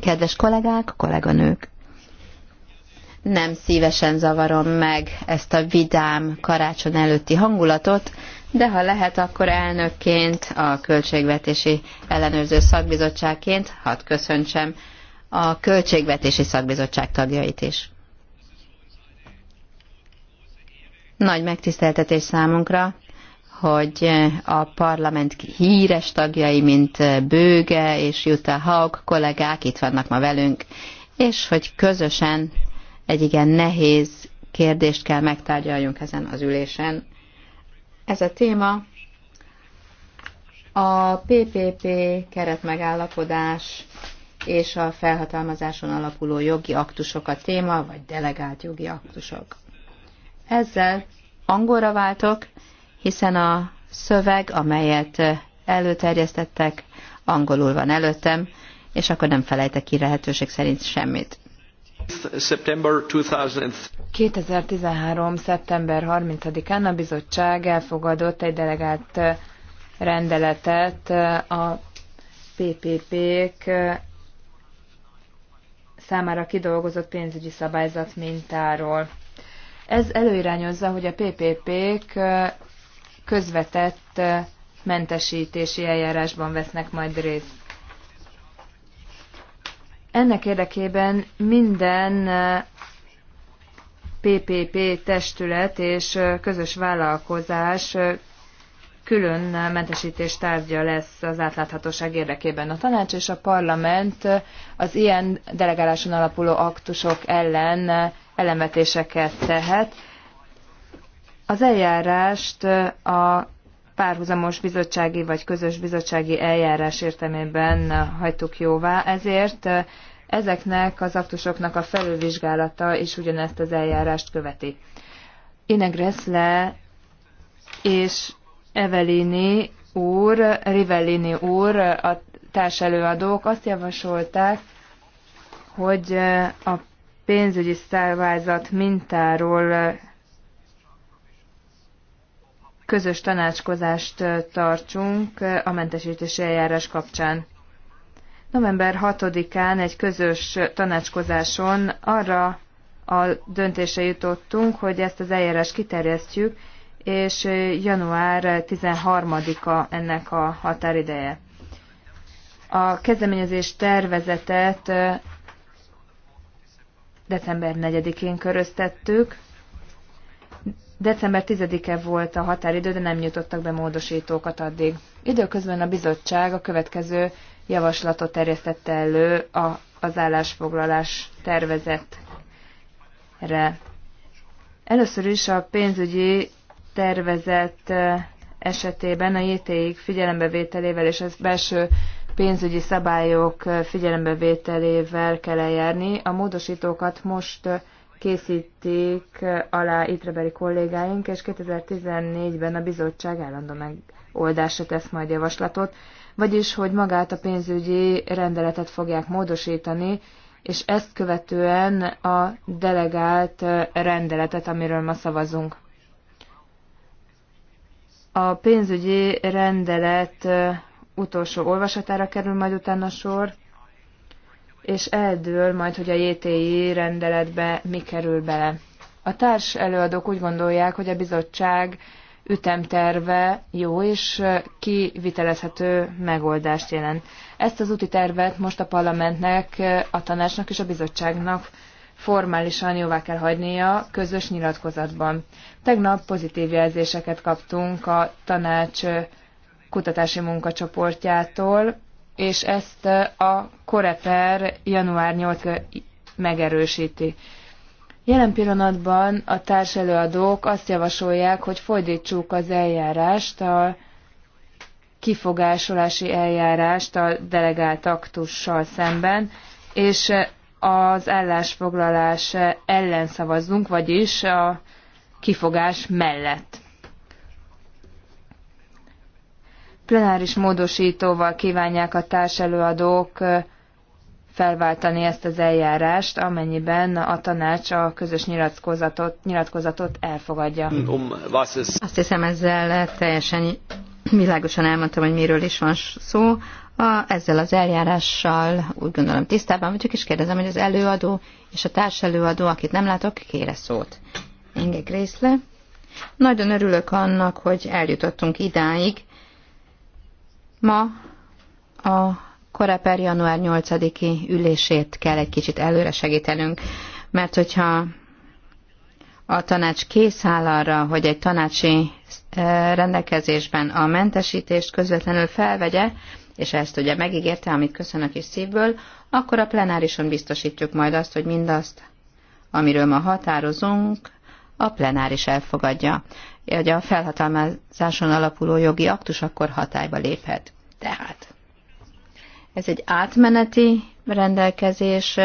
Kedves kollégák, kolléganők! Nem szívesen zavarom meg ezt a vidám karácsony előtti hangulatot, de ha lehet, akkor elnökként, a Költségvetési Ellenőrző Szakbizottságként hadd köszöntsem a Költségvetési Szakbizottság tagjait is. Nagy megtiszteltetés számunkra, hogy a parlament híres tagjai, mint Bőge és Jutta Haug kollégák itt vannak ma velünk, és hogy közösen egy igen nehéz kérdést kell megtárgyaljunk ezen az ülésen. Ez a téma a PPP keretmegállapodás és a felhatalmazáson alapuló jogi aktusok a téma, vagy delegált jogi aktusok. Ezzel angolra váltok, hiszen a szöveg, amelyet előterjesztettek, angolul van előttem, és akkor nem felejtek ki lehetőség szerint semmit. 2013. szeptember 30-án a bizottság elfogadott egy delegált rendeletet a PPP-k számára kidolgozott pénzügyi szabályzat mintáról. Ez előirányozza, hogy a PPP-k közvetett mentesítési eljárásban vesznek majd részt. Ennek érdekében minden PPP testület és közös vállalkozás külön mentesítés tárgya lesz az átláthatóság érdekében. A tanács és a parlament az ilyen delegáláson alapuló aktusok ellen elemetéseket tehet. Az eljárást a párhuzamos bizottsági vagy közös bizottsági eljárás értelmében hagytuk jóvá, ezért ezeknek az aktusoknak a felülvizsgálata is ugyanezt az eljárást követi. Ine Gressle és Evelini úr, Rivellini úr, a társelőadók azt javasolták, hogy a pénzügyi szervázat mintáról közös tanácskozást tartsunk a mentesítési eljárás kapcsán. November 6-án egy közös tanácskozáson arra a döntése jutottunk, hogy ezt az eljárást kiterjesztjük, és január 13-a ennek a határideje. A kezdeményezés tervezetet december 4-én köröztettük, December 10-e volt a határidő, de nem nyújtottak be módosítókat addig. Időközben a bizottság a következő javaslatot terjesztette elő a, az állásfoglalás tervezetre. Először is a pénzügyi tervezet esetében a JTI-k figyelembevételével és az belső pénzügyi szabályok figyelembevételével kell eljárni. A módosítókat most készítik alá itrebeli kollégáink, és 2014-ben a bizottság állandó megoldásra tesz majd javaslatot, vagyis hogy magát a pénzügyi rendeletet fogják módosítani, és ezt követően a delegált rendeletet, amiről ma szavazunk. A pénzügyi rendelet utolsó olvasatára kerül majd utána sor, és eldől majd, hogy a JTI rendeletbe mi kerül bele. A társ előadók úgy gondolják, hogy a bizottság ütemterve jó és kivitelezhető megoldást jelent. Ezt az úti tervet most a parlamentnek, a tanácsnak és a bizottságnak formálisan jóvá kell hagynia közös nyilatkozatban. Tegnap pozitív jelzéseket kaptunk a tanács kutatási munkacsoportjától, és ezt eh, a Koreper január 8 megerősíti. Jelen pillanatban a társelőadók azt javasolják, hogy fordítsuk az eljárást, a kifogásolási eljárást a delegált aktussal szemben, és eh, az állásfoglalás eh, ellen szavazzunk, vagyis a kifogás mellett. plenáris módosítóval kívánják a társelőadók felváltani ezt az eljárást, amennyiben a tanács a közös nyilatkozatot, nyilatkozatot elfogadja. Azt hiszem ezzel teljesen világosan elmondtam, hogy miről is van szó. A, ezzel az eljárással úgy gondolom tisztában vagyok, és kérdezem, hogy az előadó és a társelőadó, akit nem látok, kére szót. Inge Grészle. Nagyon örülök annak, hogy eljutottunk idáig, Ma a Koreper január 8-i ülését kell egy kicsit előre segítenünk, mert hogyha a tanács kész áll arra, hogy egy tanácsi e, rendelkezésben a mentesítést közvetlenül felvegye, és ezt ugye megígérte, amit köszönök is szívből, akkor a plenárison biztosítjuk majd azt, hogy mindazt, amiről ma határozunk, a plenáris elfogadja hogy a felhatalmazáson alapuló jogi aktus akkor hatályba léphet. Tehát ez egy átmeneti rendelkezés,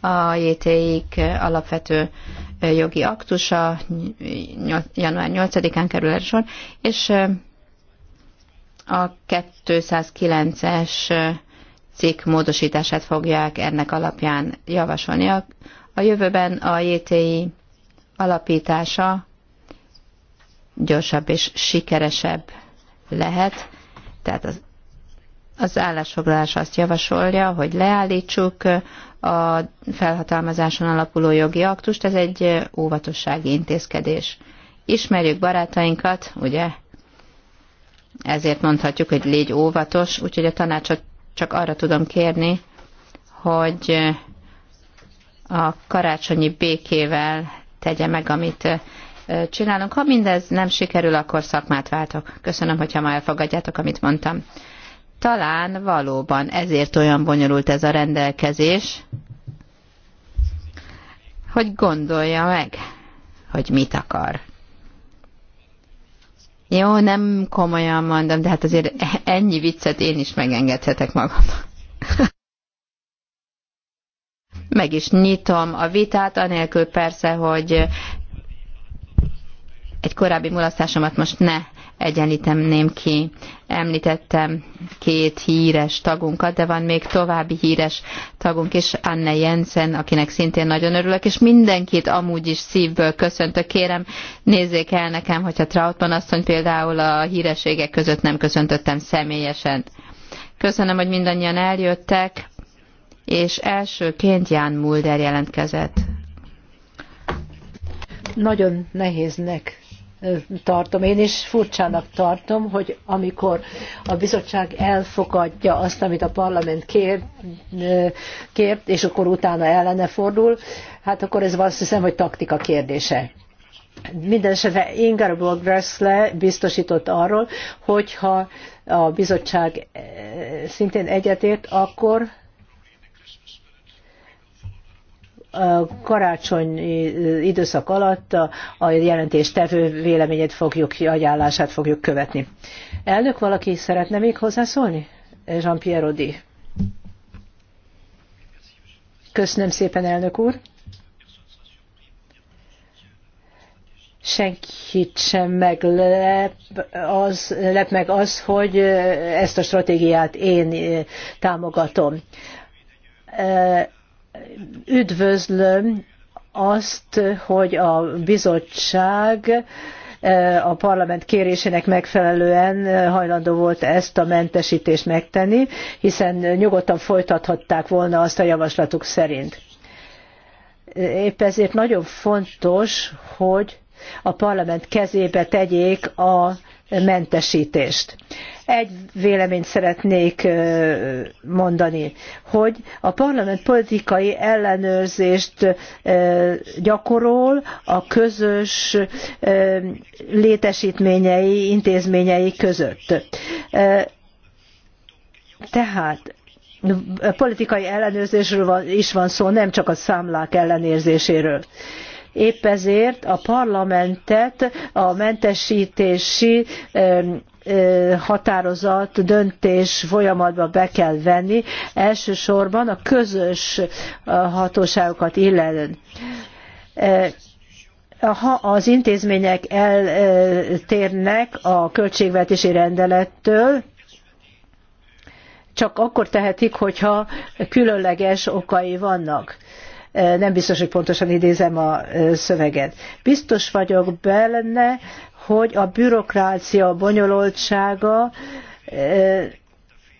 a JT-ik alapvető jogi aktusa január 8-án kerül sor, és a 209-es cikk módosítását fogják ennek alapján javasolni. A jövőben a JTI alapítása gyorsabb és sikeresebb lehet. Tehát az, az állásfoglalás azt javasolja, hogy leállítsuk a felhatalmazáson alapuló jogi aktust, ez egy óvatossági intézkedés. Ismerjük barátainkat, ugye? Ezért mondhatjuk, hogy légy óvatos, úgyhogy a tanácsot csak arra tudom kérni, hogy a karácsonyi békével tegye meg, amit csinálunk. Ha mindez nem sikerül, akkor szakmát váltok. Köszönöm, hogyha ma elfogadjátok, amit mondtam. Talán valóban ezért olyan bonyolult ez a rendelkezés, hogy gondolja meg, hogy mit akar. Jó, nem komolyan mondom, de hát azért ennyi viccet én is megengedhetek magam. Meg is nyitom a vitát, anélkül persze, hogy egy korábbi mulasztásomat most ne egyenlíteném ki. Említettem két híres tagunkat, de van még további híres tagunk is, Anne Jensen, akinek szintén nagyon örülök, és mindenkit amúgy is szívből köszöntök. Kérem, nézzék el nekem, hogyha Trautmann asszony például a hírességek között nem köszöntöttem személyesen. Köszönöm, hogy mindannyian eljöttek, és elsőként Ján Mulder jelentkezett. Nagyon nehéznek tartom, én is furcsának tartom, hogy amikor a bizottság elfogadja azt, amit a parlament kért, kért és akkor utána ellene fordul, hát akkor ez azt hiszem, hogy taktika kérdése. Mindenesetre Ingeborg Gressle biztosított arról, hogyha a bizottság szintén egyetért, akkor karácsonyi időszak alatt a jelentéstevő véleményét fogjuk, ajánlását fogjuk követni. Elnök, valaki szeretne még hozzászólni? Jean-Pierre Audi. Köszönöm szépen, elnök úr. senkit sem meglep az, lep meg az, hogy ezt a stratégiát én támogatom üdvözlöm azt, hogy a bizottság e, a parlament kérésének megfelelően hajlandó volt ezt a mentesítést megtenni, hiszen nyugodtan folytathatták volna azt a javaslatuk szerint. Épp ezért nagyon fontos, hogy a parlament kezébe tegyék a mentesítést. Egy véleményt szeretnék mondani, hogy a parlament politikai ellenőrzést gyakorol a közös létesítményei, intézményei között. Tehát politikai ellenőrzésről is van szó, nem csak a számlák ellenőrzéséről Épp ezért a parlamentet a mentesítési határozat, döntés folyamatba be kell venni, elsősorban a közös hatóságokat illetően ha az intézmények eltérnek a költségvetési rendelettől, csak akkor tehetik, hogyha különleges okai vannak nem biztos, hogy pontosan idézem a szöveget. Biztos vagyok benne, hogy a bürokrácia bonyolultsága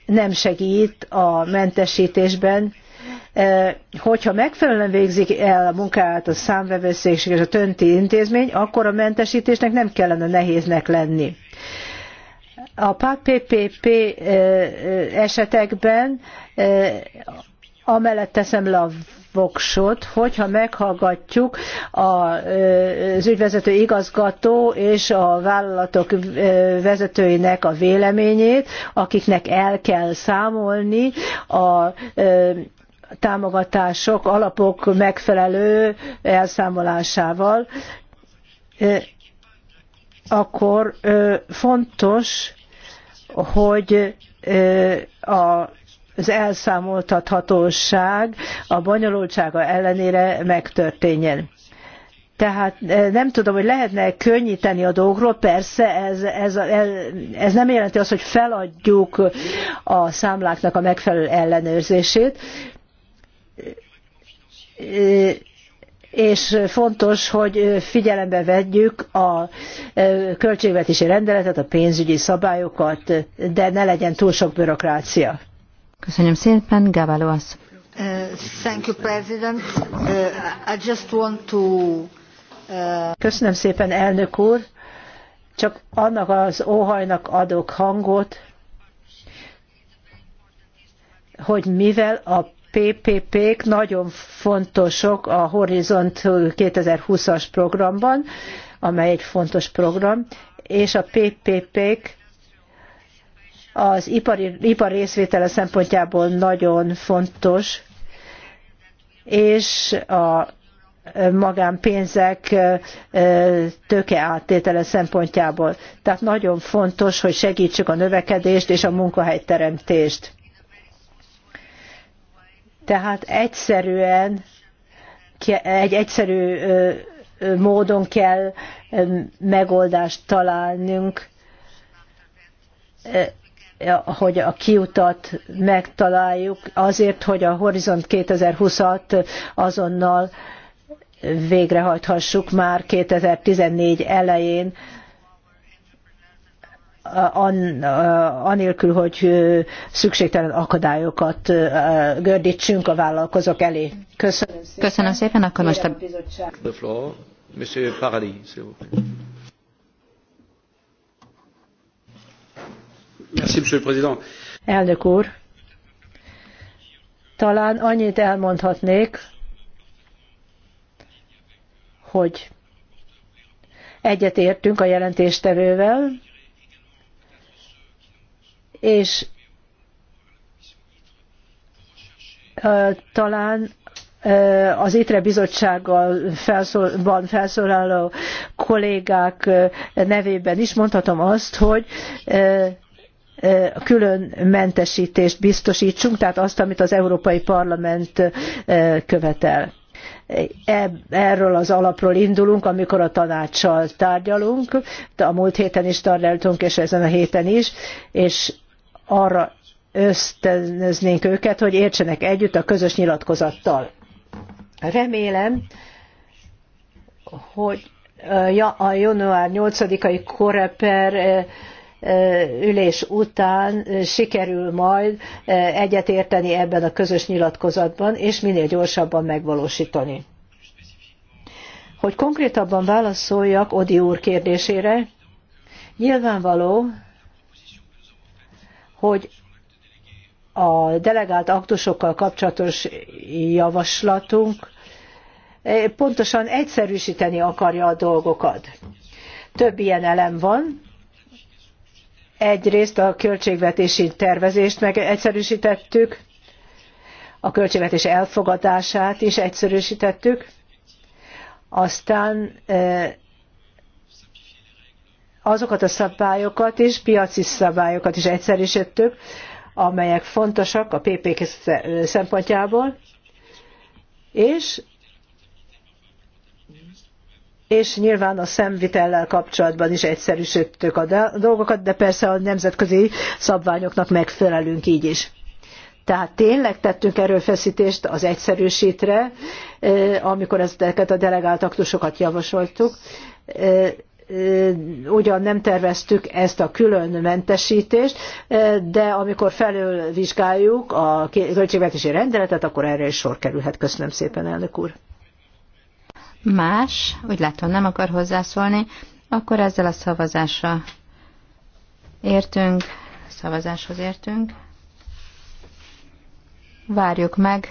nem segít a mentesítésben, hogyha megfelelően végzik el a munkáját a számvevőszékség és a tönti intézmény, akkor a mentesítésnek nem kellene nehéznek lenni. A PPP esetekben amellett teszem le a voksot, hogyha meghallgatjuk az ügyvezető igazgató és a vállalatok vezetőinek a véleményét, akiknek el kell számolni a támogatások, alapok megfelelő elszámolásával, akkor fontos, hogy a az elszámoltathatóság a bonyolultsága ellenére megtörténjen. Tehát eh, nem tudom, hogy lehetne könnyíteni a dolgról, persze ez, ez, ez, ez nem jelenti azt, hogy feladjuk a számláknak a megfelelő ellenőrzését, eh, és fontos, hogy figyelembe vegyük a eh, költségvetési rendeletet, a pénzügyi szabályokat, de ne legyen túl sok bürokrácia. Köszönöm szépen, Gábáló az. Uh, uh, uh, Köszönöm szépen, elnök úr. Csak annak az óhajnak adok hangot, hogy mivel a PPP-k nagyon fontosok a Horizont 2020-as programban, amely egy fontos program, és a PPP-k az ipari, ipar részvétele szempontjából nagyon fontos, és a magánpénzek áttétele szempontjából. Tehát nagyon fontos, hogy segítsük a növekedést és a munkahelyteremtést. Tehát egyszerűen, egy egyszerű módon kell megoldást találnunk hogy a kiutat megtaláljuk azért, hogy a Horizont 2020-at azonnal végrehajthassuk már 2014 elején, anélkül, hogy szükségtelen akadályokat gördítsünk a vállalkozók elé. Köszönöm szépen. Köszönöm szépen, akkor most a Elnök úr, talán annyit elmondhatnék, hogy egyetértünk a jelentéstevővel, és talán az ITRE bizottsággal felszól, felszólaló kollégák nevében is mondhatom azt, hogy külön mentesítést biztosítsunk, tehát azt, amit az Európai Parlament követel. E, erről az alapról indulunk, amikor a tanácssal tárgyalunk, de a múlt héten is tárgyaltunk, és ezen a héten is, és arra ösztönöznénk őket, hogy értsenek együtt a közös nyilatkozattal. Remélem, hogy a január 8-ai koreper ülés után sikerül majd egyetérteni ebben a közös nyilatkozatban, és minél gyorsabban megvalósítani. Hogy konkrétabban válaszoljak Odi úr kérdésére, nyilvánvaló, hogy a delegált aktusokkal kapcsolatos javaslatunk pontosan egyszerűsíteni akarja a dolgokat. Több ilyen elem van, Egyrészt a költségvetési tervezést megegyszerűsítettük, a költségvetés elfogadását is egyszerűsítettük, aztán azokat a szabályokat is, piaci szabályokat is egyszerűsítettük, amelyek fontosak a PPK szempontjából, és és nyilván a szemvitellel kapcsolatban is egyszerűsítettük a dolgokat, de persze a nemzetközi szabványoknak megfelelünk így is. Tehát tényleg tettünk erőfeszítést az egyszerűsítre, eh, amikor ezeket a delegált aktusokat javasoltuk. Eh, eh, ugyan nem terveztük ezt a külön mentesítést, de amikor felülvizsgáljuk a költségvetési rendeletet, akkor erre is sor kerülhet. Köszönöm szépen, elnök úr. Más, úgy látom nem akar hozzászólni, akkor ezzel a szavazásra értünk, szavazáshoz értünk. Várjuk meg,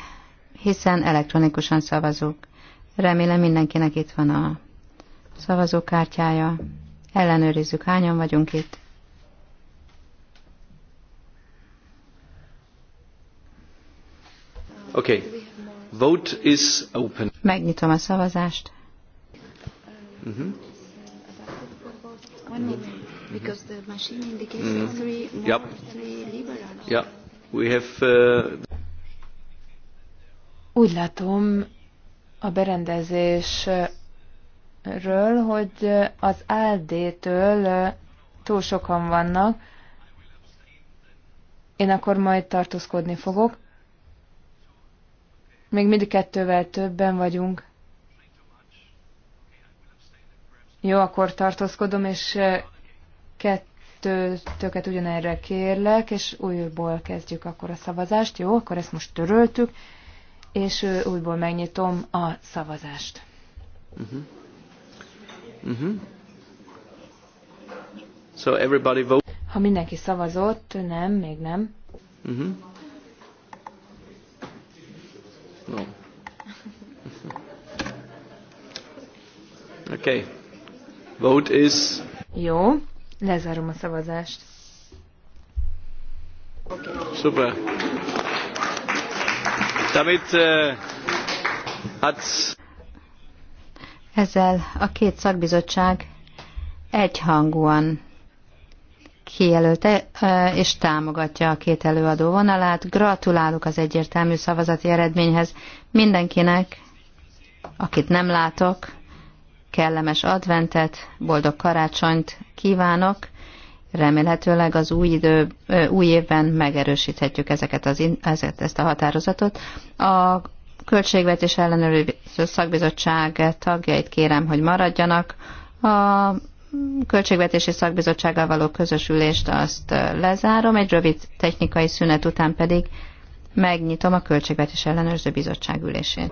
hiszen elektronikusan szavazunk. Remélem mindenkinek itt van a szavazókártyája. Ellenőrizzük, hányan vagyunk itt. Okay. Vote is open. Megnyitom a szavazást. Mm-hmm. because the machine indicates mm three, yep. three liberal. We have, uh... Úgy látom a berendezésről, hogy az AD-től túl sokan vannak. Én akkor majd tartózkodni fogok. Még mindig kettővel többen vagyunk. Jó, akkor tartózkodom, és eh, kettőtöket ugyanerre kérlek, és újból kezdjük akkor a szavazást. Jó, akkor ezt most töröltük, és eh, újból megnyitom a szavazást. Uh-huh. Uh-huh. So everybody vote. Ha mindenki szavazott, nem, még nem. Uh-huh. No. Okay. Vote is... Jó, lezárom a szavazást. Okay. Super. Damit uh, hat's... Ezzel a két szakbizottság egyhangúan kijelölte és támogatja a két előadó vonalát. Gratulálok az egyértelmű szavazati eredményhez mindenkinek, akit nem látok, kellemes adventet, boldog karácsonyt kívánok. Remélhetőleg az új, idő, új évben megerősíthetjük ezeket az, ezeket, ezt a határozatot. A Költségvetés ellenőrző szakbizottság tagjait kérem, hogy maradjanak. A Költségvetési Szakbizottsággal való közös ülést azt lezárom, egy rövid technikai szünet után pedig megnyitom a Költségvetés Ellenőrző Bizottság ülését.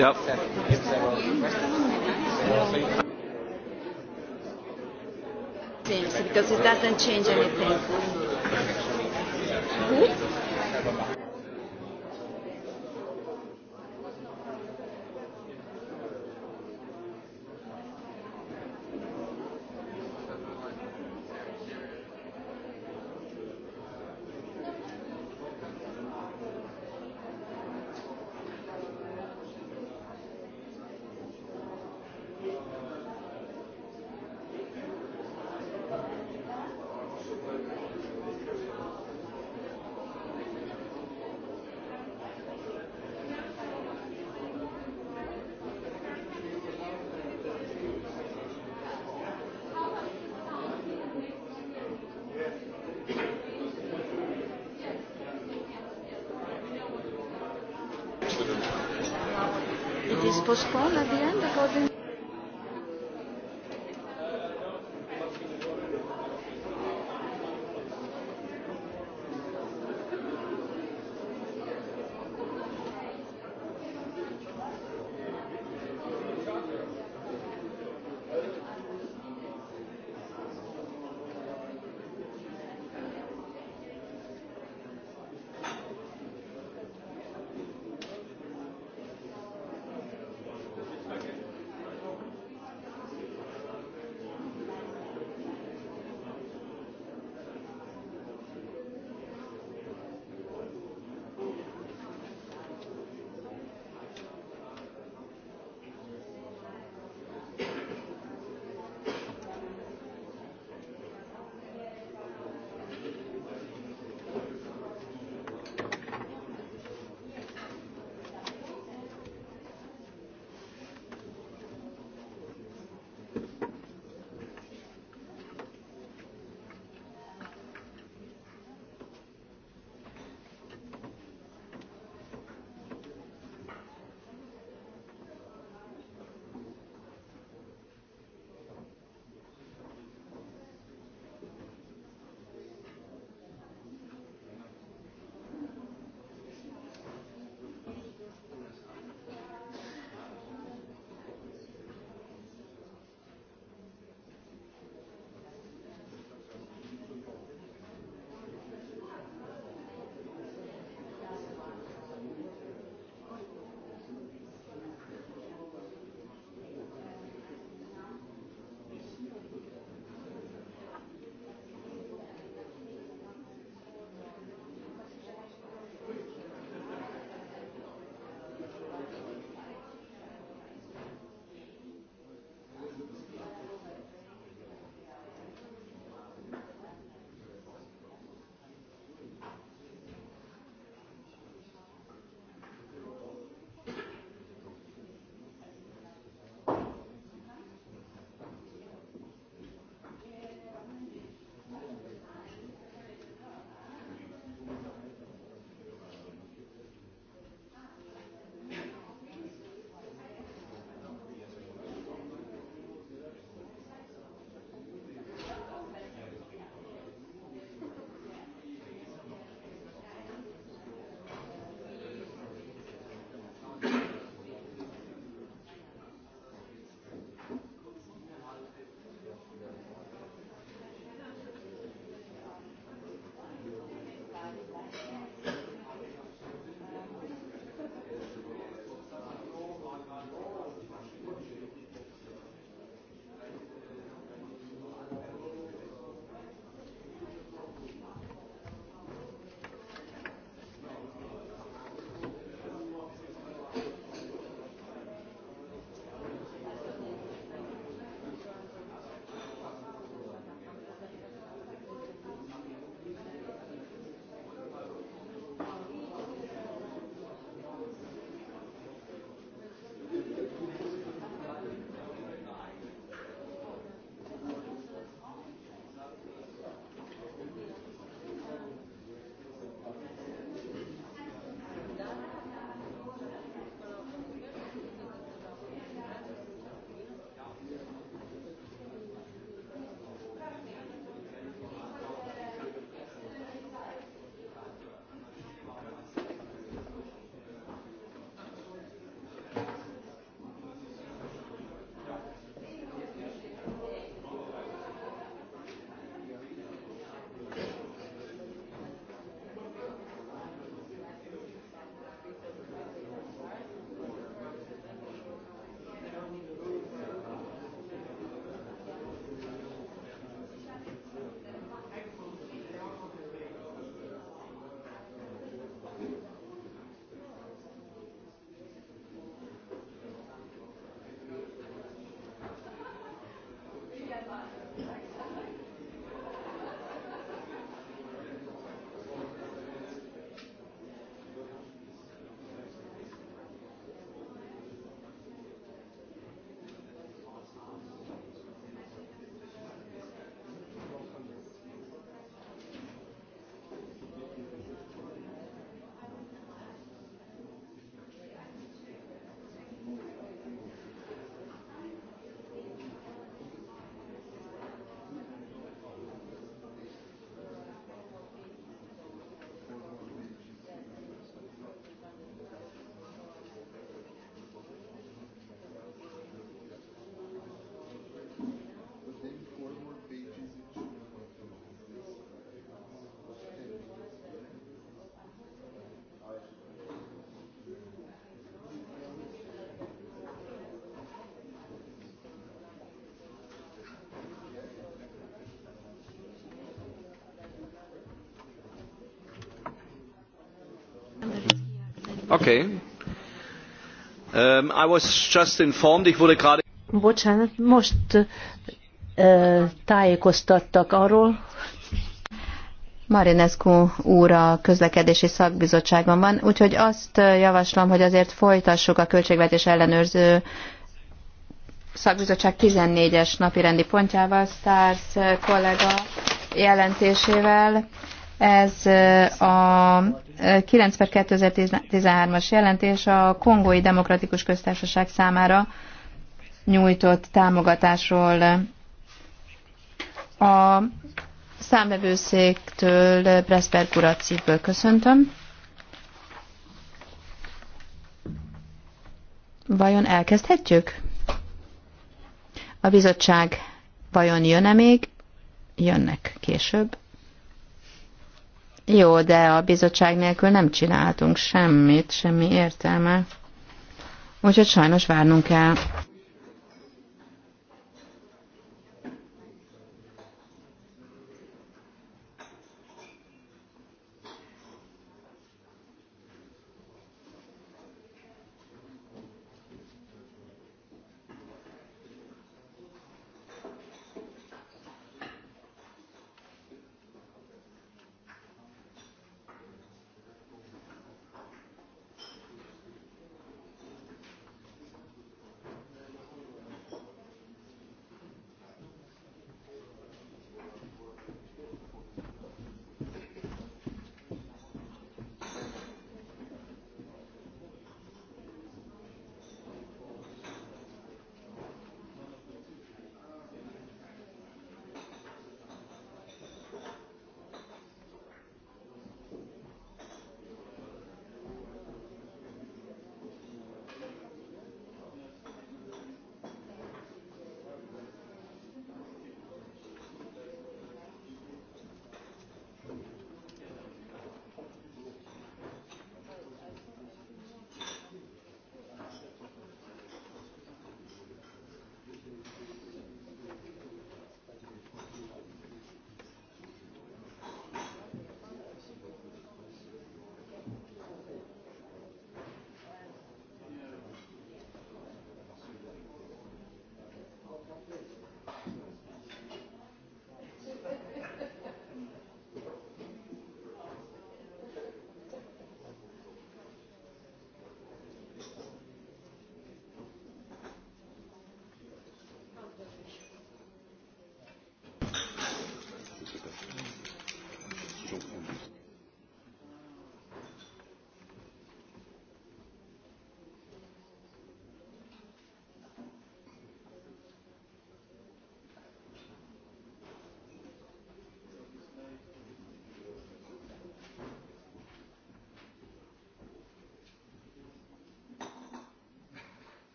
Yep. Because it doesn't change anything. Who? Okay. Um, I was just informed, ich wurde gerade... Bocsánat, most uh, tájékoztattak arról, Marinescu úr a közlekedési szakbizottságban van, úgyhogy azt javaslom, hogy azért folytassuk a költségvetés ellenőrző szakbizottság 14-es napi rendi pontjával, Stars kollega jelentésével. Ez a 9 per 2013-as jelentés a Kongói Demokratikus Köztársaság számára nyújtott támogatásról. A számvevőszéktől Preszper urat köszöntöm. Vajon elkezdhetjük? A bizottság vajon jön-e még? Jönnek később. Jó, de a bizottság nélkül nem csináltunk semmit, semmi értelme. Úgyhogy sajnos várnunk kell.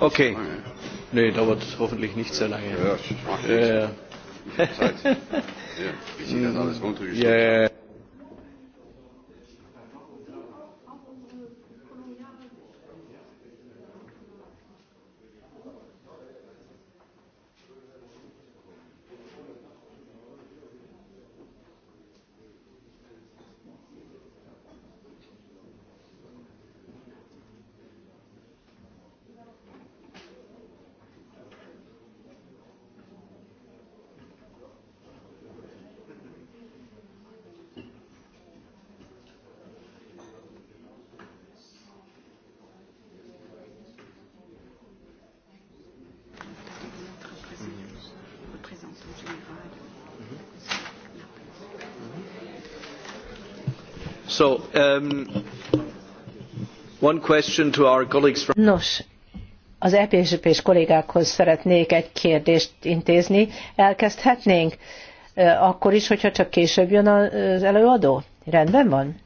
Okay. Nee, dauert hoffentlich nicht sehr lange. Ja, ich mache jetzt. äh. Zeit. Ja, ich das alles mm, runtergeschrieben. Yeah. So, um, one question to our colleagues from... Nos, az epsp és kollégákhoz szeretnék egy kérdést intézni. Elkezdhetnénk akkor is, hogyha csak később jön az előadó? Rendben van?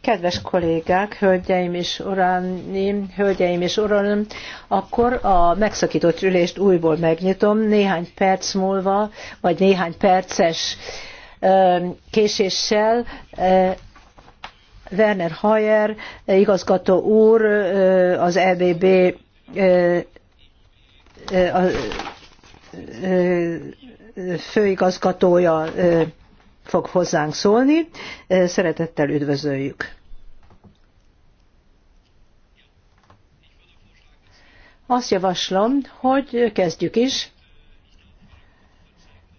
Kedves kollégák, hölgyeim és uraim, hölgyeim és uraim, akkor a megszakított ülést újból megnyitom. Néhány perc múlva, vagy néhány perces késéssel Werner Hayer igazgató úr az EBB főigazgatója fog hozzánk szólni. Szeretettel üdvözöljük. Azt javaslom, hogy kezdjük is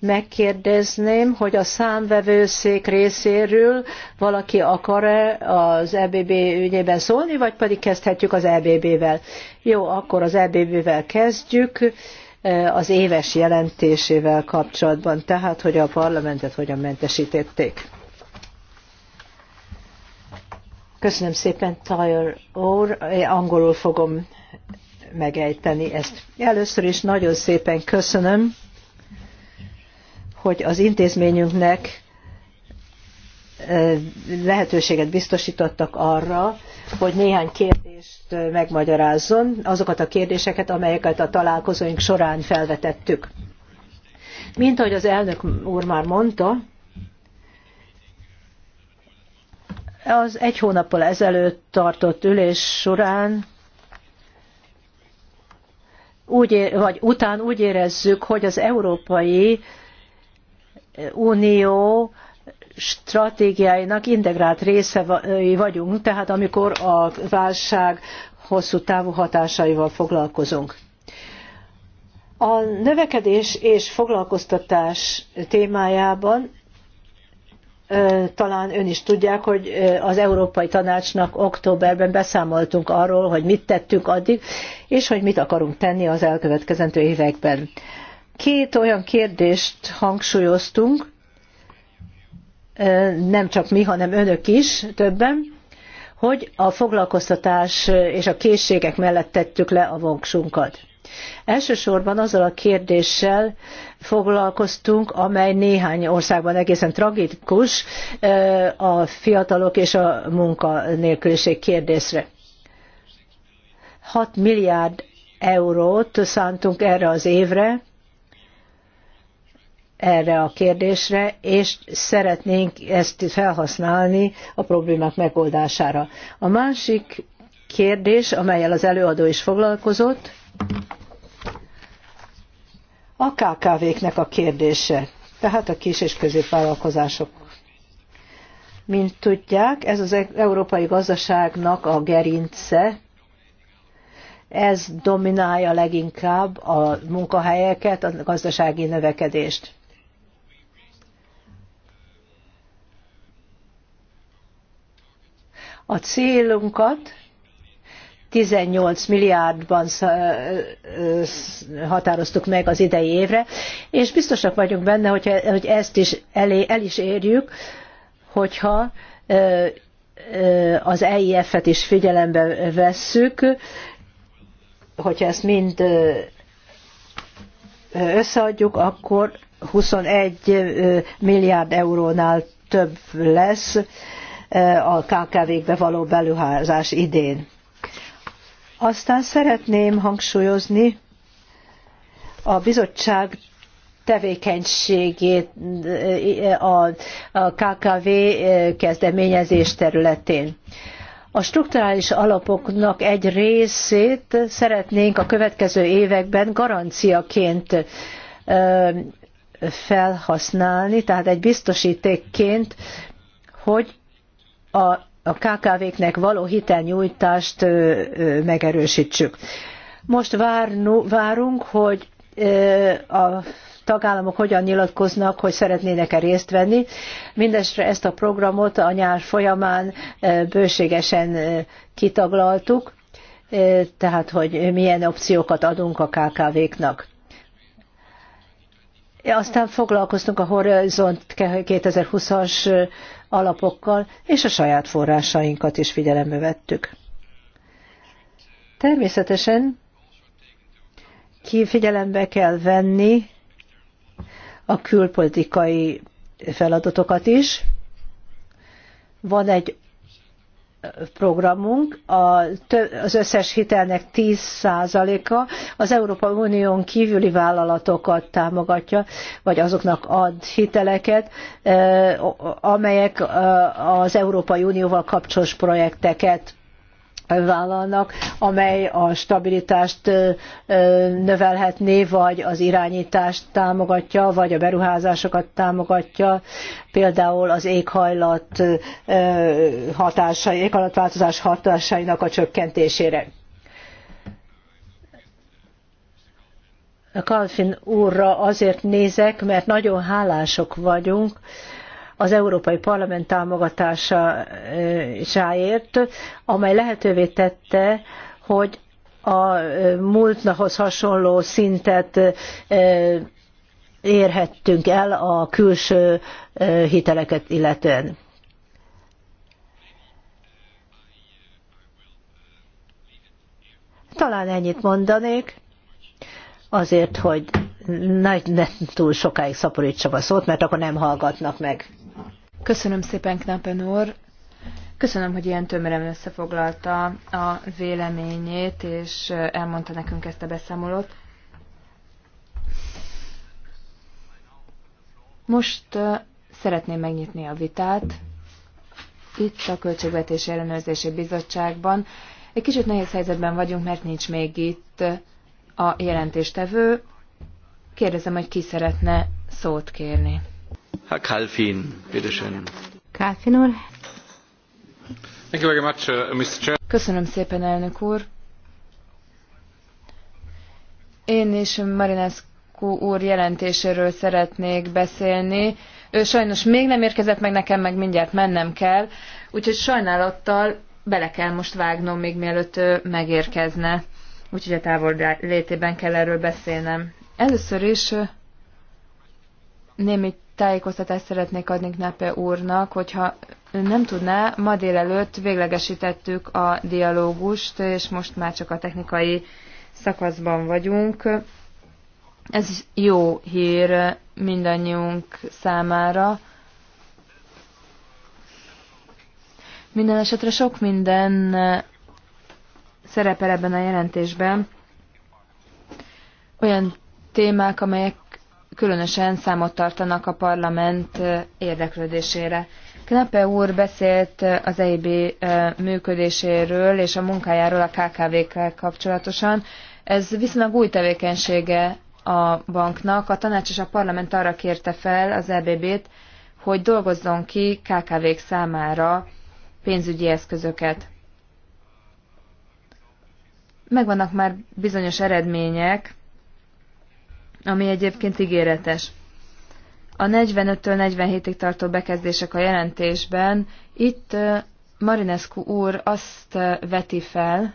megkérdezném, hogy a számvevőszék részéről valaki akar-e az EBB ügyében szólni, vagy pedig kezdhetjük az EBB-vel. Jó, akkor az EBB-vel kezdjük e, az éves jelentésével kapcsolatban, tehát hogy a parlamentet hogyan mentesítették. Köszönöm szépen, Tyler úr, angolul fogom megejteni ezt. Először is nagyon szépen köszönöm hogy az intézményünknek lehetőséget biztosítottak arra, hogy néhány kérdést megmagyarázzon, azokat a kérdéseket, amelyeket a találkozóink során felvetettük. Mint ahogy az elnök úr már mondta, az egy hónappal ezelőtt tartott ülés során úgy, vagy után úgy érezzük, hogy az európai Unió stratégiáinak integrált részei vagyunk, tehát amikor a válság hosszú távú hatásaival foglalkozunk. A növekedés és foglalkoztatás témájában talán ön is tudják, hogy az Európai Tanácsnak októberben beszámoltunk arról, hogy mit tettünk addig, és hogy mit akarunk tenni az elkövetkezendő években. Két olyan kérdést hangsúlyoztunk, nem csak mi, hanem önök is többen, hogy a foglalkoztatás és a készségek mellett tettük le a voksunkat. Elsősorban azzal a kérdéssel foglalkoztunk, amely néhány országban egészen tragikus, a fiatalok és a munkanélküliség kérdésre. 6 milliárd eurót szántunk erre az évre, erre a kérdésre, és szeretnénk ezt felhasználni a problémák megoldására. A másik kérdés, amelyel az előadó is foglalkozott, a KKV-knek a kérdése, tehát a kis és középvállalkozások. Mint tudják, ez az e- európai gazdaságnak a gerince, ez dominálja leginkább a munkahelyeket, a gazdasági növekedést. A célunkat 18 milliárdban határoztuk meg az idei évre, és biztosak vagyunk benne, hogyha, hogy ezt is elé, el is érjük, hogyha az EIF-et is figyelembe vesszük, hogyha ezt mind összeadjuk, akkor 21 milliárd eurónál több lesz, a KKV-kbe való beluházás idén. Aztán szeretném hangsúlyozni a bizottság tevékenységét a KKV kezdeményezés területén. A strukturális alapoknak egy részét szeretnénk a következő években garanciaként felhasználni, tehát egy biztosítékként, hogy a, a KKV-knek való hitelnyújtást megerősítsük. Most várnu, várunk, hogy a tagállamok hogyan nyilatkoznak, hogy szeretnének-e részt venni. Mindestre ezt a programot a nyár folyamán bőségesen kitaglaltuk, tehát hogy milyen opciókat adunk a KKV-knak. Aztán foglalkoztunk a Horizont 2020-as alapokkal, és a saját forrásainkat is figyelembe vettük. Természetesen ki figyelembe kell venni a külpolitikai feladatokat is. Van egy programunk, az összes hitelnek 10%-a az Európai Unión kívüli vállalatokat támogatja, vagy azoknak ad hiteleket, eh, amelyek eh, az Európai Unióval kapcsolatos projekteket vállalnak, amely a stabilitást növelhetné, vagy az irányítást támogatja, vagy a beruházásokat támogatja, például az éghajlat hatásai, éghajlatváltozás hatásainak a csökkentésére. Kalfin úrra azért nézek, mert nagyon hálások vagyunk, az Európai Parlament támogatásáért, amely lehetővé tette, hogy a múltnahoz hasonló szintet érhettünk el a külső hiteleket illetően. Talán ennyit mondanék, azért, hogy ne, ne túl sokáig szaporítsam a szót, mert akkor nem hallgatnak meg. Köszönöm szépen, Knappen úr. Köszönöm, hogy ilyen tömören összefoglalta a véleményét, és elmondta nekünk ezt a beszámolót. Most szeretném megnyitni a vitát itt a Költségvetési Ellenőrzési Bizottságban. Egy kicsit nehéz helyzetben vagyunk, mert nincs még itt a jelentéstevő. Kérdezem, hogy ki szeretne szót kérni. Herr Kalfin, bitteschön. Kalfin úr. Thank you very much, uh, Mr. Köszönöm szépen, elnök úr. Én is Marinescu úr jelentéséről szeretnék beszélni. Ő sajnos még nem érkezett meg nekem, meg mindjárt mennem kell, úgyhogy sajnálattal bele kell most vágnom, még mielőtt ő megérkezne. Úgyhogy a távol létében kell erről beszélnem. Először is némi tájékoztatást szeretnék adni Knape úrnak, hogyha ön nem tudná, ma délelőtt véglegesítettük a dialógust, és most már csak a technikai szakaszban vagyunk. Ez jó hír mindannyiunk számára. Minden esetre sok minden szerepel ebben a jelentésben. Olyan témák, amelyek különösen számot tartanak a parlament érdeklődésére. Knape úr beszélt az EIB működéséről és a munkájáról a KKV-kkel kapcsolatosan. Ez viszonylag új tevékenysége a banknak. A tanács és a parlament arra kérte fel az EBB-t, hogy dolgozzon ki KKV-k számára pénzügyi eszközöket. Megvannak már bizonyos eredmények, ami egyébként ígéretes. A 45-től 47-ig tartó bekezdések a jelentésben, itt Marinescu úr azt veti fel,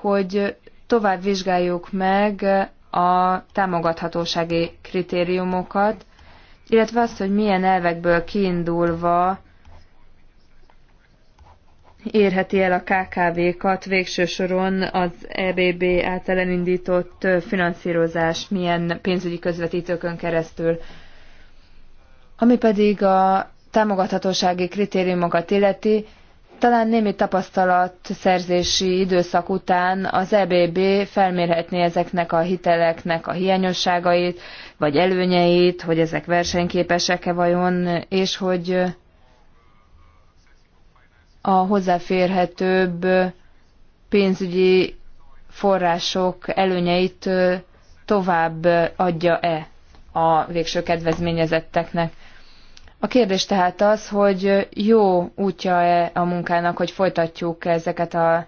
hogy tovább vizsgáljuk meg a támogathatósági kritériumokat, illetve azt, hogy milyen elvekből kiindulva érheti el a KKV-kat végső soron az EBB által elindított finanszírozás, milyen pénzügyi közvetítőkön keresztül. Ami pedig a támogathatósági kritériumokat illeti, talán némi szerzési időszak után az EBB felmérhetné ezeknek a hiteleknek a hiányosságait, vagy előnyeit, hogy ezek versenyképesek-e vajon, és hogy a hozzáférhetőbb pénzügyi források előnyeit tovább adja-e a végső kedvezményezetteknek. A kérdés tehát az, hogy jó útja-e a munkának, hogy folytatjuk ezeket a,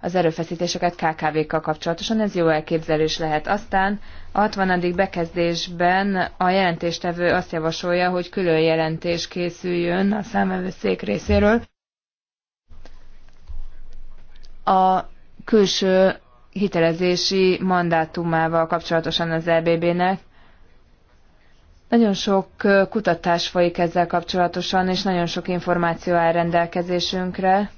az erőfeszítéseket KKV-kkal kapcsolatosan, ez jó elképzelés lehet. Aztán a 60. bekezdésben a jelentéstevő azt javasolja, hogy külön jelentés készüljön a számvevőszék részéről a külső hitelezési mandátumával kapcsolatosan az EBB-nek. Nagyon sok kutatás folyik ezzel kapcsolatosan, és nagyon sok információ áll rendelkezésünkre.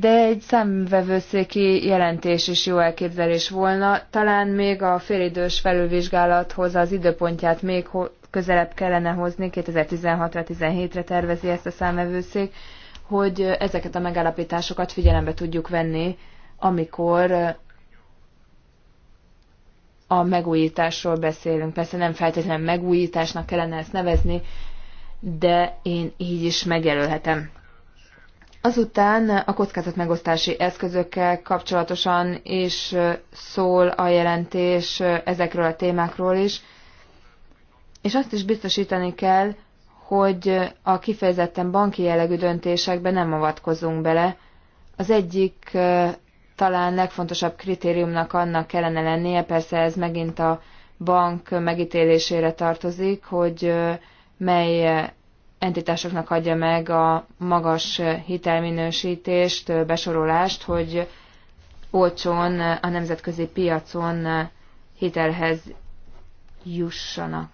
De egy számvevőszéki jelentés is jó elképzelés volna. Talán még a félidős felülvizsgálathoz az időpontját még közelebb kellene hozni, 2016-ra, 17-re tervezi ezt a számvevőszék hogy ezeket a megállapításokat figyelembe tudjuk venni, amikor a megújításról beszélünk. Persze nem feltétlenül megújításnak kellene ezt nevezni, de én így is megjelölhetem. Azután a kockázat megosztási eszközökkel kapcsolatosan is szól a jelentés ezekről a témákról is, és azt is biztosítani kell, hogy a kifejezetten banki jellegű döntésekbe nem avatkozunk bele. Az egyik talán legfontosabb kritériumnak annak kellene lennie, persze ez megint a bank megítélésére tartozik, hogy mely entitásoknak adja meg a magas hitelminősítést, besorolást, hogy olcsón a nemzetközi piacon hitelhez jussanak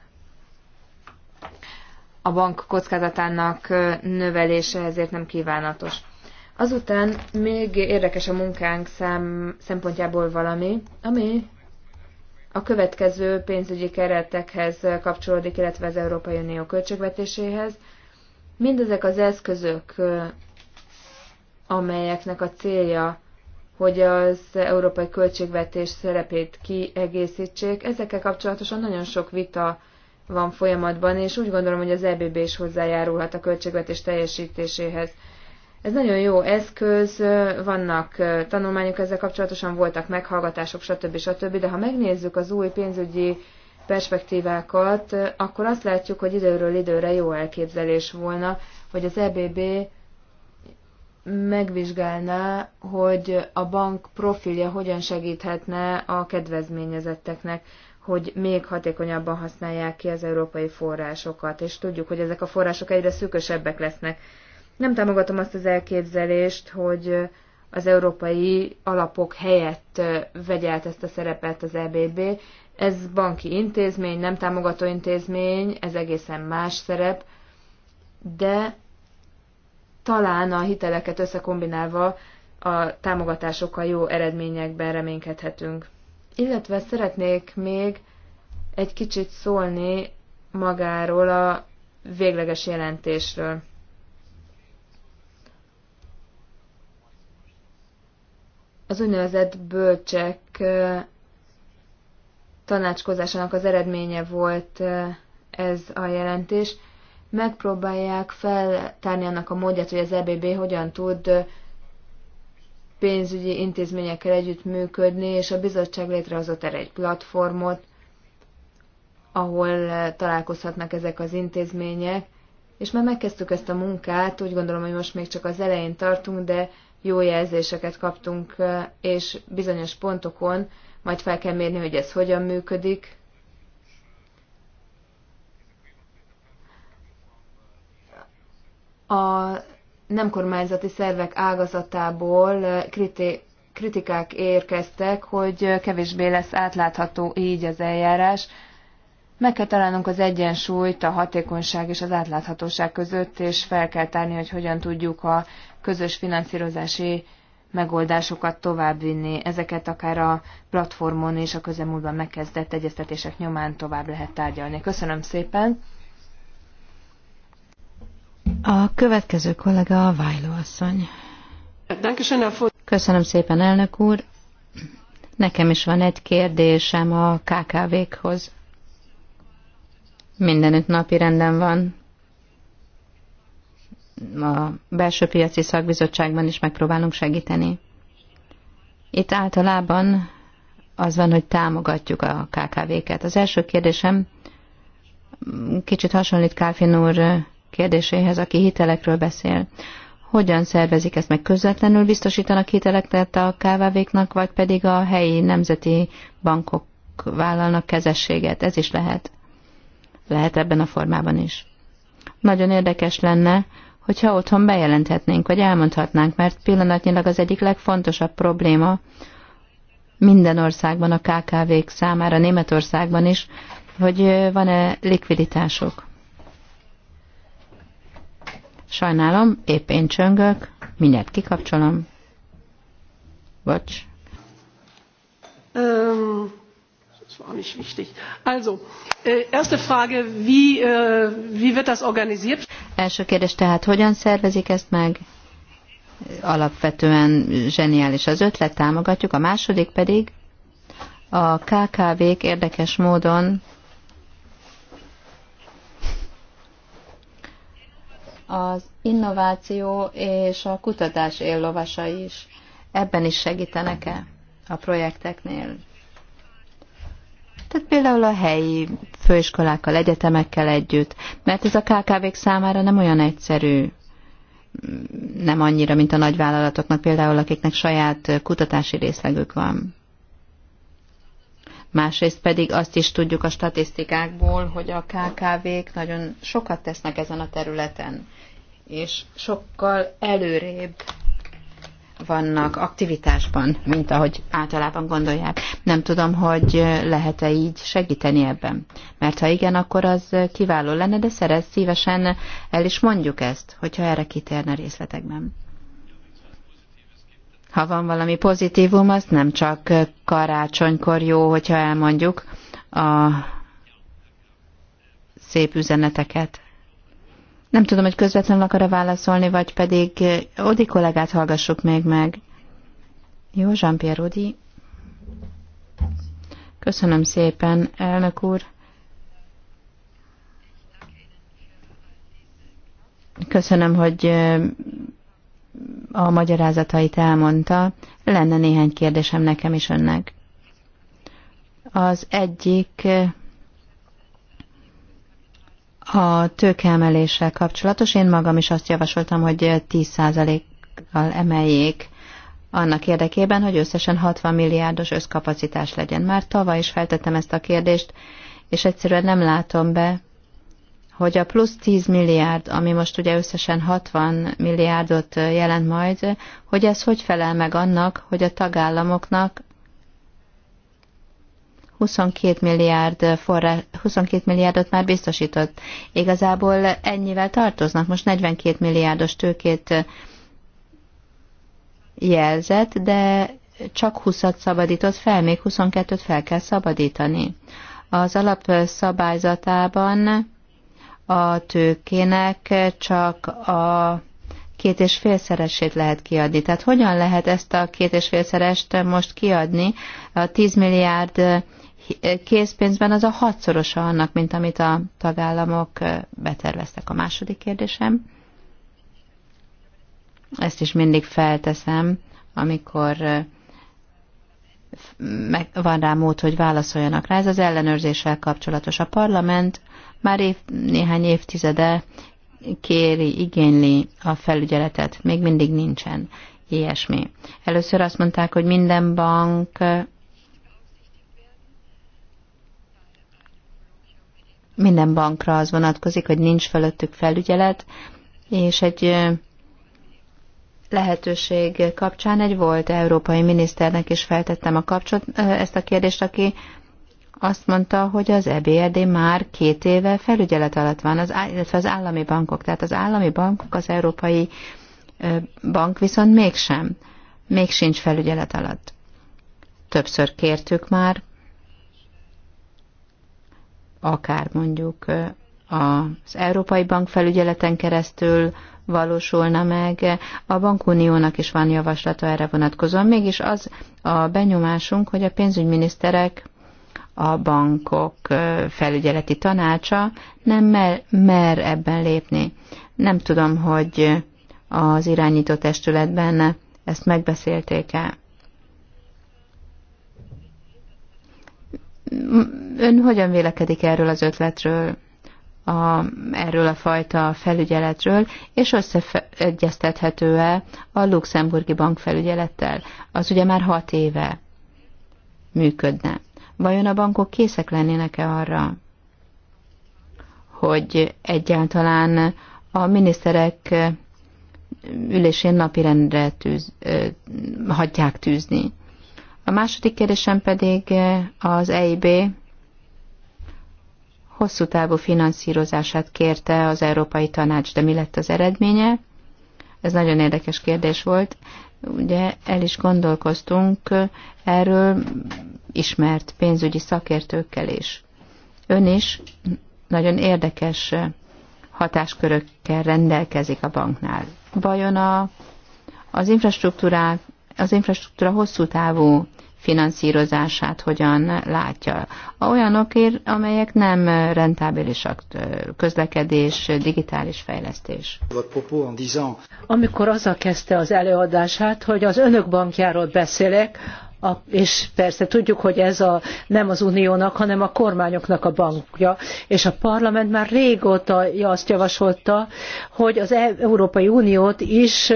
a bank kockázatának növelése ezért nem kívánatos. Azután még érdekes a munkánk szám, szempontjából valami, ami a következő pénzügyi keretekhez kapcsolódik, illetve az Európai Unió költségvetéséhez. Mindezek az eszközök, amelyeknek a célja, hogy az európai költségvetés szerepét kiegészítsék, ezekkel kapcsolatosan nagyon sok vita van folyamatban, és úgy gondolom, hogy az EBB is hozzájárulhat a költségvetés teljesítéséhez. Ez nagyon jó eszköz, vannak tanulmányok ezzel kapcsolatosan, voltak meghallgatások, stb. stb. De ha megnézzük az új pénzügyi perspektívákat, akkor azt látjuk, hogy időről időre jó elképzelés volna, hogy az EBB megvizsgálná, hogy a bank profilja hogyan segíthetne a kedvezményezetteknek hogy még hatékonyabban használják ki az európai forrásokat, és tudjuk, hogy ezek a források egyre szűkösebbek lesznek. Nem támogatom azt az elképzelést, hogy az európai alapok helyett vegye át ezt a szerepet az EBB. Ez banki intézmény, nem támogató intézmény, ez egészen más szerep, de talán a hiteleket összekombinálva a támogatásokkal jó eredményekben reménykedhetünk. Illetve szeretnék még egy kicsit szólni magáról a végleges jelentésről. Az úgynevezett bölcsek tanácskozásának az eredménye volt ez a jelentés. Megpróbálják feltárni annak a módját, hogy az EBB hogyan tud pénzügyi intézményekkel együttműködni, és a bizottság létrehozott erre egy platformot, ahol eh, találkozhatnak ezek az intézmények, és már megkezdtük ezt a munkát, úgy gondolom, hogy most még csak az elején tartunk, de jó jelzéseket kaptunk, eh, és bizonyos pontokon majd fel kell mérni, hogy ez hogyan működik. A nem kormányzati szervek ágazatából eh, kriti- kritikák érkeztek, hogy eh, kevésbé lesz átlátható így az eljárás. Meg kell találnunk az egyensúlyt a hatékonyság és az átláthatóság között, és fel kell tárni, hogy hogyan tudjuk a közös finanszírozási megoldásokat továbbvinni. Ezeket akár a platformon és a közelmúltban megkezdett egyeztetések nyomán tovább lehet tárgyalni. Köszönöm szépen! A következő kollega a Vájló asszony. Köszönöm szépen, elnök úr. Nekem is van egy kérdésem a KKV-khoz. Mindenütt napi renden van. A belső piaci szakbizottságban is megpróbálunk segíteni. Itt általában az van, hogy támogatjuk a KKV-ket. Az első kérdésem kicsit hasonlít Kálfin úr kérdéséhez, aki hitelekről beszél. Hogyan szervezik ezt meg? Közvetlenül biztosítanak hiteleket a kávávéknak, vagy pedig a helyi nemzeti bankok vállalnak kezességet? Ez is lehet. Lehet ebben a formában is. Nagyon érdekes lenne, hogyha otthon bejelenthetnénk, vagy elmondhatnánk, mert pillanatnyilag az egyik legfontosabb probléma minden országban, a KKV-k számára, Németországban is, hogy van-e likviditások. Sajnálom, épp én csöngök, mindjárt kikapcsolom. Bocs. Um, das war nicht wichtig. Also, äh, erste Frage, wie, äh, wie wird das organisiert? Első kérdés tehát, hogyan szervezik ezt meg? Alapvetően zseniális az ötlet, támogatjuk. A második pedig a KKV-k érdekes módon az innováció és a kutatás éllovasa is. Ebben is segítenek-e a projekteknél? Tehát például a helyi főiskolákkal, egyetemekkel együtt, mert ez a KKV-k számára nem olyan egyszerű, nem annyira, mint a nagyvállalatoknak például, akiknek saját kutatási részlegük van. Másrészt pedig azt is tudjuk a statisztikákból, hogy a KKV-k nagyon sokat tesznek ezen a területen, és sokkal előrébb vannak aktivitásban, mint ahogy általában gondolják. Nem tudom, hogy lehet-e így segíteni ebben. Mert ha igen, akkor az kiváló lenne, de szerez szívesen el is mondjuk ezt, hogyha erre kitérne részletekben. Ha van valami pozitívum, azt nem csak karácsonykor jó, hogyha elmondjuk a szép üzeneteket. Nem tudom, hogy közvetlenül akar-e válaszolni, vagy pedig eh, Odi kollégát hallgassuk még meg. Jó, Jean-Pierre Odi. Köszönöm szépen, elnök úr. Köszönöm, hogy eh, a magyarázatait elmondta, lenne néhány kérdésem nekem is önnek. Az egyik a tőkeemeléssel kapcsolatos. Én magam is azt javasoltam, hogy 10%-kal emeljék annak érdekében, hogy összesen 60 milliárdos összkapacitás legyen. Már tavaly is feltettem ezt a kérdést, és egyszerűen nem látom be, hogy a plusz 10 milliárd, ami most ugye összesen 60 milliárdot jelent majd, hogy ez hogy felel meg annak, hogy a tagállamoknak 22 milliárd forrás, 22 milliárdot már biztosított. Igazából ennyivel tartoznak, most 42 milliárdos tőkét jelzett, de csak 20-at szabadított fel, még 22-t fel kell szabadítani. Az alapszabályzatában a tőkének csak a két és félszeresét lehet kiadni. Tehát hogyan lehet ezt a két és félszerest most kiadni? A 10 milliárd készpénzben az a hatszorosa annak, mint amit a tagállamok beterveztek. A második kérdésem, ezt is mindig felteszem, amikor eh, meg van rá mód, hogy válaszoljanak rá. Ez az ellenőrzéssel kapcsolatos. A parlament már év, néhány évtizede kéri, igényli a felügyeletet. Még mindig nincsen ilyesmi. Először azt mondták, hogy minden bank minden bankra az vonatkozik, hogy nincs fölöttük felügyelet, és egy lehetőség kapcsán egy volt európai miniszternek is feltettem a kapcsot, ezt a kérdést, aki azt mondta, hogy az EBRD már két éve felügyelet alatt van, az, illetve az állami bankok. Tehát az állami bankok, az európai bank viszont mégsem, még sincs felügyelet alatt. Többször kértük már, akár mondjuk az Európai Bank felügyeleten keresztül valósulna meg. A bankuniónak is van javaslata erre vonatkozóan, mégis az a benyomásunk, hogy a pénzügyminiszterek a bankok felügyeleti tanácsa nem mer, mer ebben lépni. Nem tudom, hogy az irányító testületben ezt megbeszélték-e. Ön hogyan vélekedik erről az ötletről, a, erről a fajta felügyeletről, és összeegyeztethető-e a luxemburgi bankfelügyelettel? Az ugye már hat éve működne. Vajon a bankok készek lennének-e arra, hogy egyáltalán a miniszterek ülésén napirendre tűz, hagyják tűzni? A második kérdésem pedig az EIB hosszú távú finanszírozását kérte az Európai Tanács, de mi lett az eredménye? Ez nagyon érdekes kérdés volt. Ugye el is gondolkoztunk erről, ismert pénzügyi szakértőkkel is. Ön is nagyon érdekes hatáskörökkel rendelkezik a banknál. Vajon a, az, infrastruktúra, az infrastruktúra hosszú távú finanszírozását hogyan látja. Olyanokért, amelyek nem rentábilisak, közlekedés, digitális fejlesztés. Amikor azzal kezdte az előadását, hogy az önök bankjáról beszélek, a, és persze tudjuk, hogy ez a, nem az uniónak, hanem a kormányoknak a bankja, és a parlament már régóta azt javasolta, hogy az e- Európai Uniót is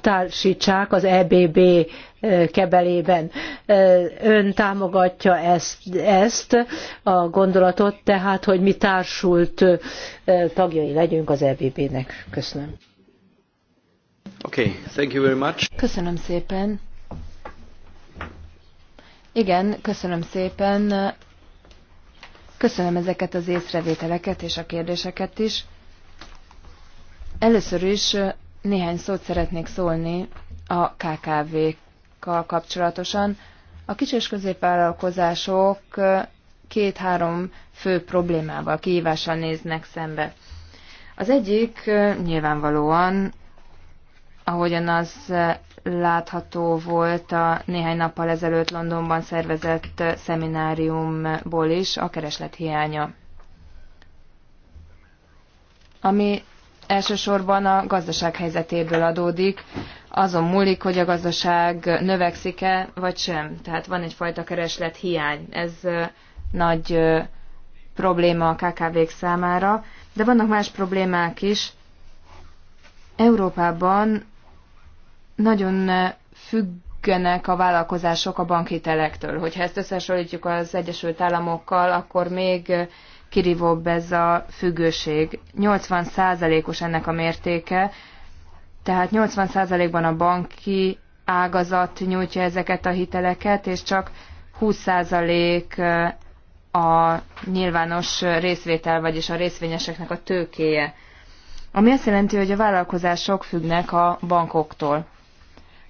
társítsák az EBB eh, kebelében. Eh, ön támogatja ezt, ezt a gondolatot, tehát, hogy mi társult eh, tagjai legyünk az EBB-nek. Köszönöm. Okay, thank you very much. Köszönöm szépen. Igen, köszönöm szépen. Köszönöm ezeket az észrevételeket és a kérdéseket is. Először is néhány szót szeretnék szólni a KKV-kkal kapcsolatosan. A kis és középvállalkozások két-három fő problémával, kihívással néznek szembe. Az egyik nyilvánvalóan, ahogyan az látható volt a néhány nappal ezelőtt Londonban szervezett szemináriumból is a kereslet hiánya. Ami elsősorban a gazdaság helyzetéből adódik, azon múlik, hogy a gazdaság növekszik-e, vagy sem. Tehát van egyfajta kereslet hiány. Ez nagy probléma a KKV-k számára, de vannak más problémák is. Európában nagyon eh, függenek a vállalkozások a bankhitelektől. Hogyha ezt összehasonlítjuk az Egyesült Államokkal, akkor még eh, kirívóbb ez a függőség. 80%-os ennek a mértéke, tehát 80%-ban a banki ágazat nyújtja ezeket a hiteleket, és csak 20% eh, a nyilvános részvétel, vagyis a részvényeseknek a tőkéje. Ami azt jelenti, hogy a vállalkozások függnek a bankoktól.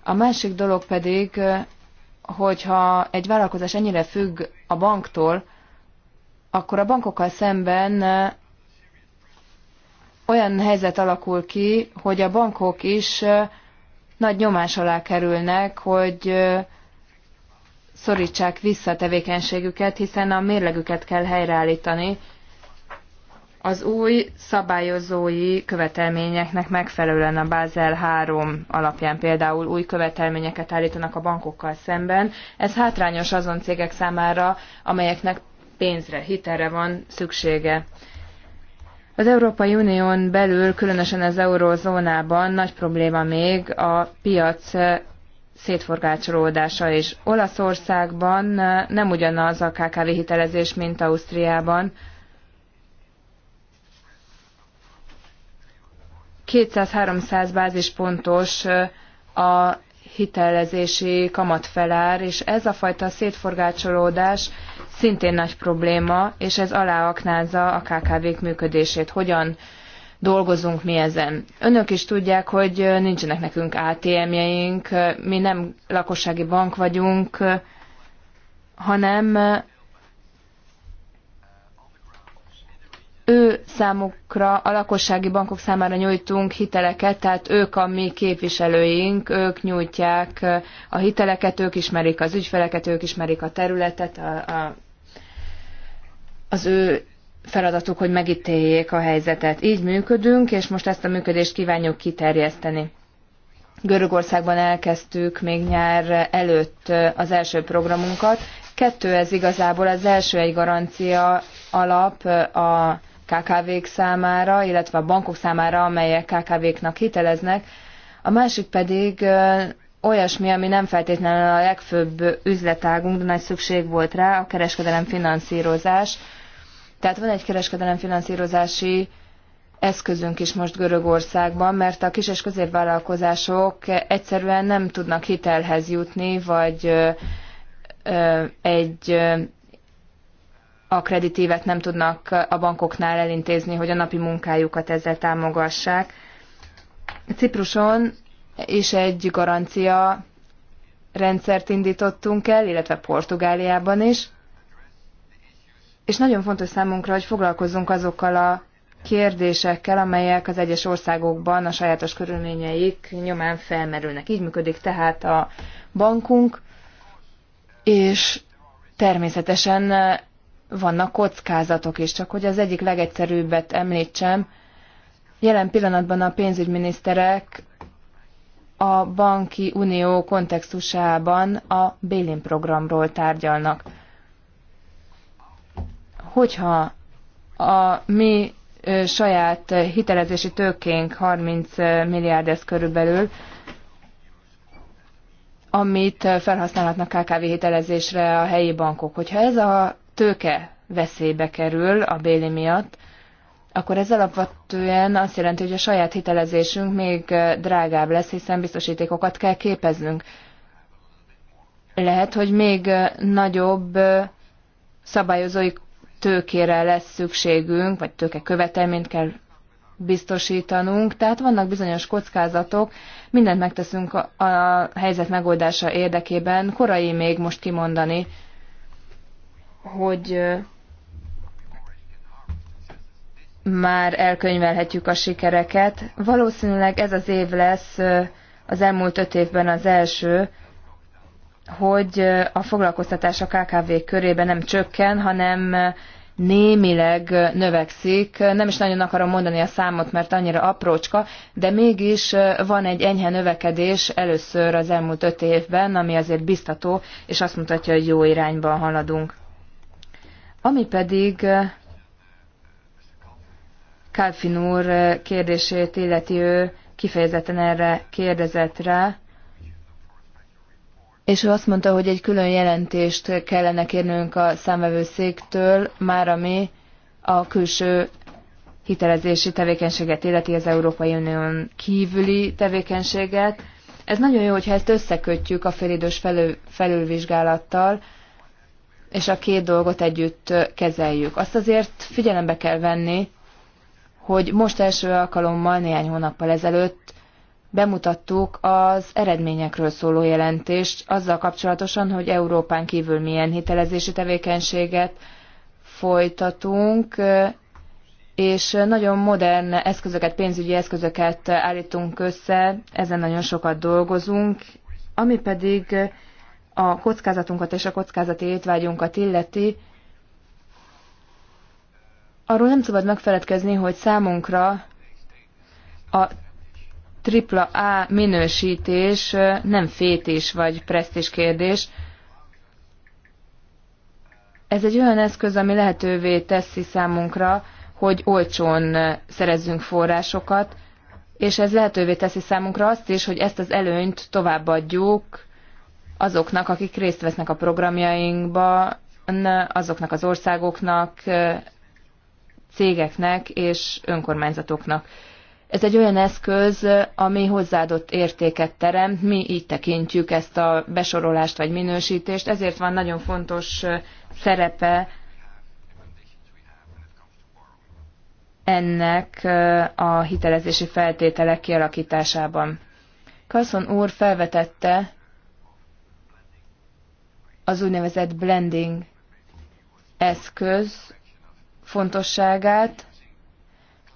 A másik dolog pedig, hogyha egy vállalkozás ennyire függ a banktól, akkor a bankokkal szemben olyan helyzet alakul ki, hogy a bankok is nagy nyomás alá kerülnek, hogy szorítsák vissza a tevékenységüket, hiszen a mérlegüket kell helyreállítani, az új szabályozói követelményeknek megfelelően a Bázel 3 alapján például új követelményeket állítanak a bankokkal szemben. Ez hátrányos azon cégek számára, amelyeknek pénzre, hitelre van szüksége. Az Európai Unión belül, különösen az eurozónában nagy probléma még a piac szétforgácsolódása is. Olaszországban nem ugyanaz a KKV hitelezés, mint Ausztriában, 200-300 bázispontos a hitelezési kamatfelár, és ez a fajta szétforgácsolódás szintén nagy probléma, és ez aláaknázza a KKV-k működését. Hogyan dolgozunk mi ezen. Önök is tudják, hogy nincsenek nekünk ATM-jeink, mi nem lakossági bank vagyunk, hanem ő számukra, a lakossági bankok számára nyújtunk hiteleket, tehát ők a mi képviselőink, ők nyújtják a hiteleket, ők ismerik az ügyfeleket, ők ismerik a területet, a, a, az ő feladatuk, hogy megítéljék a helyzetet. Így működünk, és most ezt a működést kívánjuk kiterjeszteni. Görögországban elkezdtük még nyár előtt az első programunkat. Kettő ez igazából, az első egy garancia alap a KKV-k számára, illetve a bankok számára, amelyek KKV-knak hiteleznek. A másik pedig olyasmi, ami nem feltétlenül a legfőbb üzletágunk, de nagy szükség volt rá, a kereskedelem finanszírozás. Tehát van egy kereskedelem finanszírozási eszközünk is most Görögországban, mert a kis és középvállalkozások egyszerűen nem tudnak hitelhez jutni, vagy egy a kreditívet nem tudnak a bankoknál elintézni, hogy a napi munkájukat ezzel támogassák. Cipruson is egy garancia rendszert indítottunk el, illetve Portugáliában is. És nagyon fontos számunkra, hogy foglalkozzunk azokkal a kérdésekkel, amelyek az egyes országokban a sajátos körülményeik nyomán felmerülnek. Így működik tehát a bankunk, és természetesen vannak kockázatok is. Csak hogy az egyik legegyszerűbbet említsem, jelen pillanatban a pénzügyminiszterek a banki unió kontextusában a Bélin programról tárgyalnak. Hogyha a mi saját hitelezési tőkénk 30 milliárd ez körülbelül, amit felhasználhatnak KKV hitelezésre a helyi bankok. Hogyha ez a tőke veszélybe kerül a béli miatt, akkor ez alapvetően azt jelenti, hogy a saját hitelezésünk még drágább lesz, hiszen biztosítékokat kell képeznünk. Lehet, hogy még nagyobb szabályozói tőkére lesz szükségünk, vagy tőke követelményt kell biztosítanunk, tehát vannak bizonyos kockázatok, mindent megteszünk a, a helyzet megoldása érdekében, korai még most kimondani, hogy már elkönyvelhetjük a sikereket. Valószínűleg ez az év lesz az elmúlt öt évben az első, hogy a foglalkoztatás a KKV körében nem csökken, hanem némileg növekszik. Nem is nagyon akarom mondani a számot, mert annyira aprócska, de mégis van egy enyhe növekedés először az elmúlt öt évben, ami azért biztató, és azt mutatja, hogy jó irányban haladunk. Ami pedig eh, Kálfin úr eh, kérdését illeti ő kifejezetten erre kérdezett rá, és ő azt mondta, hogy egy külön jelentést kellene kérnünk a számvevőszéktől, már ami a külső hitelezési tevékenységet illeti az Európai Unión kívüli tevékenységet. Ez nagyon jó, hogyha ezt összekötjük a félidős felül, felülvizsgálattal, és a két dolgot együtt kezeljük. Azt azért figyelembe kell venni, hogy most első alkalommal néhány hónappal ezelőtt bemutattuk az eredményekről szóló jelentést azzal kapcsolatosan, hogy Európán kívül milyen hitelezési tevékenységet folytatunk, és nagyon modern eszközöket, pénzügyi eszközöket állítunk össze, ezen nagyon sokat dolgozunk, ami pedig a kockázatunkat és a kockázati étvágyunkat illeti, arról nem szabad megfeledkezni, hogy számunkra a tripla A minősítés nem fétés vagy presztis kérdés. Ez egy olyan eszköz, ami lehetővé teszi számunkra, hogy olcsón szerezzünk forrásokat, és ez lehetővé teszi számunkra azt is, hogy ezt az előnyt továbbadjuk azoknak, akik részt vesznek a programjainkban, azoknak az országoknak, cégeknek és önkormányzatoknak. Ez egy olyan eszköz, ami hozzáadott értéket teremt, mi így tekintjük ezt a besorolást vagy minősítést, ezért van nagyon fontos szerepe ennek a hitelezési feltételek kialakításában. Kasson úr felvetette, az úgynevezett blending eszköz fontosságát,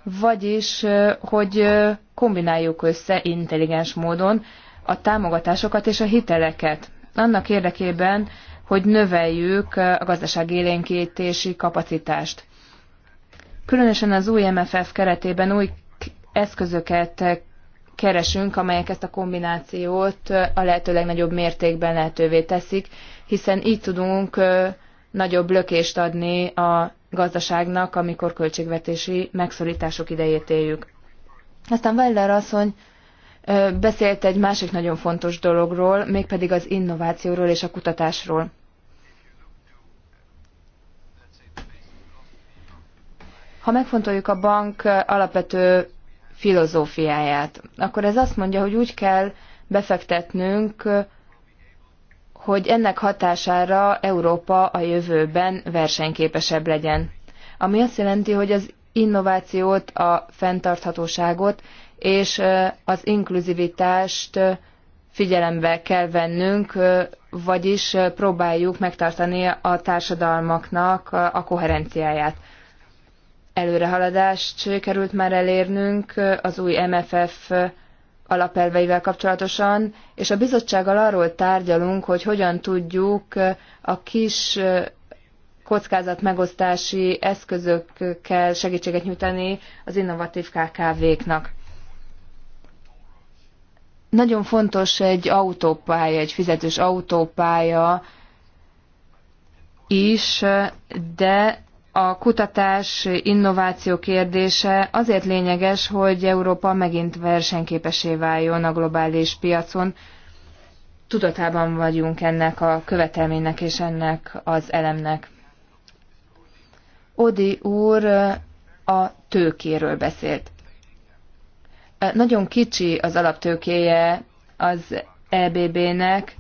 vagyis, hogy kombináljuk össze intelligens módon a támogatásokat és a hiteleket. Annak érdekében, hogy növeljük a gazdaság élénkítési kapacitást. Különösen az új MFF keretében új eszközöket keresünk, amelyek ezt a kombinációt a lehető legnagyobb mértékben lehetővé teszik, hiszen így tudunk nagyobb lökést adni a gazdaságnak, amikor költségvetési megszorítások idejét éljük. Aztán Weller asszony beszélt egy másik nagyon fontos dologról, mégpedig az innovációról és a kutatásról. Ha megfontoljuk a bank alapvető filozófiáját, akkor ez azt mondja, hogy úgy kell befektetnünk hogy ennek hatására Európa a jövőben versenyképesebb legyen. Ami azt jelenti, hogy az innovációt, a fenntarthatóságot és az inkluzivitást figyelembe kell vennünk, vagyis próbáljuk megtartani a társadalmaknak a koherenciáját. Előrehaladást került már elérnünk az új MFF alapelveivel kapcsolatosan, és a bizottsággal arról tárgyalunk, hogy hogyan tudjuk a kis kockázatmegosztási eszközökkel segítséget nyújtani az innovatív KKV-knak. Nagyon fontos egy autópálya, egy fizetős autópálya is, de a kutatás, innováció kérdése azért lényeges, hogy Európa megint versenyképesé váljon a globális piacon. Tudatában vagyunk ennek a követelménynek és ennek az elemnek. Odi úr a tőkéről beszélt. Nagyon kicsi az alaptőkéje az EBB-nek,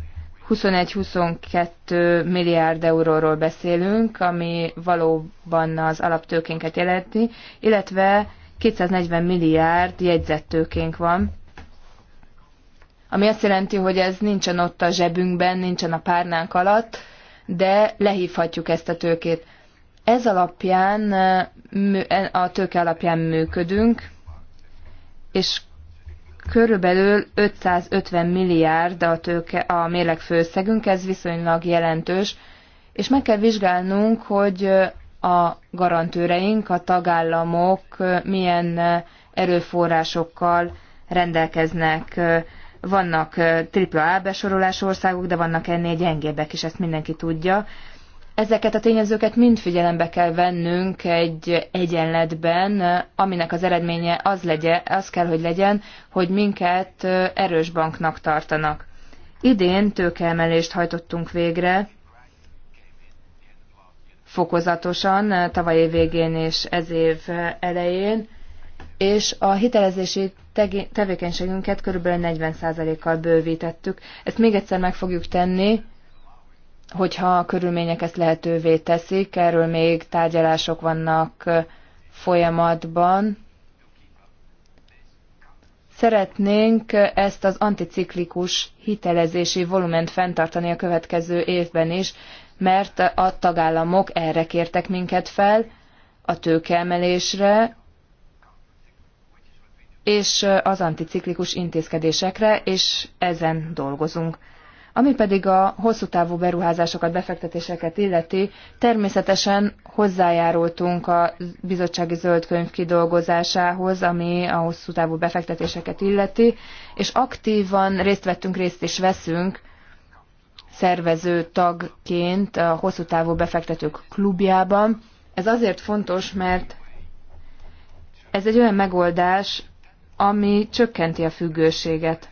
21-22 milliárd euróról beszélünk, ami valóban az alaptőkénket jelenti, illetve 240 milliárd jegyzett tőkénk van, ami azt jelenti, hogy ez nincsen ott a zsebünkben, nincsen a párnánk alatt, de lehívhatjuk ezt a tőkét. Ez alapján, a tőke alapján működünk, és körülbelül 550 milliárd a, tőke, a mérleg főszegünk, ez viszonylag jelentős, és meg kell vizsgálnunk, hogy a garantőreink, a tagállamok milyen erőforrásokkal rendelkeznek. Vannak AAA besorolás országok, de vannak ennél gyengébbek is, ezt mindenki tudja. Ezeket a tényezőket mind figyelembe kell vennünk egy egyenletben, aminek az eredménye az, legyen, az kell, hogy legyen, hogy minket erős banknak tartanak. Idén tőkeemelést hajtottunk végre, fokozatosan, tavaly év végén és ez év elején, és a hitelezési tevékenységünket kb. 40%-kal bővítettük. Ezt még egyszer meg fogjuk tenni, hogyha a körülmények ezt lehetővé teszik, erről még tárgyalások vannak folyamatban. Szeretnénk ezt az anticiklikus hitelezési volument fenntartani a következő évben is, mert a tagállamok erre kértek minket fel, a tőkeemelésre, és az anticiklikus intézkedésekre, és ezen dolgozunk. Ami pedig a hosszú távú beruházásokat, befektetéseket illeti, természetesen hozzájárultunk a bizottsági zöldkönyv kidolgozásához, ami a hosszú távú befektetéseket illeti, és aktívan részt vettünk, részt is veszünk szervező tagként a hosszú távú befektetők klubjában. Ez azért fontos, mert ez egy olyan megoldás, ami csökkenti a függőséget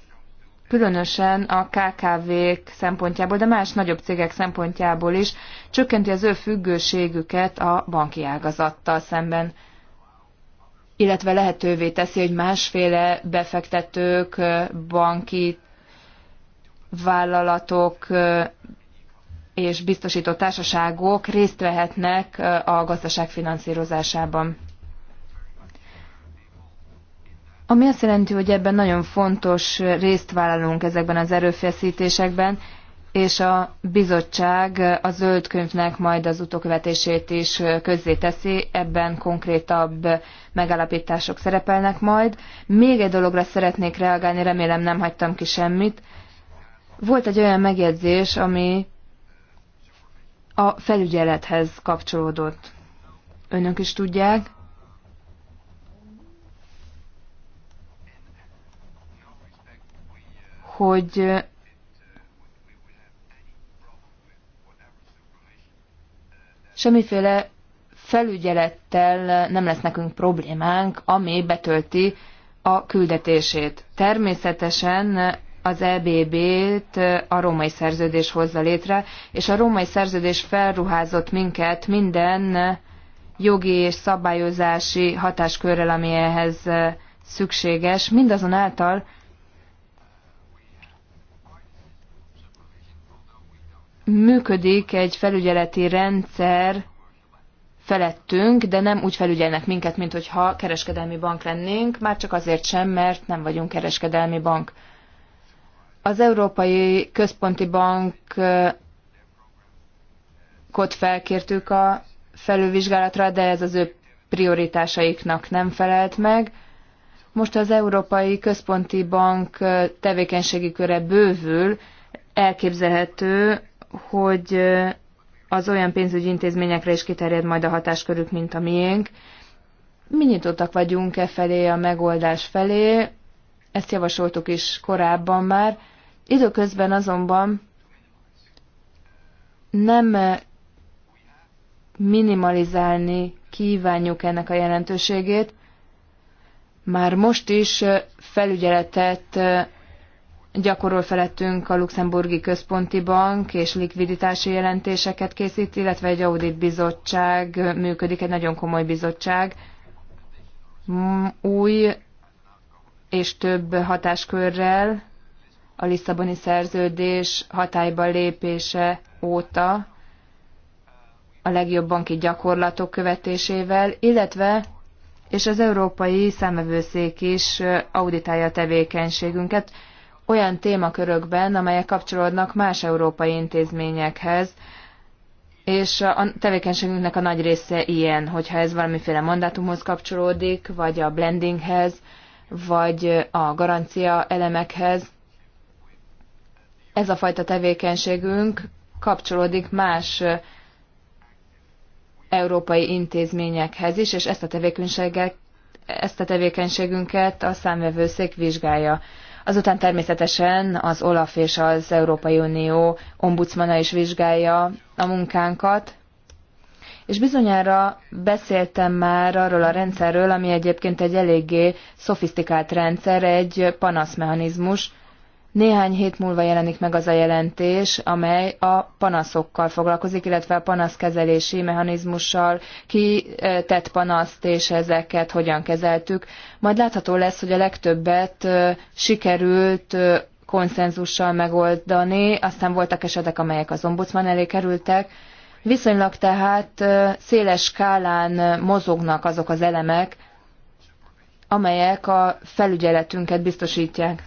különösen a KKV-k szempontjából, de más nagyobb cégek szempontjából is csökkenti az ő függőségüket a banki ágazattal szemben illetve lehetővé teszi, hogy másféle befektetők, banki vállalatok és biztosító társaságok részt vehetnek a gazdaság finanszírozásában. Ami azt jelenti, hogy ebben nagyon fontos részt vállalunk ezekben az erőfeszítésekben, és a bizottság a zöld könyvnek majd az utókövetését is teszi, ebben konkrétabb megállapítások szerepelnek majd. Még egy dologra szeretnék reagálni, remélem nem hagytam ki semmit. Volt egy olyan megjegyzés, ami a felügyelethez kapcsolódott. Önök is tudják, hogy semmiféle felügyelettel nem lesz nekünk problémánk, ami betölti a küldetését. Természetesen az EBB-t a római szerződés hozza létre, és a római szerződés felruházott minket minden jogi és szabályozási hatáskörrel, ami ehhez szükséges, mindazonáltal működik egy felügyeleti rendszer felettünk, de nem úgy felügyelnek minket, mint hogyha kereskedelmi bank lennénk, már csak azért sem, mert nem vagyunk kereskedelmi bank. Az Európai Központi Bankot felkértük a felülvizsgálatra, de ez az ő prioritásaiknak nem felelt meg. Most az Európai Központi Bank tevékenységi köre bővül, elképzelhető, hogy az olyan pénzügyi intézményekre is kiterjed majd a hatáskörük, mint a miénk. Mi nyitottak vagyunk e felé, a megoldás felé, ezt javasoltuk is korábban már. Időközben azonban nem minimalizálni kívánjuk ennek a jelentőségét. Már most is felügyeletet gyakorol felettünk a Luxemburgi Központi Bank, és likviditási jelentéseket készít, illetve egy audit bizottság működik, egy nagyon komoly bizottság. Mm, új és több hatáskörrel a Lisszaboni szerződés hatályba lépése óta a legjobb banki gyakorlatok követésével, illetve és az Európai Számevőszék is auditálja a tevékenységünket olyan témakörökben, amelyek kapcsolódnak más európai intézményekhez, és a tevékenységünknek a nagy része ilyen, hogyha ez valamiféle mandátumhoz kapcsolódik, vagy a blendinghez, vagy a garancia elemekhez. Ez a fajta tevékenységünk kapcsolódik más európai intézményekhez is, és ezt a tevékenységet ezt a tevékenységünket a számvevőszék vizsgálja. Azután természetesen az OLAF és az Európai Unió ombudsmana is vizsgálja a munkánkat, és bizonyára beszéltem már arról a rendszerről, ami egyébként egy eléggé szofisztikált rendszer, egy panaszmechanizmus, néhány hét múlva jelenik meg az a jelentés, amely a panaszokkal foglalkozik, illetve a panaszkezelési mechanizmussal, ki tett panaszt és ezeket hogyan kezeltük. Majd látható lesz, hogy a legtöbbet sikerült konszenzussal megoldani, aztán voltak esetek, amelyek az ombudsman elé kerültek. Viszonylag tehát széles skálán mozognak azok az elemek, amelyek a felügyeletünket biztosítják.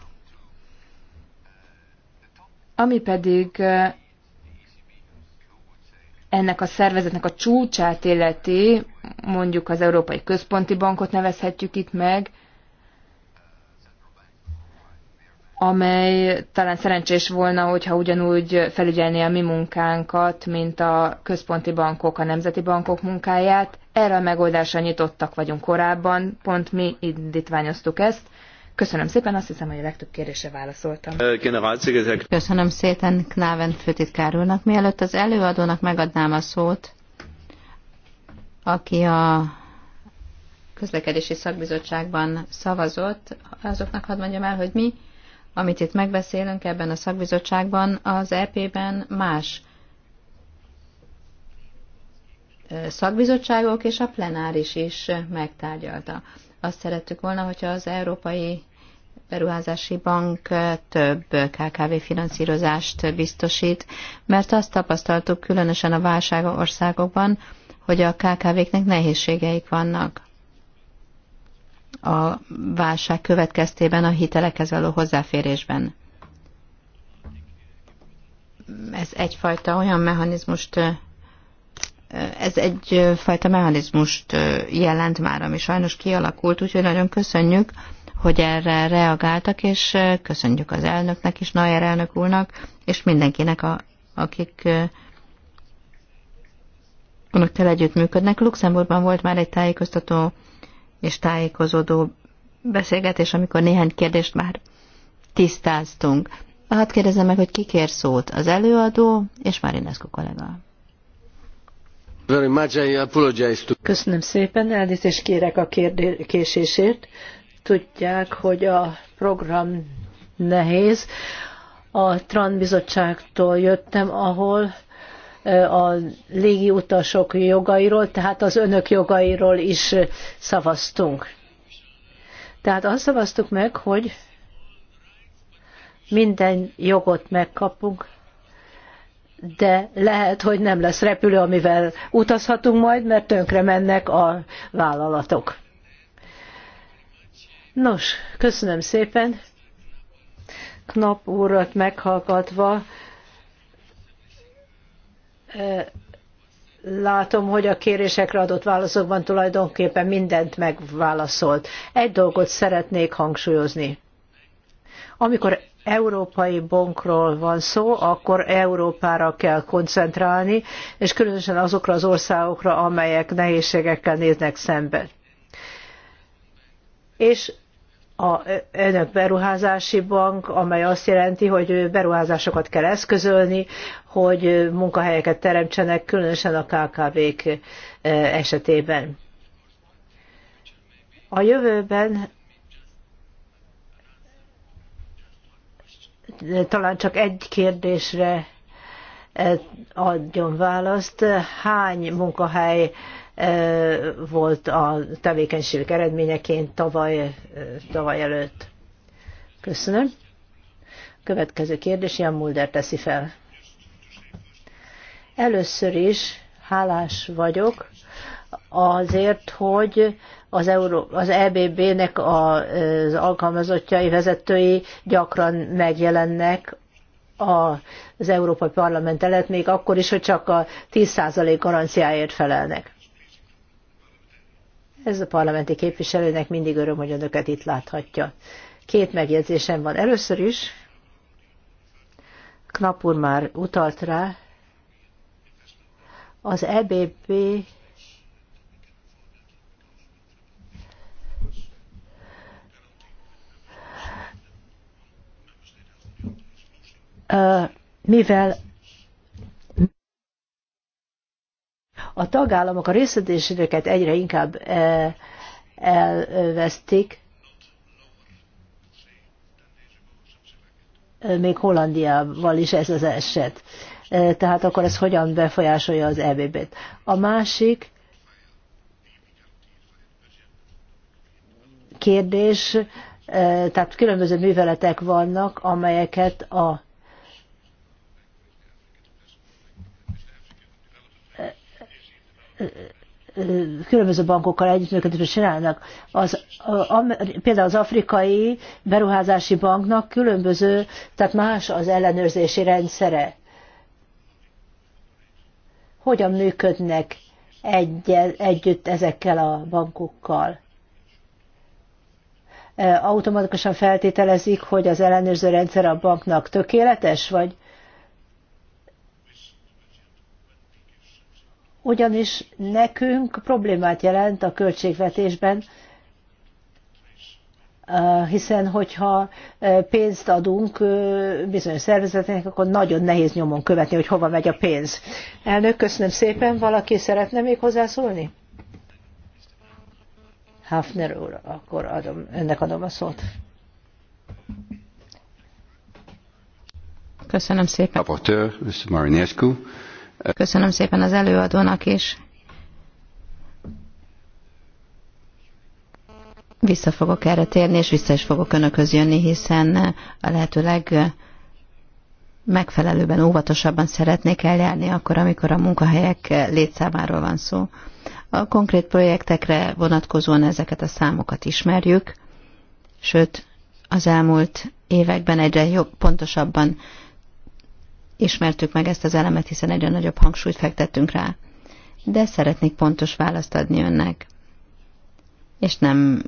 Ami pedig ennek a szervezetnek a csúcsát illeti, mondjuk az Európai Központi Bankot nevezhetjük itt meg, amely talán szerencsés volna, hogyha ugyanúgy felügyelné a mi munkánkat, mint a központi bankok, a nemzeti bankok munkáját. Erre a megoldásra nyitottak vagyunk korábban, pont mi indítványoztuk ezt. Köszönöm szépen, azt hiszem, hogy a legtöbb kérdésre válaszoltam. Eh, Köszönöm szépen Knáven főtitkár úrnak. Mielőtt az előadónak megadnám a szót, aki a közlekedési szakbizottságban szavazott, azoknak hadd mondjam el, hogy mi, amit itt megbeszélünk ebben a szakbizottságban, az EP-ben más eh, szakbizottságok és a plenáris is megtárgyalta. Azt szerettük volna, hogyha az Európai Beruházási Bank több KKV finanszírozást biztosít, mert azt tapasztaltuk különösen a válság országokban, hogy a KKV-knek nehézségeik vannak a válság következtében a hitelekhez való hozzáférésben. Ez egyfajta olyan mechanizmust ez egyfajta mechanizmust jelent már, ami sajnos kialakult, úgyhogy nagyon köszönjük, hogy erre reagáltak, és köszönjük az elnöknek is, Nayer elnök úrnak, és mindenkinek, a, akik önökkel együttműködnek. Luxemburgban volt már egy tájékoztató és tájékozódó beszélgetés, amikor néhány kérdést már tisztáztunk. Hát kérdezem meg, hogy ki kér szót, az előadó és Marinescu kollega. Köszönöm szépen, elnézést kérek a késésért. Tudják, hogy a program nehéz. A TRAN bizottságtól jöttem, ahol a légi utasok jogairól, tehát az önök jogairól is szavaztunk. Tehát azt szavaztuk meg, hogy minden jogot megkapunk, de lehet, hogy nem lesz repülő, amivel utazhatunk majd, mert tönkre mennek a vállalatok. Nos, köszönöm szépen. Knap úrat meghallgatva látom, hogy a kérésekre adott válaszokban tulajdonképpen mindent megválaszolt. Egy dolgot szeretnék hangsúlyozni. Amikor európai bankról van szó, akkor Európára kell koncentrálni, és különösen azokra az országokra, amelyek nehézségekkel néznek szembe. És a önök beruházási bank, amely azt jelenti, hogy beruházásokat kell eszközölni, hogy munkahelyeket teremtsenek, különösen a KKV-k eh, esetében. A jövőben talán csak egy kérdésre e, adjon választ. Hány munkahely e, volt a tevékenységük eredményeként tavaly, e, tavaly előtt? Köszönöm. Következő kérdés, Jan Mulder teszi fel. Először is hálás vagyok azért, hogy az, Euró, az EBB-nek az alkalmazottjai, vezetői gyakran megjelennek az Európai Parlament előtt, még akkor is, hogy csak a 10% garanciáért felelnek. Ez a parlamenti képviselőnek mindig öröm, hogy önöket itt láthatja. Két megjegyzésem van. Először is, Knapur már utalt rá, az EBB mivel a tagállamok a részletéseket egyre inkább elvesztik, még Hollandiával is ez az eset. Tehát akkor ez hogyan befolyásolja az EBB-t. A másik kérdés, tehát különböző műveletek vannak, amelyeket a különböző bankokkal együttműködésben csinálnak. Az, a, például az afrikai beruházási banknak különböző, tehát más az ellenőrzési rendszere. Hogyan működnek egy, együtt ezekkel a bankokkal? Automatikusan feltételezik, hogy az ellenőrző rendszer a banknak tökéletes, vagy ugyanis nekünk problémát jelent a költségvetésben, hiszen hogyha pénzt adunk bizonyos szervezetnek, akkor nagyon nehéz nyomon követni, hogy hova megy a pénz. Elnök, köszönöm szépen. Valaki szeretne még hozzászólni? Hafner úr, akkor adom, önnek adom a szót. Köszönöm szépen. Rapporteur, Mr. Marinescu. Köszönöm szépen az előadónak is. Vissza fogok erre térni, és vissza is fogok önökhöz jönni, hiszen a lehetőleg megfelelőben, óvatosabban szeretnék eljárni akkor, amikor a munkahelyek létszámáról van szó. A konkrét projektekre vonatkozóan ezeket a számokat ismerjük, sőt, az elmúlt években egyre jobb, pontosabban ismertük meg ezt az elemet, hiszen egyre nagyobb hangsúlyt fektettünk rá. De szeretnék pontos választ adni önnek. És nem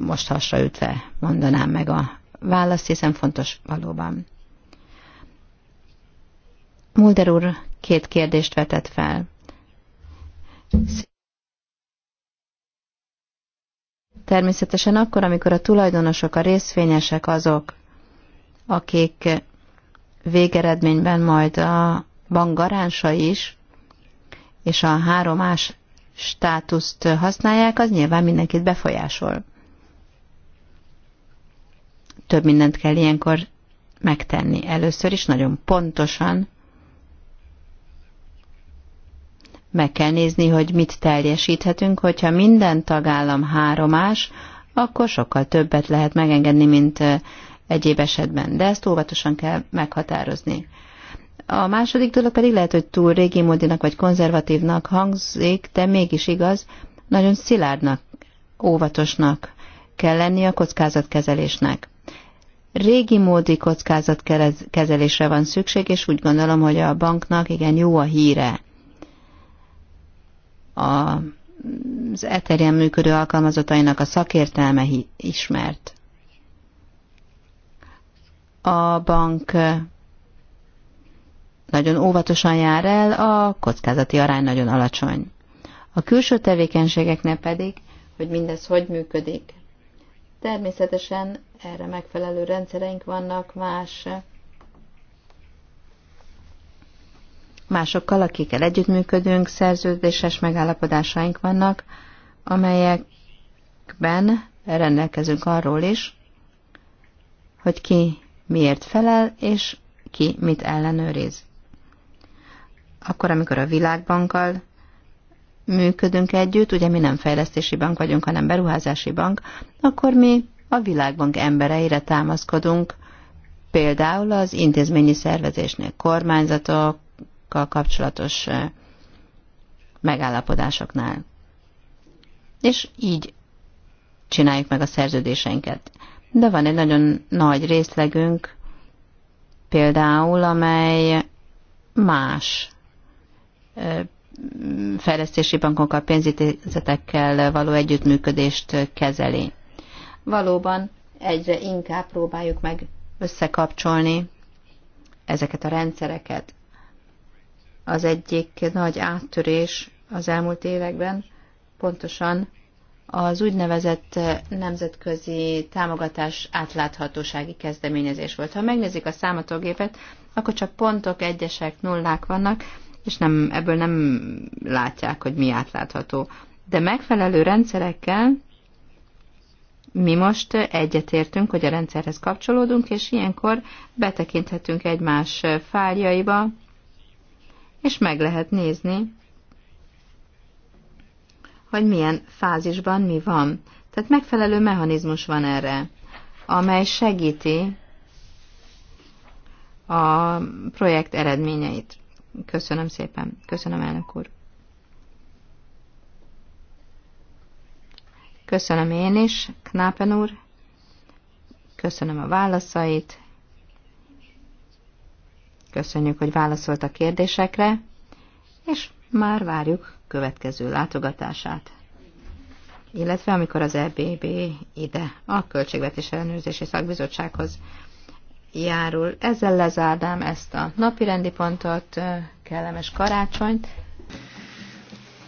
most ütve mondanám meg a választ, hiszen fontos valóban. Mulder úr két kérdést vetett fel. Természetesen akkor, amikor a tulajdonosok, a részvényesek azok, akik végeredményben majd a bangaránsa is, és a három más státuszt használják, az nyilván mindenkit befolyásol. Több mindent kell ilyenkor megtenni. Először is nagyon pontosan meg kell nézni, hogy mit teljesíthetünk, hogyha minden tagállam háromás, akkor sokkal többet lehet megengedni, mint egyéb esetben, de ezt óvatosan kell meghatározni. A második dolog pedig lehet, hogy túl régi módinak vagy konzervatívnak hangzik, de mégis igaz, nagyon szilárdnak, óvatosnak kell lenni a kockázatkezelésnek. Régi módi kockázatkezelésre van szükség, és úgy gondolom, hogy a banknak igen jó a híre. A, az Ethereum működő alkalmazatainak a szakértelme ismert a bank nagyon óvatosan jár el, a kockázati arány nagyon alacsony. A külső tevékenységeknél pedig, hogy mindez hogy működik. Természetesen erre megfelelő rendszereink vannak más másokkal, akikkel együttműködünk, szerződéses megállapodásaink vannak, amelyekben rendelkezünk arról is, hogy ki miért felel, és ki mit ellenőriz. Akkor, amikor a világbankkal működünk együtt, ugye mi nem fejlesztési bank vagyunk, hanem beruházási bank, akkor mi a világbank embereire támaszkodunk, például az intézményi szervezésnél, kormányzatokkal kapcsolatos megállapodásoknál. És így csináljuk meg a szerződéseinket de van egy nagyon nagy részlegünk, például, amely más fejlesztési bankokkal, pénzítézetekkel való együttműködést kezeli. Valóban egyre inkább próbáljuk meg összekapcsolni ezeket a rendszereket. Az egyik nagy áttörés az elmúlt években pontosan az úgynevezett nemzetközi támogatás átláthatósági kezdeményezés volt. Ha megnézik a számítógépet, akkor csak pontok, egyesek, nullák vannak, és nem, ebből nem látják, hogy mi átlátható. De megfelelő rendszerekkel mi most egyetértünk, hogy a rendszerhez kapcsolódunk, és ilyenkor betekinthetünk egymás fájljaiba, és meg lehet nézni, hogy milyen fázisban mi van. Tehát megfelelő mechanizmus van erre, amely segíti a projekt eredményeit. Köszönöm szépen. Köszönöm, elnök úr. Köszönöm én is, Knápen úr. Köszönöm a válaszait. Köszönjük, hogy válaszolt a kérdésekre, és már várjuk következő látogatását, illetve amikor az EBB ide a Költségvetés Ellenőrzési Szakbizottsághoz járul. Ezzel lezárnám ezt a napi rendi pontot, kellemes karácsonyt.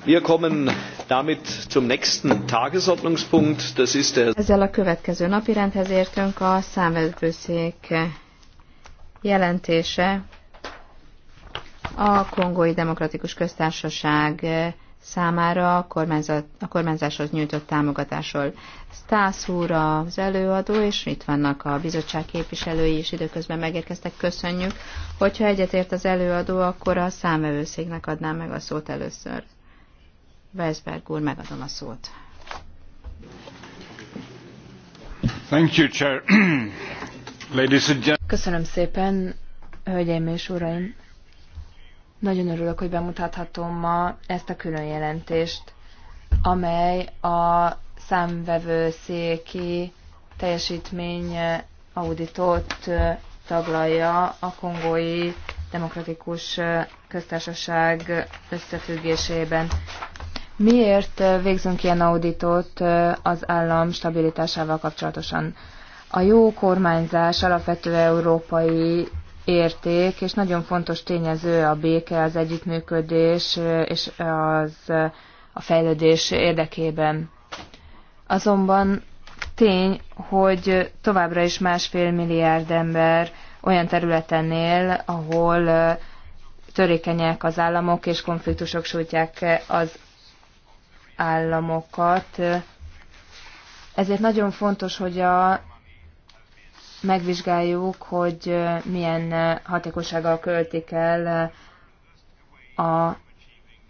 Wir kommen damit zum nächsten Tagesordnungspunkt. Das ist der Ezzel a következő napirendhez értünk a számvevőszék jelentése a Kongói Demokratikus Köztársaság eh, számára a, kormányzat, a kormányzáshoz nyújtott támogatásról. Stász úr az előadó, és itt vannak a bizottság képviselői is időközben megérkeztek. Köszönjük. Hogyha egyetért az előadó, akkor a számövőszéknek adnám meg a szót először. Weisberg úr, megadom a szót. Thank you, Chair. Ladies and Köszönöm szépen, hölgyeim és uraim. Nagyon örülök, hogy bemutathatom ma ezt a külön jelentést, amely a széki teljesítmény auditot taglalja a kongói demokratikus köztársaság összefüggésében. Miért végzünk ilyen auditot az állam stabilitásával kapcsolatosan? A jó kormányzás alapvető európai érték, és nagyon fontos tényező a béke, az együttműködés és az, a fejlődés érdekében. Azonban tény, hogy továbbra is másfél milliárd ember olyan területen él, ahol törékenyek az államok, és konfliktusok sújtják az államokat. Ezért nagyon fontos, hogy a megvizsgáljuk, hogy milyen hatékossággal költik el a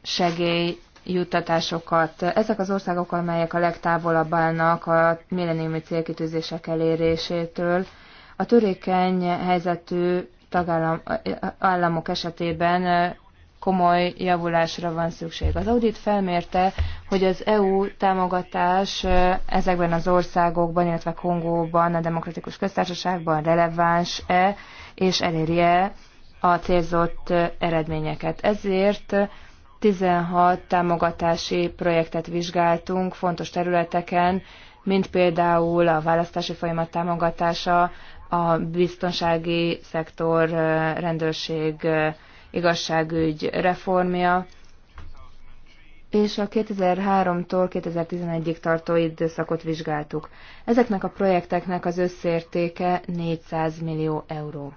segélyjuttatásokat. Ezek az országok, amelyek a legtávolabb állnak a milleniumi célkitűzések elérésétől, a törékeny helyzetű tagállam, államok esetében komoly javulásra van szükség. Az audit felmérte, hogy az EU támogatás ezekben az országokban, illetve Kongóban, a Demokratikus Köztársaságban releváns-e, és eléri-e a célzott eredményeket. Ezért 16 támogatási projektet vizsgáltunk fontos területeken, mint például a választási folyamat támogatása, a biztonsági szektor, rendőrség, igazságügy reformja, és a 2003-tól 2011-ig tartó időszakot vizsgáltuk. Ezeknek a projekteknek az összértéke 400 millió euró.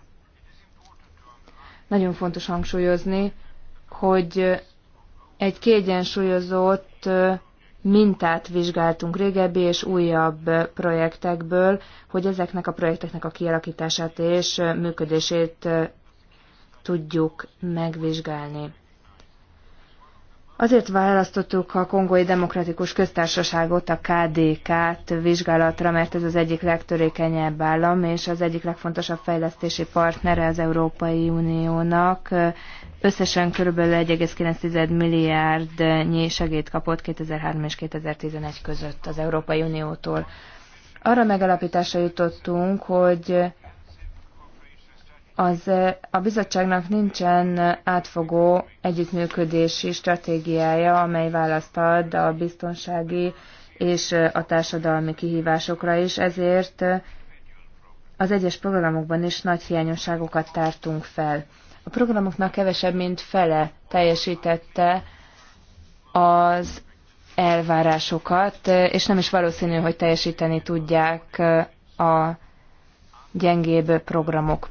Nagyon fontos hangsúlyozni, hogy egy kiegyensúlyozott mintát vizsgáltunk régebbi és újabb projektekből, hogy ezeknek a projekteknek a kialakítását és működését tudjuk megvizsgálni. Azért választottuk a Kongói Demokratikus Köztársaságot, a KDK-t vizsgálatra, mert ez az egyik legtörékenyebb állam, és az egyik legfontosabb fejlesztési partnere az Európai Uniónak. Összesen kb. 1,9 nyi segét kapott 2003 és 2011 között az Európai Uniótól. Arra megalapításra jutottunk, hogy az a bizottságnak nincsen átfogó együttműködési stratégiája, amely választ ad a biztonsági és a társadalmi kihívásokra is, ezért az egyes programokban is nagy hiányosságokat tártunk fel. A programoknak kevesebb, mint fele teljesítette az elvárásokat, és nem is valószínű, hogy teljesíteni tudják a gyengébb programok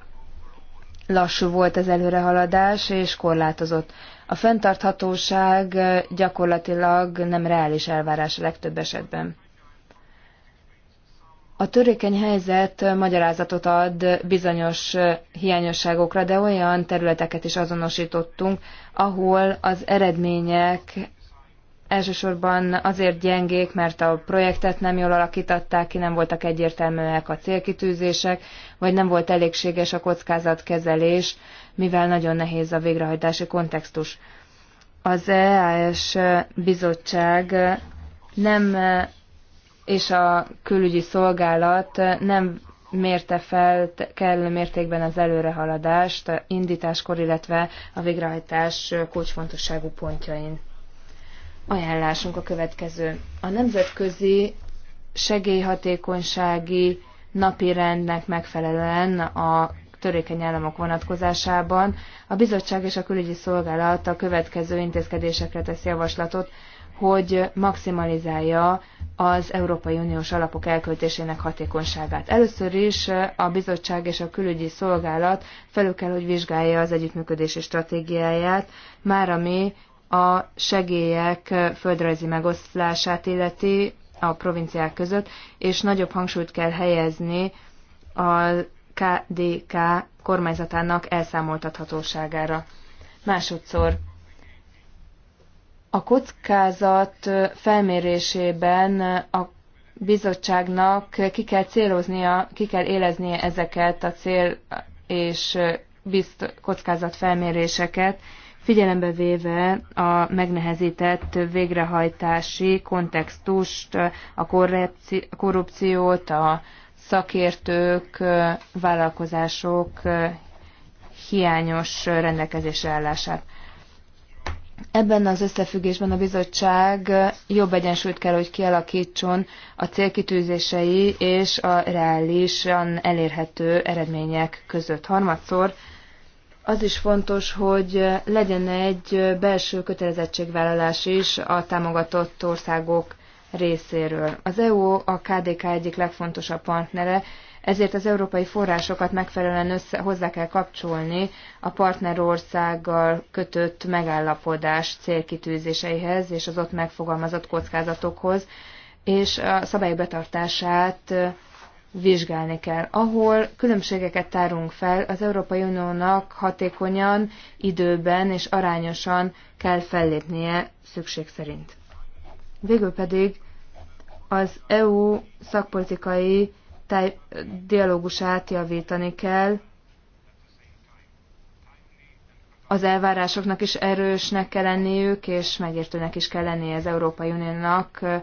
lassú volt az előrehaladás, és korlátozott. A fenntarthatóság gyakorlatilag nem reális elvárás a legtöbb esetben. A törékeny helyzet magyarázatot ad bizonyos hiányosságokra, de olyan területeket is azonosítottunk, ahol az eredmények elsősorban azért gyengék, mert a projektet nem jól alakították ki, nem voltak egyértelműek a célkitűzések, vagy nem volt elégséges a kockázatkezelés, mivel nagyon nehéz a végrehajtási kontextus. Az EAS bizottság nem, és a külügyi szolgálat nem mérte fel kellő mértékben az előrehaladást indításkor, illetve a végrehajtás kulcsfontosságú pontjain. Ajánlásunk a következő. A nemzetközi segélyhatékonysági napirendnek megfelelően a törékeny államok vonatkozásában a bizottság és a külügyi szolgálat a következő intézkedésekre tesz javaslatot, hogy maximalizálja az Európai Uniós alapok elköltésének hatékonyságát. Először is a bizottság és a külügyi szolgálat felül kell, hogy vizsgálja az együttműködési stratégiáját, már ami a segélyek földrajzi megoszlását illeti a provinciák között, és nagyobb hangsúlyt kell helyezni a KDK kormányzatának elszámoltathatóságára. Másodszor, a kockázat felmérésében a bizottságnak ki kell céloznia, ki kell éleznie ezeket a cél és bizt felméréseket figyelembe véve a megnehezített végrehajtási kontextust, a korrupciót, a szakértők, vállalkozások hiányos rendelkezésre állását. Ebben az összefüggésben a bizottság jobb egyensúlyt kell, hogy kialakítson a célkitűzései és a reálisan elérhető eredmények között. Harmadszor az is fontos, hogy legyen egy belső kötelezettségvállalás is a támogatott országok részéről. Az EU a KDK egyik legfontosabb partnere, ezért az európai forrásokat megfelelően össze, hozzá kell kapcsolni a partnerországgal kötött megállapodás célkitűzéseihez és az ott megfogalmazott kockázatokhoz, és a szabály betartását vizsgálni kell. Ahol különbségeket tárunk fel, az Európai Uniónak hatékonyan, időben és arányosan kell fellépnie szükség szerint. Végül pedig az EU szakpolitikai táj- dialógusát javítani kell, az elvárásoknak is erősnek kell lenniük, és megértőnek is kell lennie az Európai Uniónak eh,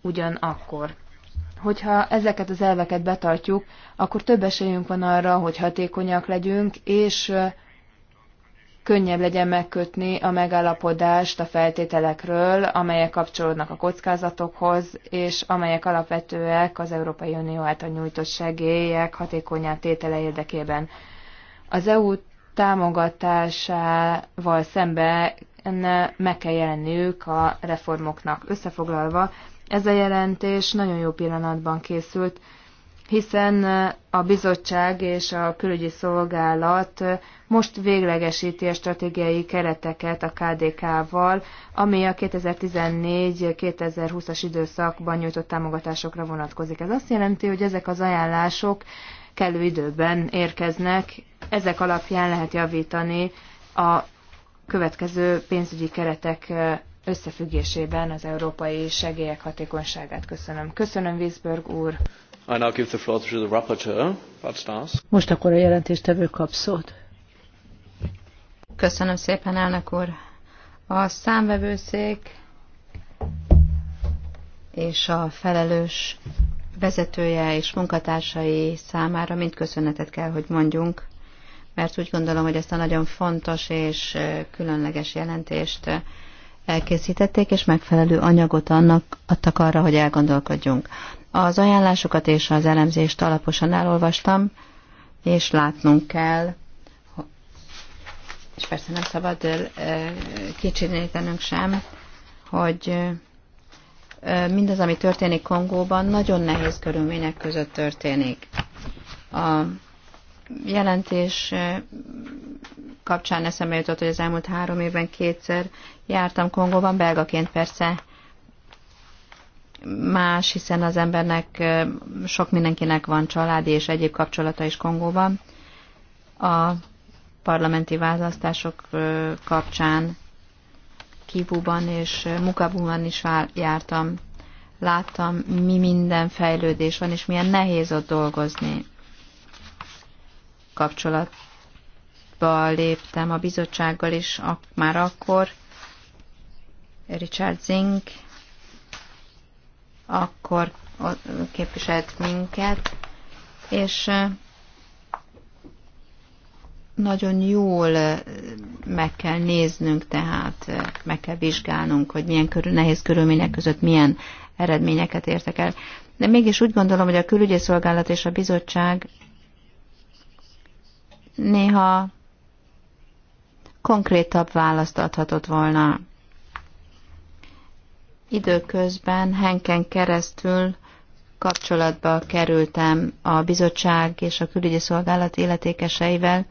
ugyanakkor. Hogyha ezeket az elveket betartjuk, akkor több esélyünk van arra, hogy hatékonyak legyünk, és könnyebb legyen megkötni a megállapodást a feltételekről, amelyek kapcsolódnak a kockázatokhoz, és amelyek alapvetőek az Európai Unió által nyújtott segélyek hatékonyá tétele érdekében. Az EU támogatásával szemben meg kell jelenniük a reformoknak. Összefoglalva, ez a jelentés nagyon jó pillanatban készült, hiszen a bizottság és a külügyi szolgálat most véglegesíti a stratégiai kereteket a KDK-val, ami a 2014-2020-as időszakban nyújtott támogatásokra vonatkozik. Ez azt jelenti, hogy ezek az ajánlások kellő időben érkeznek, ezek alapján lehet javítani a következő pénzügyi keretek összefüggésében az európai segélyek hatékonyságát. Köszönöm. Köszönöm, Wiesberg úr. I now give the floor to the rapporteur, Most akkor a jelentéstevő kap szót. Köszönöm szépen, elnök úr. A számvevőszék és a felelős vezetője és munkatársai számára mind köszönetet kell, hogy mondjunk, mert úgy gondolom, hogy ezt a nagyon fontos és különleges jelentést elkészítették, és megfelelő anyagot annak adtak arra, hogy elgondolkodjunk. Az ajánlásokat és az elemzést alaposan elolvastam, és látnunk kell, és persze nem szabad kicsinítenünk sem, hogy mindaz, ami történik Kongóban, nagyon nehéz körülmények között történik. A jelentés kapcsán eszembe jutott, hogy az elmúlt három évben kétszer jártam Kongóban, belgaként persze más, hiszen az embernek, sok mindenkinek van családi és egyéb kapcsolata is Kongóban. A parlamenti választások kapcsán Kibuban és Mukabuban is jártam. Láttam, mi minden fejlődés van, és milyen nehéz ott dolgozni kapcsolatba léptem a bizottsággal, és már akkor Richard Zink akkor képviselt minket, és nagyon jól meg kell néznünk, tehát meg kell vizsgálnunk, hogy milyen körül, nehéz körülmények között milyen eredményeket értek el. De mégis úgy gondolom, hogy a külügyi szolgálat és a bizottság néha konkrétabb választ adhatott volna. Időközben Henken keresztül kapcsolatba kerültem a bizottság és a külügyi szolgálat életékeseivel,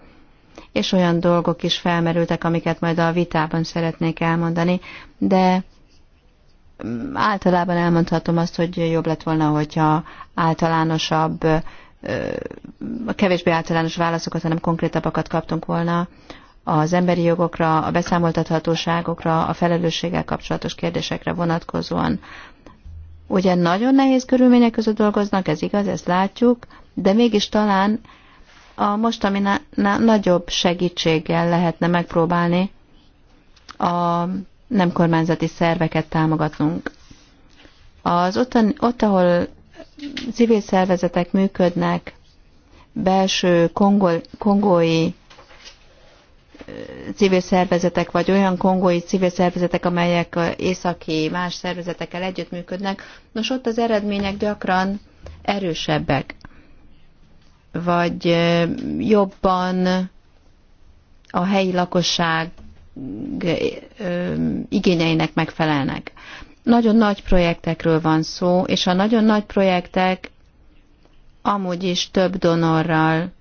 és olyan dolgok is felmerültek, amiket majd a vitában szeretnék elmondani, de általában elmondhatom azt, hogy jobb lett volna, hogyha általánosabb kevésbé általános válaszokat, hanem konkrétabbakat kaptunk volna az emberi jogokra, a beszámoltathatóságokra, a felelősséggel kapcsolatos kérdésekre vonatkozóan. Ugye nagyon nehéz körülmények között dolgoznak, ez igaz, ezt látjuk, de mégis talán a most ami nagyobb segítséggel lehetne megpróbálni a nem kormányzati szerveket támogatnunk. Az ott, ott ahol civil szervezetek működnek, belső kongol, kongói civil szervezetek, vagy olyan kongói civil szervezetek, amelyek északi más szervezetekkel együttműködnek, nos ott az eredmények gyakran erősebbek, vagy jobban a helyi lakosság igényeinek megfelelnek. Nagyon nagy projektekről van szó, és a nagyon nagy projektek amúgy is több donorral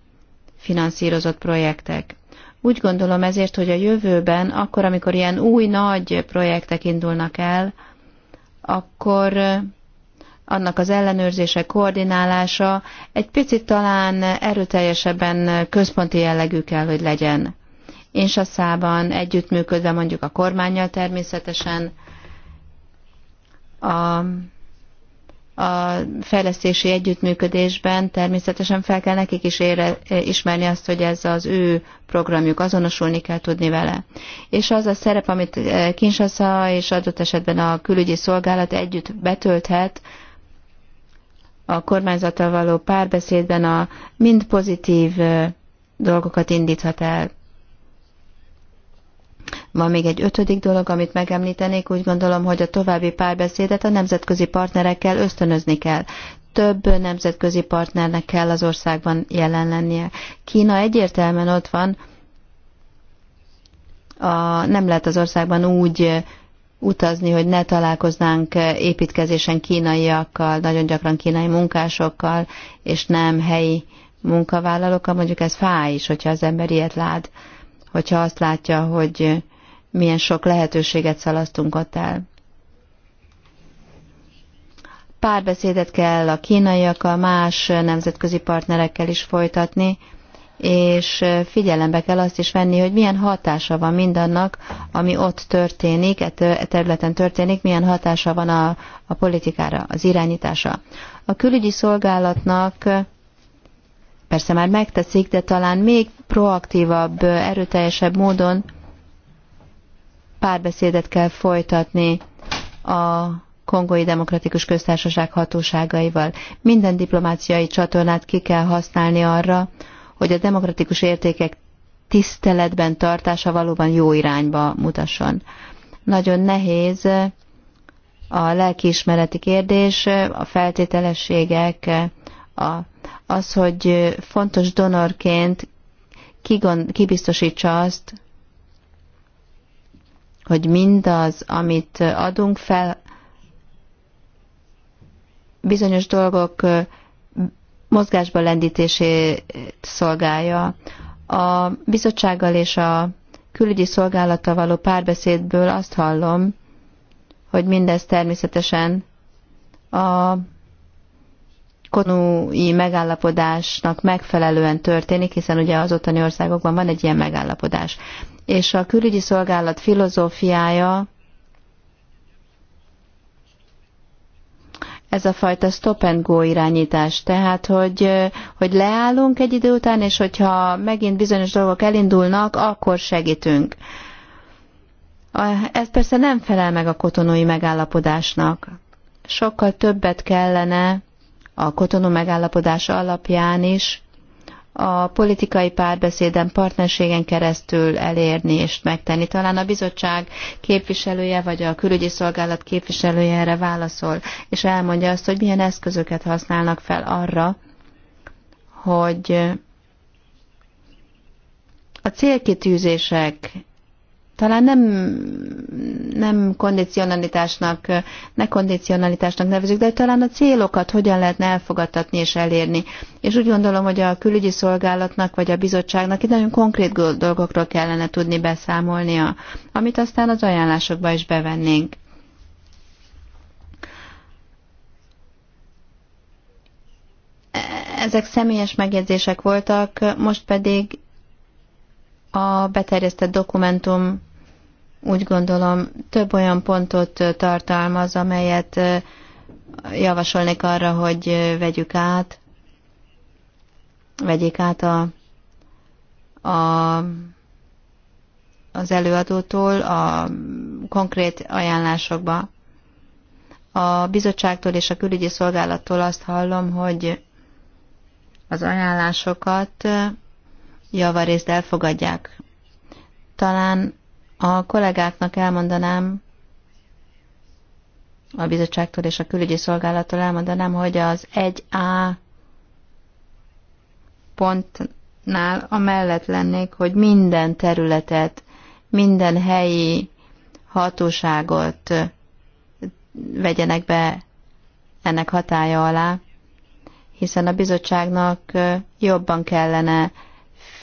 finanszírozott projektek. Úgy gondolom ezért, hogy a jövőben, akkor, amikor ilyen új nagy projektek indulnak el, akkor annak az ellenőrzése, koordinálása egy picit talán erőteljesebben központi jellegű kell, hogy legyen. Én szában együttműködve mondjuk a kormányjal természetesen, a a fejlesztési együttműködésben természetesen fel kell nekik is ére, e, ismerni azt, hogy ez az ő programjuk, azonosulni kell tudni vele. És az a szerep, amit e, Kinshasa és adott esetben a külügyi szolgálat együtt betölthet, a kormányzattal való párbeszédben a mind pozitív e, dolgokat indíthat el. Van még egy ötödik dolog, amit megemlítenék, úgy gondolom, hogy a további párbeszédet a nemzetközi partnerekkel ösztönözni kell. Több nemzetközi partnernek kell az országban jelen lennie. Kína egyértelműen ott van, a, nem lehet az országban úgy utazni, hogy ne találkoznánk építkezésen kínaiakkal, nagyon gyakran kínai munkásokkal, és nem helyi munkavállalókkal, mondjuk ez fáj is, hogyha az ember ilyet lát hogyha azt látja, hogy milyen sok lehetőséget szalasztunk ott el. Párbeszédet kell a kínaiakkal, más nemzetközi partnerekkel is folytatni, és figyelembe kell azt is venni, hogy milyen hatása van mindannak, ami ott történik, e, e területen történik, milyen hatása van a, a politikára, az irányítása. A külügyi szolgálatnak persze már megteszik, de talán még proaktívabb, erőteljesebb módon párbeszédet kell folytatni a Kongói Demokratikus Köztársaság hatóságaival. Minden diplomáciai csatornát ki kell használni arra, hogy a demokratikus értékek tiszteletben tartása valóban jó irányba mutasson. Nagyon nehéz a lelkiismereti kérdés, a feltételességek, a az, hogy fontos donorként kigon, kibiztosítsa azt, hogy mindaz, amit adunk fel, bizonyos dolgok mozgásba lendítését szolgálja. A bizottsággal és a külügyi szolgálata való párbeszédből azt hallom, hogy mindez természetesen a konúi megállapodásnak megfelelően történik, hiszen ugye az ottani országokban van egy ilyen megállapodás. És a külügyi szolgálat filozófiája ez a fajta stop and go irányítás. Tehát, hogy, hogy leállunk egy idő után, és hogyha megint bizonyos dolgok elindulnak, akkor segítünk. Ez persze nem felel meg a kotonói megállapodásnak. Sokkal többet kellene a kotonó megállapodása alapján is a politikai párbeszéden, partnerségen keresztül elérni és megtenni. Talán a bizottság képviselője vagy a külügyi szolgálat képviselője erre válaszol, és elmondja azt, hogy milyen eszközöket használnak fel arra, hogy a célkitűzések talán nem, nem kondicionalitásnak, ne kondicionalitásnak nevezük, de talán a célokat hogyan lehetne elfogadtatni és elérni. És úgy gondolom, hogy a külügyi szolgálatnak vagy a bizottságnak itt nagyon konkrét dolgokról kellene tudni beszámolnia, amit aztán az ajánlásokba is bevennénk. Ezek személyes megjegyzések voltak, most pedig a beterjesztett dokumentum úgy gondolom, több olyan pontot tartalmaz, amelyet javasolnék arra, hogy vegyük át, vegyék át a, a, az előadótól a konkrét ajánlásokba. A bizottságtól és a külügyi szolgálattól azt hallom, hogy az ajánlásokat javarészt elfogadják. Talán a kollégáknak elmondanám, a bizottságtól és a külügyi szolgálattól elmondanám, hogy az 1A pontnál amellett lennék, hogy minden területet, minden helyi hatóságot vegyenek be ennek hatája alá, hiszen a bizottságnak jobban kellene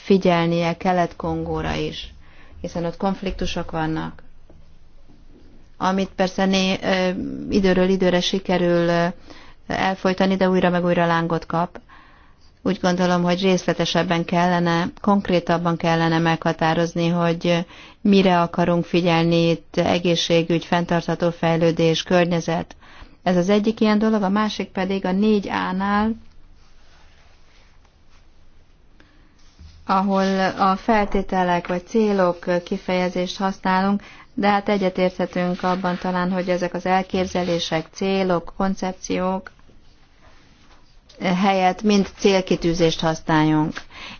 figyelnie Kelet-Kongóra is hiszen ott konfliktusok vannak, amit persze né, időről időre sikerül elfolytani, de újra meg újra lángot kap. Úgy gondolom, hogy részletesebben kellene, konkrétabban kellene meghatározni, hogy mire akarunk figyelni itt egészségügy, fenntartható fejlődés, környezet. Ez az egyik ilyen dolog, a másik pedig a 4A-nál ahol a feltételek vagy célok kifejezést használunk, de hát egyetérthetünk abban talán, hogy ezek az elképzelések, célok, koncepciók helyett mind célkitűzést használjunk.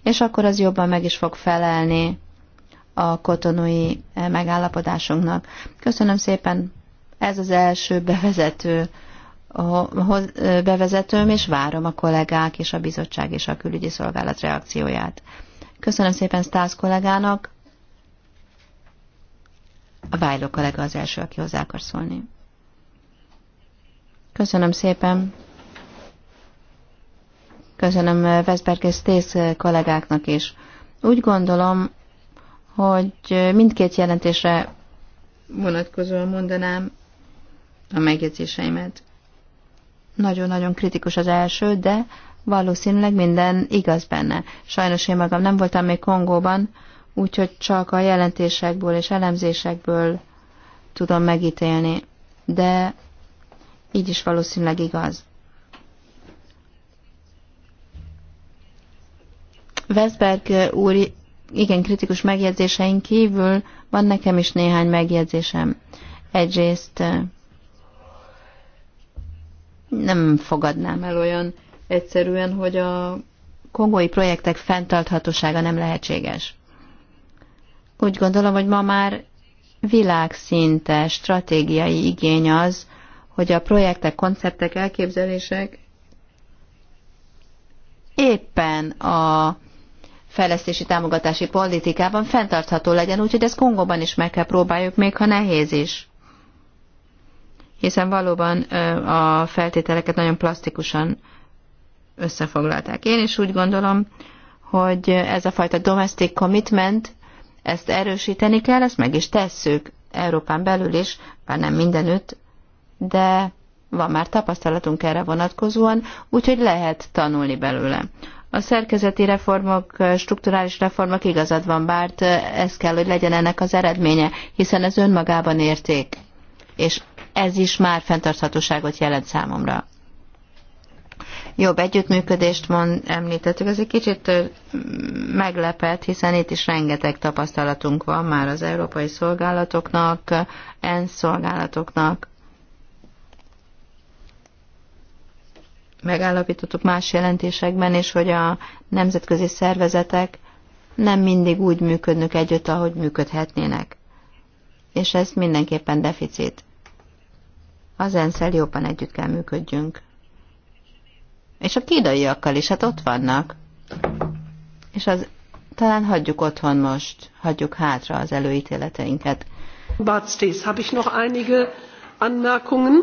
És akkor az jobban meg is fog felelni a kotonói eh, megállapodásunknak. Köszönöm szépen, ez az első bevezető eh, bevezetőm, és várom a kollégák és a bizottság és a külügyi szolgálat reakcióját. Köszönöm szépen Stász kollégának. A Vájló kollega az első, aki hozzá akar szólni. Köszönöm szépen. Köszönöm Veszberg és Stész kollégáknak is. Úgy gondolom, hogy mindkét jelentésre vonatkozóan mondanám a megjegyzéseimet. Nagyon-nagyon kritikus az első, de valószínűleg minden igaz benne. Sajnos én magam nem voltam még Kongóban, úgyhogy csak a jelentésekből és elemzésekből tudom megítélni, de így is valószínűleg igaz. Veszberg úr igen kritikus megjegyzésein kívül van nekem is néhány megjegyzésem. Egyrészt eh, nem fogadnám el olyan egyszerűen, hogy a kongói projektek fenntarthatósága nem lehetséges. Úgy gondolom, hogy ma már világszinte stratégiai igény az, hogy a projektek, konceptek, elképzelések éppen a fejlesztési támogatási politikában fenntartható legyen, úgyhogy ezt Kongóban is meg kell próbáljuk, még ha nehéz is. Hiszen valóban a feltételeket nagyon plastikusan összefoglalták. Én is úgy gondolom, hogy ez a fajta domestic commitment, ezt erősíteni kell, ezt meg is tesszük Európán belül is, bár nem mindenütt, de van már tapasztalatunk erre vonatkozóan, úgyhogy lehet tanulni belőle. A szerkezeti reformok, strukturális reformok igazad van, bár ez kell, hogy legyen ennek az eredménye, hiszen ez önmagában érték, és ez is már fenntarthatóságot jelent számomra jobb együttműködést mond, említettük, ez egy kicsit meglepett, hiszen itt is rengeteg tapasztalatunk van már az európai szolgálatoknak, ENSZ szolgálatoknak. Megállapítottuk más jelentésekben is, hogy a nemzetközi szervezetek nem mindig úgy működnek együtt, ahogy működhetnének. És ez mindenképpen deficit. Az ENSZ-el jobban együtt kell működjünk. És a kínaiakkal is, hát ott vannak. És az, talán hagyjuk otthon most, hagyjuk hátra az előítéleteinket. Bartstész, habe ich noch einige Anmerkungen?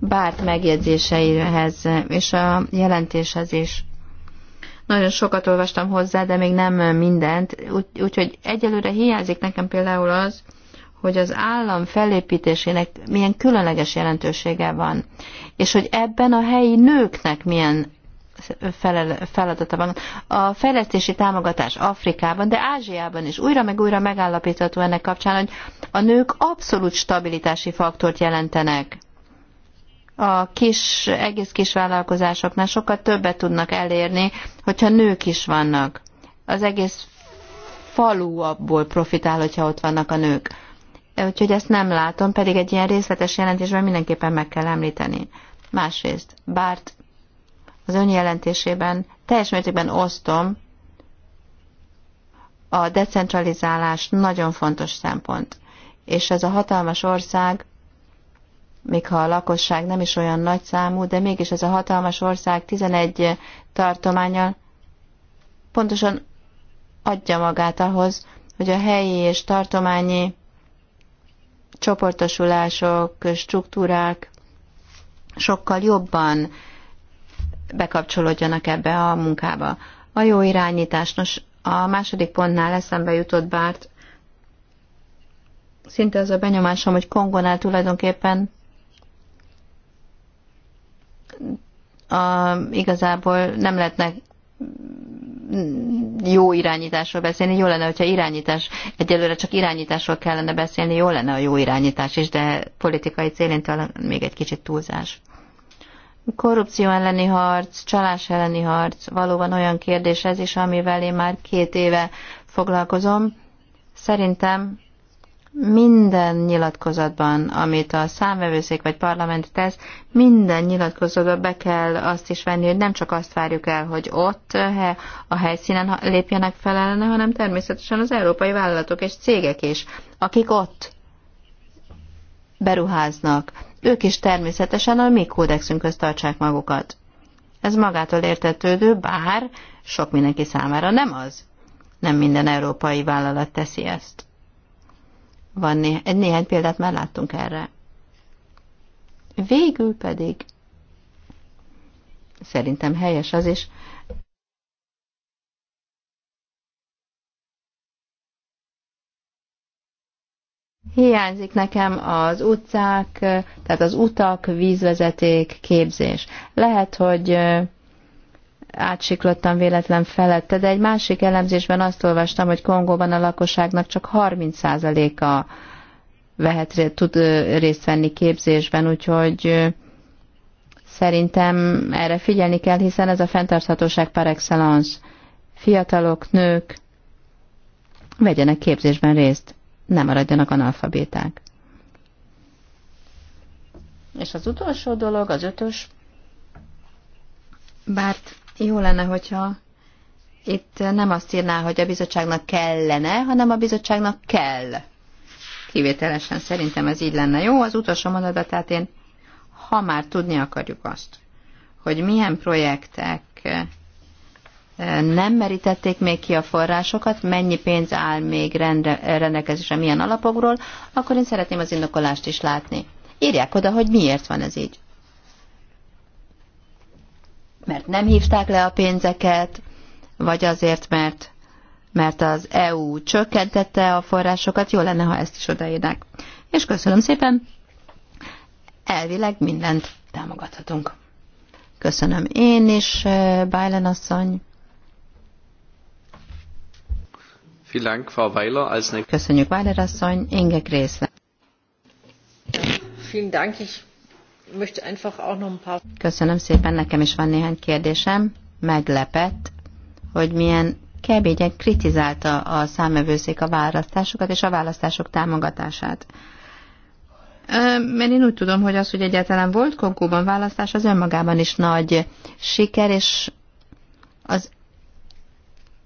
Bárt megjegyzéseihez és a jelentéshez is. Nagyon sokat olvastam hozzá, de még nem mindent, úgyhogy úgy, egyelőre hiányzik nekem például az, hogy az állam felépítésének milyen különleges jelentősége van, és hogy ebben a helyi nőknek milyen feladata van. A fejlesztési támogatás Afrikában, de Ázsiában is újra meg újra megállapítható ennek kapcsán, hogy a nők abszolút stabilitási faktort jelentenek. A kis, egész kis vállalkozásoknál sokkal többet tudnak elérni, hogyha nők is vannak. Az egész falu abból profitál, hogyha ott vannak a nők. Úgyhogy ezt nem látom, pedig egy ilyen részletes jelentésben mindenképpen meg kell említeni. Másrészt, Bárt az önjelentésében teljes mértékben osztom, a decentralizálás nagyon fontos szempont. És ez a hatalmas ország, még ha a lakosság nem is olyan nagy számú, de mégis ez a hatalmas ország 11 tartományal pontosan adja magát ahhoz, hogy a helyi és tartományi csoportosulások, struktúrák sokkal jobban bekapcsolódjanak ebbe a munkába. A jó irányítás. Nos, a második pontnál eszembe jutott Bárt, szinte az a benyomásom, hogy Kongonál tulajdonképpen a, igazából nem lehetnek jó irányításról beszélni, jó lenne, hogyha irányítás, egyelőre csak irányításról kellene beszélni, jó lenne a jó irányítás is, de politikai célén talán még egy kicsit túlzás. Korrupció elleni harc, csalás elleni harc, valóban olyan kérdés ez is, amivel én már két éve foglalkozom. Szerintem minden nyilatkozatban, amit a számvevőszék vagy parlament tesz, minden nyilatkozatban be kell azt is venni, hogy nem csak azt várjuk el, hogy ott a helyszínen lépjenek fel ellene, hanem természetesen az európai vállalatok és cégek is, akik ott beruháznak. Ők is természetesen a mi kódexünkhöz tartsák magukat. Ez magától értetődő, bár sok mindenki számára nem az. Nem minden európai vállalat teszi ezt. Van néh- néhány példát már láttunk erre. Végül pedig szerintem helyes az is, Hiányzik nekem az utcák, tehát az utak, vízvezeték, képzés. Lehet, hogy átsiklottam véletlen felette, de egy másik elemzésben azt olvastam, hogy Kongóban a lakosságnak csak 30%-a vehet, tud részt venni képzésben, úgyhogy szerintem erre figyelni kell, hiszen ez a fenntarthatóság par excellence. Fiatalok, nők vegyenek képzésben részt, ne maradjanak analfabéták. És az utolsó dolog, az ötös, bár jó lenne, hogyha itt nem azt írná, hogy a bizottságnak kellene, hanem a bizottságnak kell. Kivételesen szerintem ez így lenne jó. Az utolsó mondatát én, ha már tudni akarjuk azt, hogy milyen projektek eh, nem merítették még ki a forrásokat, mennyi pénz áll még rendre, rendelkezésre, milyen alapokról, akkor én szeretném az indokolást is látni. Írják oda, hogy miért van ez így mert nem hívták le a pénzeket, vagy azért, mert, mert az EU csökkentette a forrásokat, jó lenne, ha ezt is odaírnák. És köszönöm szépen, elvileg mindent támogathatunk. Köszönöm én is, eh, Bájlen asszony. Köszönjük, Bájlen asszony, Inge Grészle. Vielen Dank, ich Köszönöm szépen, nekem is van néhány kérdésem. Meglepett, hogy milyen kebégyen kritizálta a számövőszék a választásokat és a választások támogatását. Mert én úgy tudom, hogy az, hogy egyáltalán volt Konkóban választás, az önmagában is nagy siker, és az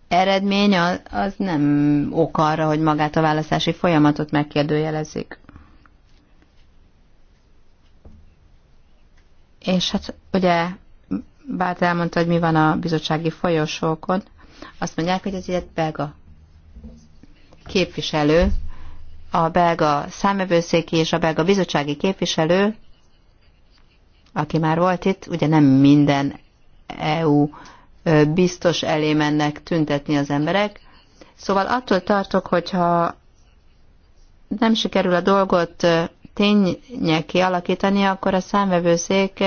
eredmény az, az nem ok arra, hogy magát a választási folyamatot megkérdőjelezik. És hát ugye bár elmondta, hogy mi van a bizottsági folyosókon, azt mondják, hogy ez egy belga képviselő, a belga számövőszéki és a belga bizottsági képviselő, aki már volt itt, ugye nem minden EU biztos elé mennek tüntetni az emberek. Szóval attól tartok, hogyha nem sikerül a dolgot ténye kialakítani, akkor a számvevőszék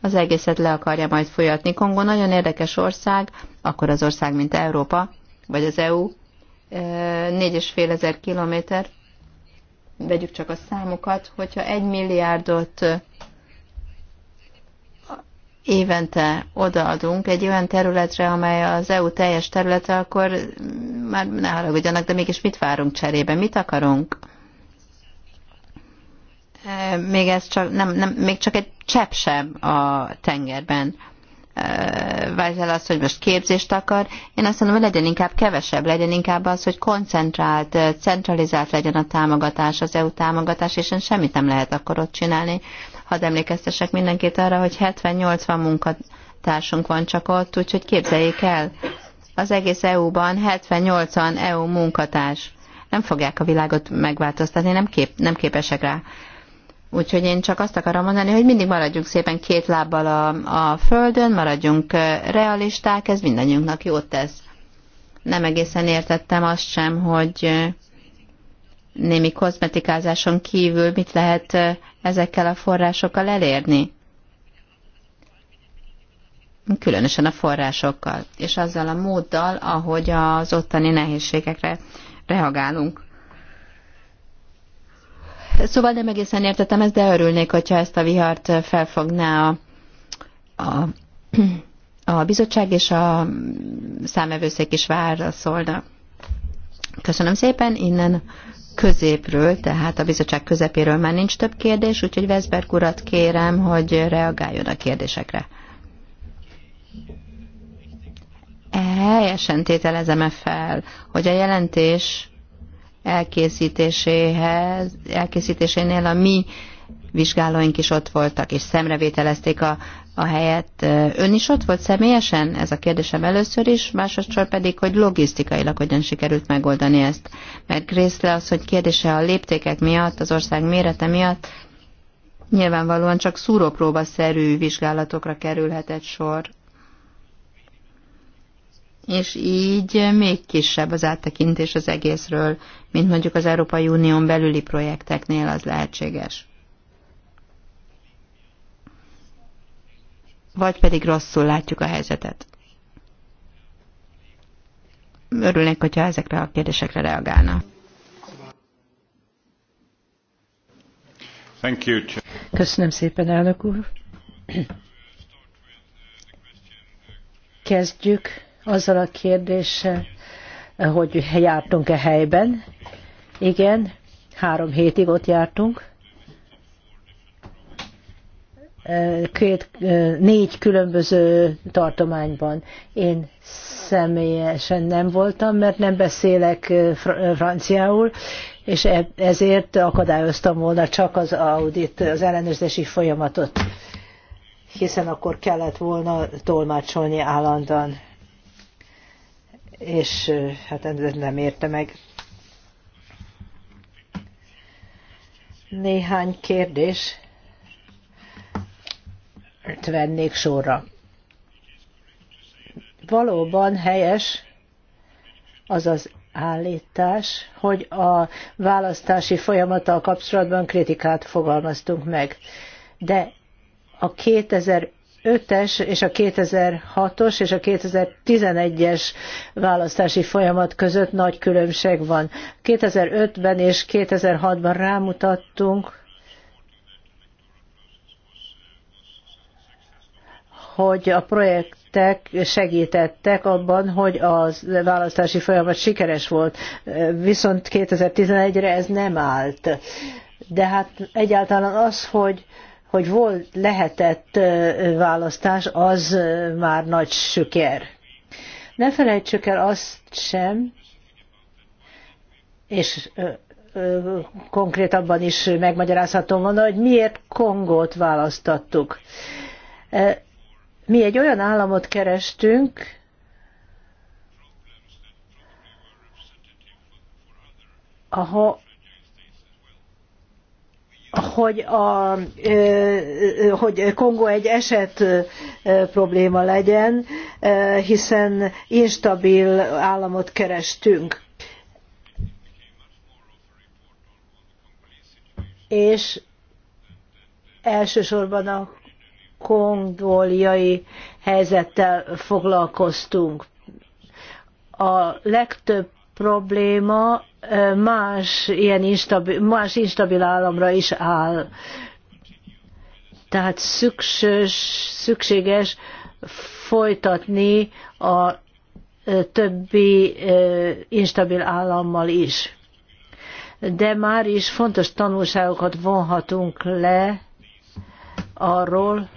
az egészet le akarja majd folyatni. Kongo nagyon érdekes ország, akkor az ország, mint Európa, vagy az EU, 4,5 ezer kilométer, vegyük csak a számokat, hogyha egy milliárdot évente odaadunk egy olyan területre, amely az EU teljes területe, akkor már ne haragudjanak, de mégis mit várunk cserébe, mit akarunk? Eh, még ez csak, nem, nem, még csak egy csepp sem a tengerben. Vágyel eh, az, hogy most képzést akar. Én azt mondom, hogy legyen inkább kevesebb, legyen inkább az, hogy koncentrált, eh, centralizált legyen a támogatás, az EU támogatás, és semmit nem lehet akkor ott csinálni. Hadd emlékeztesek mindenkit arra, hogy 70-80 munkatársunk van csak ott, úgyhogy képzeljék el, az egész EU-ban 70-80 EU munkatárs. Nem fogják a világot megváltoztatni, nem, kép, nem képesek rá. Úgyhogy én csak azt akarom mondani, hogy mindig maradjunk szépen két lábbal a, a földön, maradjunk realisták, ez mindannyiunknak jót tesz. Nem egészen értettem azt sem, hogy némi kozmetikázáson kívül mit lehet ezekkel a forrásokkal elérni. Különösen a forrásokkal, és azzal a móddal, ahogy az ottani nehézségekre reagálunk. Szóval nem egészen értettem ezt, de örülnék, hogyha ezt a vihart felfogná a, a, a bizottság és a számevőszék is válaszolna. Köszönöm szépen, innen középről, tehát a bizottság közepéről már nincs több kérdés, úgyhogy Veszberg urat kérem, hogy reagáljon a kérdésekre. Helyesen tételezem -e fel, hogy a jelentés elkészítéséhez, elkészítésénél a mi vizsgálóink is ott voltak, és szemrevételezték a, a helyet. Ön is ott volt személyesen? Ez a kérdésem először is, másodszor pedig, hogy logisztikailag hogyan sikerült megoldani ezt. Mert részle az, hogy kérdése a léptékek miatt, az ország mérete miatt nyilvánvalóan csak szúrópróbaszerű vizsgálatokra kerülhetett sor és így még kisebb az áttekintés az egészről, mint mondjuk az Európai Unión belüli projekteknél az lehetséges. Vagy pedig rosszul látjuk a helyzetet. Örülnék, hogyha ezekre a kérdésekre reagálna. Köszönöm szépen, elnök úr. Kezdjük azzal a kérdéssel, hogy jártunk-e helyben. Igen, három hétig ott jártunk. Két, négy különböző tartományban. Én személyesen nem voltam, mert nem beszélek eh, eh, franciául, és e-, ezért akadályoztam volna csak az audit, az ellenőrzési folyamatot, hiszen akkor kellett volna tolmácsolni állandóan és hát nem érte meg. Néhány kérdés vennék sorra. Valóban helyes az az állítás, hogy a választási folyamattal kapcsolatban kritikát fogalmaztunk meg. De a 2005-es és a 2006-os és a 2011-es választási folyamat között nagy különbség van. 2005-ben és 2006-ban rámutattunk, hogy a projektek segítettek abban, hogy a választási folyamat sikeres volt, viszont 2011-re ez nem állt. De hát egyáltalán az, hogy hogy volt lehetett választás, az már nagy siker. Ne felejtsük el azt sem, és konkrétabban is megmagyarázhatom volna, hogy miért Kongót választattuk. Mi egy olyan államot kerestünk, ahol, hogy, a, hogy Kongo egy eset probléma legyen, hiszen instabil államot kerestünk. És elsősorban a kongoliai helyzettel foglalkoztunk. A legtöbb probléma más, ilyen instabil, más instabil államra is áll. Tehát szükséges, szükséges folytatni a többi instabil állammal is. De már is fontos tanulságokat vonhatunk le arról,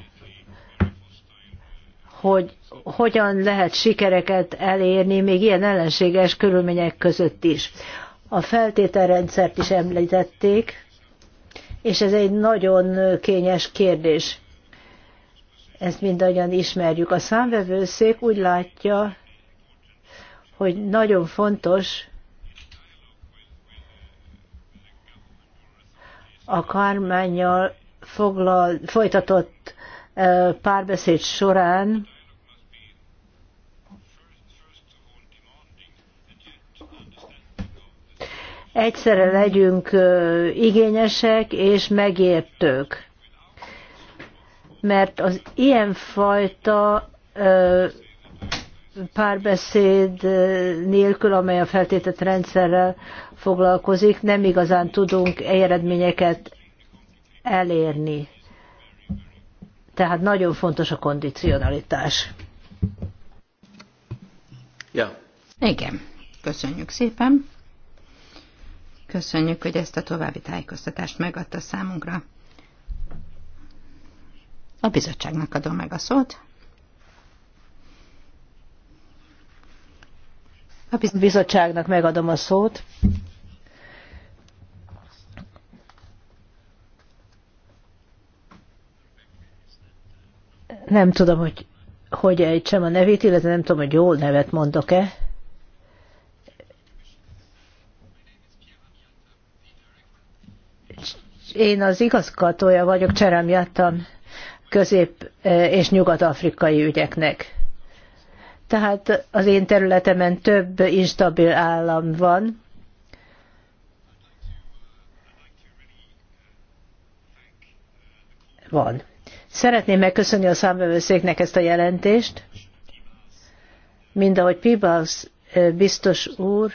hogy hogyan lehet sikereket elérni még ilyen ellenséges körülmények között is. A feltételrendszert is említették, és ez egy nagyon kényes kérdés. Ezt mindannyian ismerjük. A számvevőszék úgy látja, hogy nagyon fontos a kármányjal foglal, folytatott párbeszéd során egyszerre legyünk igényesek és megértők. Mert az ilyenfajta párbeszéd nélkül, amely a feltétett rendszerrel foglalkozik, nem igazán tudunk eredményeket elérni. Tehát nagyon fontos a kondicionalitás. Ja. Igen. Köszönjük szépen. Köszönjük, hogy ezt a további tájékoztatást megadta számunkra. A bizottságnak adom meg a szót. A bizottságnak megadom a szót. Nem tudom, hogy hogy ejtsem a nevét, illetve nem tudom, hogy jól nevet mondok-e. Én az igazgatója vagyok Cserem Jattan közép- és nyugat-afrikai ügyeknek. Tehát az én területemen több instabil állam van, van. Szeretném megköszönni a számvevőszéknek ezt a jelentést, mind ahogy Pibasz biztos úr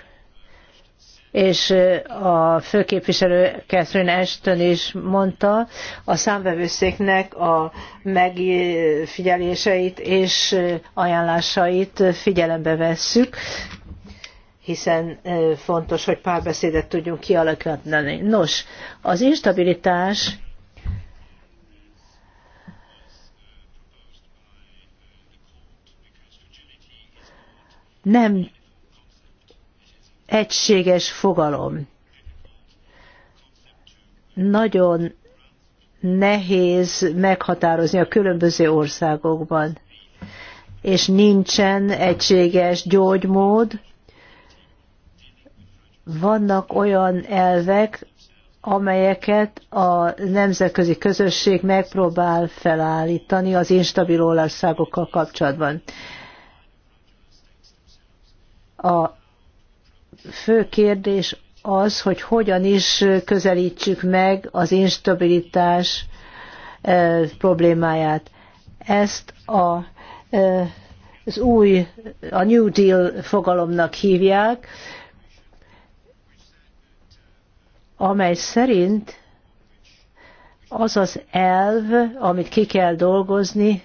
és a főképviselő Catherine Ashton is mondta, a számvevőszéknek a megfigyeléseit és ajánlásait figyelembe vesszük, hiszen fontos, hogy párbeszédet tudjunk kialakítani. Nos, az instabilitás nem egységes fogalom. Nagyon nehéz meghatározni a különböző országokban, és nincsen egységes gyógymód. Vannak olyan elvek, amelyeket a nemzetközi közösség megpróbál felállítani az instabil országokkal kapcsolatban. A fő kérdés az, hogy hogyan is közelítsük meg az instabilitás e, problémáját. Ezt a, e, az új, a New Deal fogalomnak hívják, amely szerint az az elv, amit ki kell dolgozni,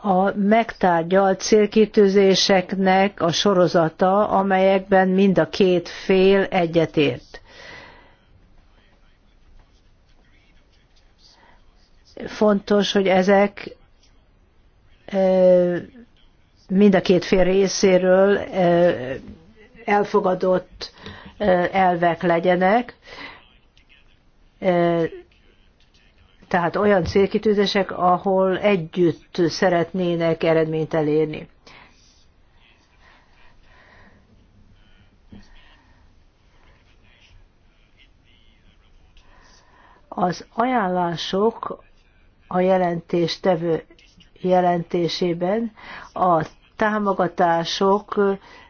a megtárgyalt célkitűzéseknek a sorozata, amelyekben mind a két fél egyetért. Fontos, hogy ezek mind a két fél részéről elfogadott elvek legyenek tehát olyan célkitűzések, ahol együtt szeretnének eredményt elérni. Az ajánlások a jelentéstevő jelentésében a támogatások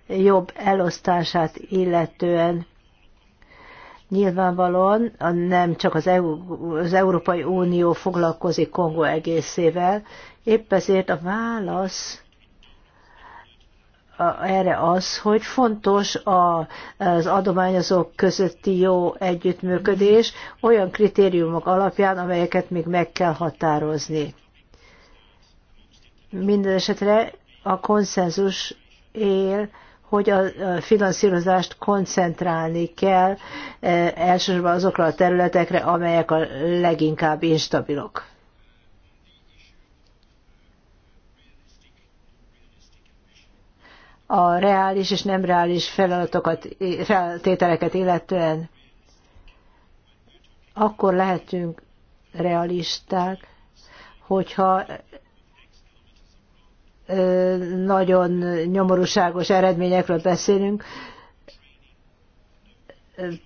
jobb elosztását illetően Nyilvánvalóan nem csak az, EU, az Európai Unió foglalkozik Kongo egészével, épp ezért a válasz erre az, hogy fontos a, az adományozók közötti jó együttműködés olyan kritériumok alapján, amelyeket még meg kell határozni. Minden esetre a konszenzus él hogy a finanszírozást koncentrálni kell e, elsősorban azokra a területekre, amelyek a leginkább instabilok. A reális és nem reális feladatokat, feltételeket illetően akkor lehetünk realisták, hogyha nagyon nyomorúságos eredményekről beszélünk,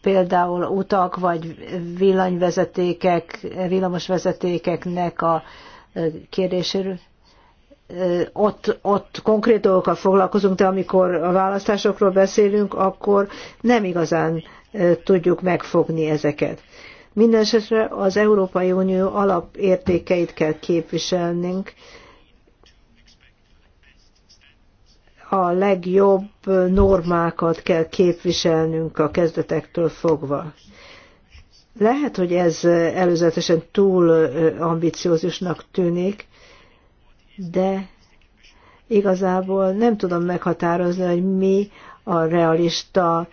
például utak vagy villanyvezetékek, villamosvezetékeknek a kérdéséről. Ott, ott konkrét dolgokkal foglalkozunk, de amikor a választásokról beszélünk, akkor nem igazán tudjuk megfogni ezeket. Mindenesetre az Európai Unió alapértékeit kell képviselnünk, a legjobb normákat kell képviselnünk a kezdetektől fogva. Lehet, hogy ez előzetesen túl ambiciózusnak tűnik, de igazából nem tudom meghatározni, hogy mi a realista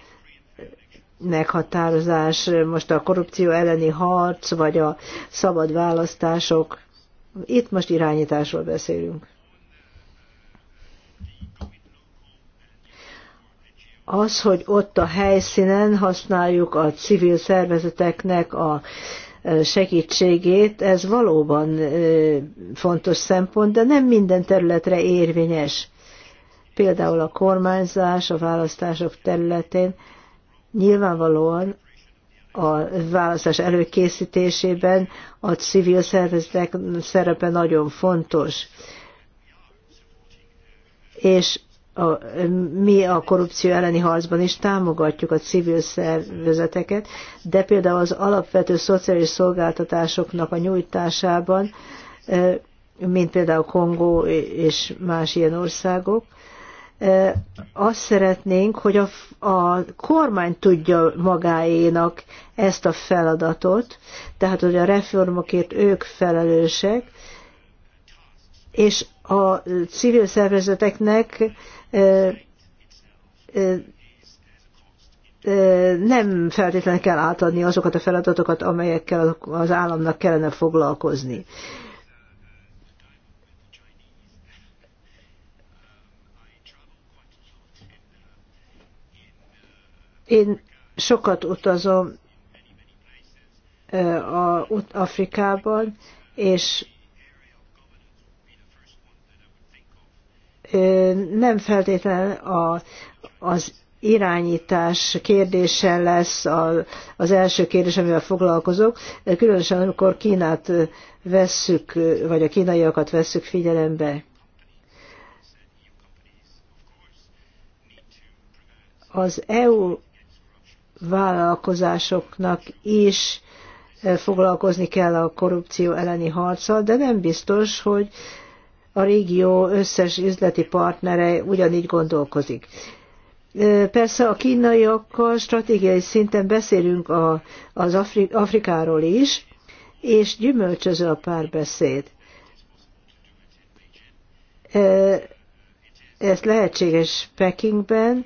meghatározás, most a korrupció elleni harc, vagy a szabad választások. Itt most irányításról beszélünk. az, hogy ott a helyszínen használjuk a civil szervezeteknek a e, segítségét, ez valóban e, fontos szempont, de nem minden területre érvényes. Például a kormányzás, a választások területén nyilvánvalóan a választás előkészítésében a civil szervezetek szerepe nagyon fontos. És a, mi a korrupció elleni harcban is támogatjuk a civil szervezeteket, de például az alapvető szociális szolgáltatásoknak a nyújtásában, mint például Kongó és más ilyen országok, azt szeretnénk, hogy a, a kormány tudja magáénak ezt a feladatot, tehát hogy a reformokért ők felelősek, és a civil szervezeteknek nem feltétlenül kell átadni azokat a feladatokat, amelyekkel az államnak kellene foglalkozni. Én sokat utazom a Afrikában, és nem feltétlenül a, az irányítás kérdése lesz az első kérdés, amivel foglalkozok, különösen amikor Kínát vesszük, vagy a kínaiakat vesszük figyelembe. Az EU vállalkozásoknak is foglalkozni kell a korrupció elleni harccal, de nem biztos, hogy a régió összes üzleti partnere ugyanígy gondolkozik. Persze a kínaiakkal stratégiai szinten beszélünk a, az Afri, Afrikáról is, és gyümölcsöző a párbeszéd. Ez lehetséges Pekingben,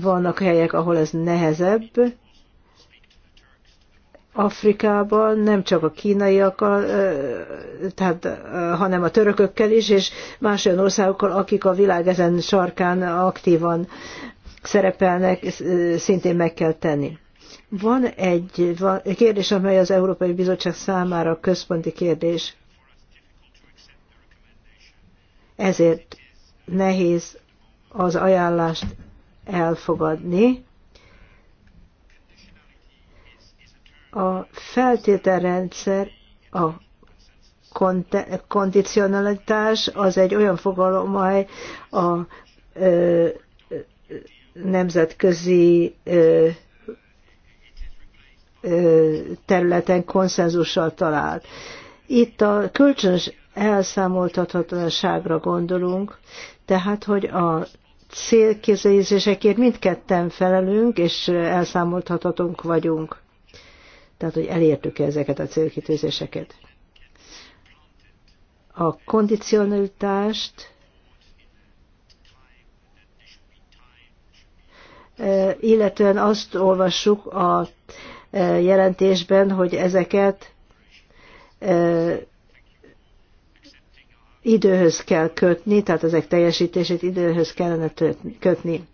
vannak helyek, ahol ez nehezebb, Afrikában, nem csak a kínaiakkal, tehát, hanem a törökökkel is, és más olyan országokkal, akik a világ ezen sarkán aktívan szerepelnek, szintén meg kell tenni. Van egy van, kérdés, amely az Európai Bizottság számára központi kérdés. Ezért nehéz az ajánlást elfogadni A feltételrendszer, a kondicionalitás az egy olyan fogalom, amely a ö, nemzetközi ö, ö, területen konszenzussal talált. Itt a kölcsönös elszámoltathatóságra gondolunk, tehát hogy a célkézésekért mindketten felelünk, és elszámoltathatunk vagyunk tehát hogy elértük-e ezeket a célkitűzéseket. A kondicionalitást e, illetően azt olvassuk a e, jelentésben, hogy ezeket e, időhöz kell kötni, tehát ezek teljesítését időhöz kellene kötni.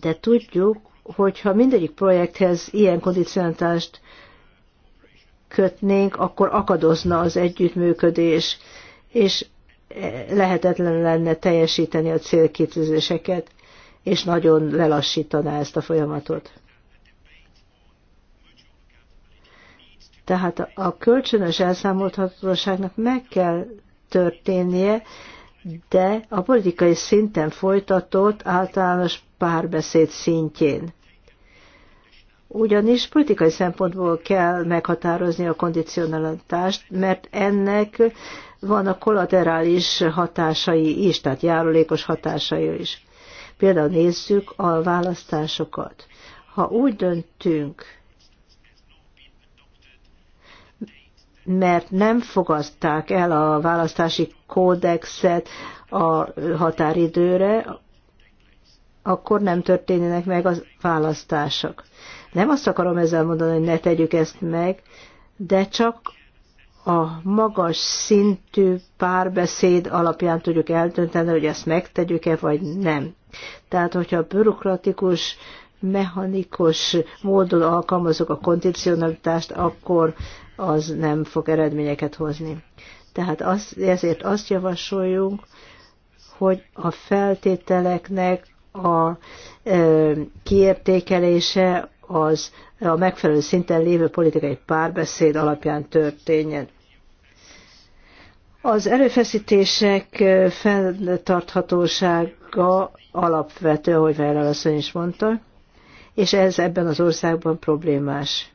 De tudjuk, hogyha mindegyik projekthez ilyen kondicionálást kötnénk, akkor akadozna az együttműködés, és lehetetlen lenne teljesíteni a célkitűzéseket, és nagyon lelassítaná ezt a folyamatot. Tehát a kölcsönös elszámolhatóságnak meg kell történnie, de a politikai szinten folytatott általános párbeszéd szintjén. Ugyanis politikai szempontból kell meghatározni a kondicionalitást, mert ennek van a kollaterális hatásai is, tehát járulékos hatásai is. Például nézzük a választásokat. Ha úgy döntünk, mert nem fogadták el a választási kódexet a határidőre, akkor nem történnek meg a választások. Nem azt akarom ezzel mondani, hogy ne tegyük ezt meg, de csak a magas szintű párbeszéd alapján tudjuk eldönteni, hogy ezt megtegyük-e, vagy nem. Tehát, hogyha bürokratikus, mechanikus módon alkalmazok a kondicionalitást, akkor az nem fog eredményeket hozni. Tehát az, ezért azt javasoljunk, hogy a feltételeknek a e, kiértékelése az a megfelelő szinten lévő politikai párbeszéd alapján történjen. Az erőfeszítések fenntarthatósága alapvető, ahogy Vajra asszony is mondta, és ez ebben az országban problémás.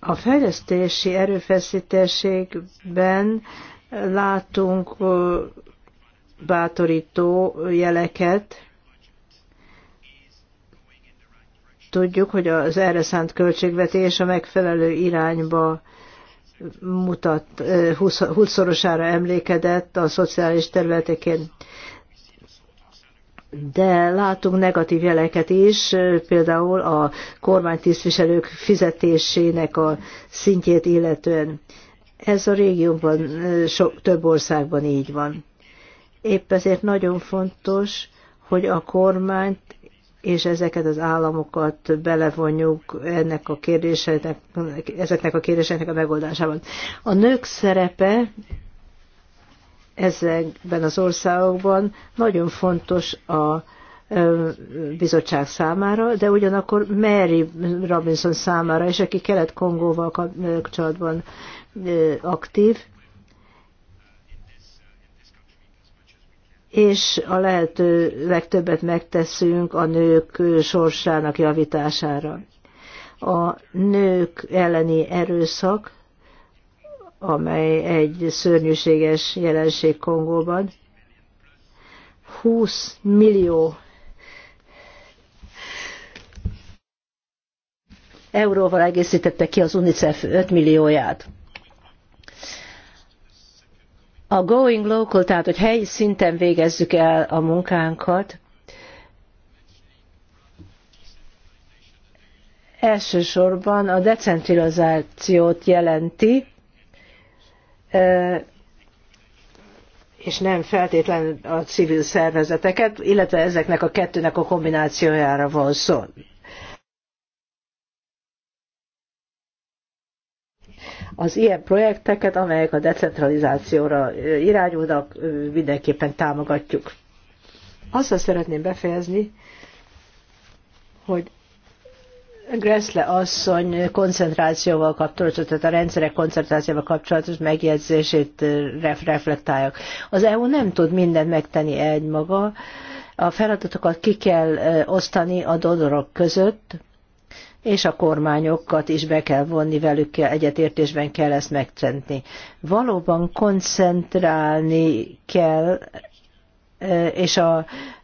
A fejlesztési erőfeszítésekben látunk bátorító jeleket. Tudjuk, hogy az erre szánt költségvetés a megfelelő irányba mutat, 20-szorosára emlékedett a szociális területeken. De látunk negatív jeleket is, például a kormánytisztviselők fizetésének a szintjét illetően. Ez a régióban sok több országban így van. Épp ezért nagyon fontos, hogy a kormányt és ezeket az államokat belevonjuk ennek a ezeknek a kérdéseknek a megoldásában. A nők szerepe ezekben az országokban nagyon fontos a bizottság számára, de ugyanakkor Mary Robinson számára, és aki Kelet-Kongóval kapcsolatban aktív, és a lehető legtöbbet megteszünk a nők sorsának javítására. A nők elleni erőszak, amely egy szörnyűséges jelenség Kongóban, 20 millió euróval egészítette ki az UNICEF 5 millióját. A going local, tehát hogy helyi szinten végezzük el a munkánkat, elsősorban a decentralizációt jelenti, és nem feltétlenül a civil szervezeteket, illetve ezeknek a kettőnek a kombinációjára van szó. az ilyen projekteket, amelyek a decentralizációra irányulnak, mindenképpen támogatjuk. Azzal szeretném befejezni, hogy Gressle asszony koncentrációval kapcsolatos, tehát a rendszerek koncentrációval kapcsolatos megjegyzését reflektáljak. Az EU nem tud mindent megtenni egymaga, a feladatokat ki kell osztani a donorok között, és a kormányokat is be kell vonni velük, kell, egyetértésben kell ezt megtenni. Valóban koncentrálni kell, és a,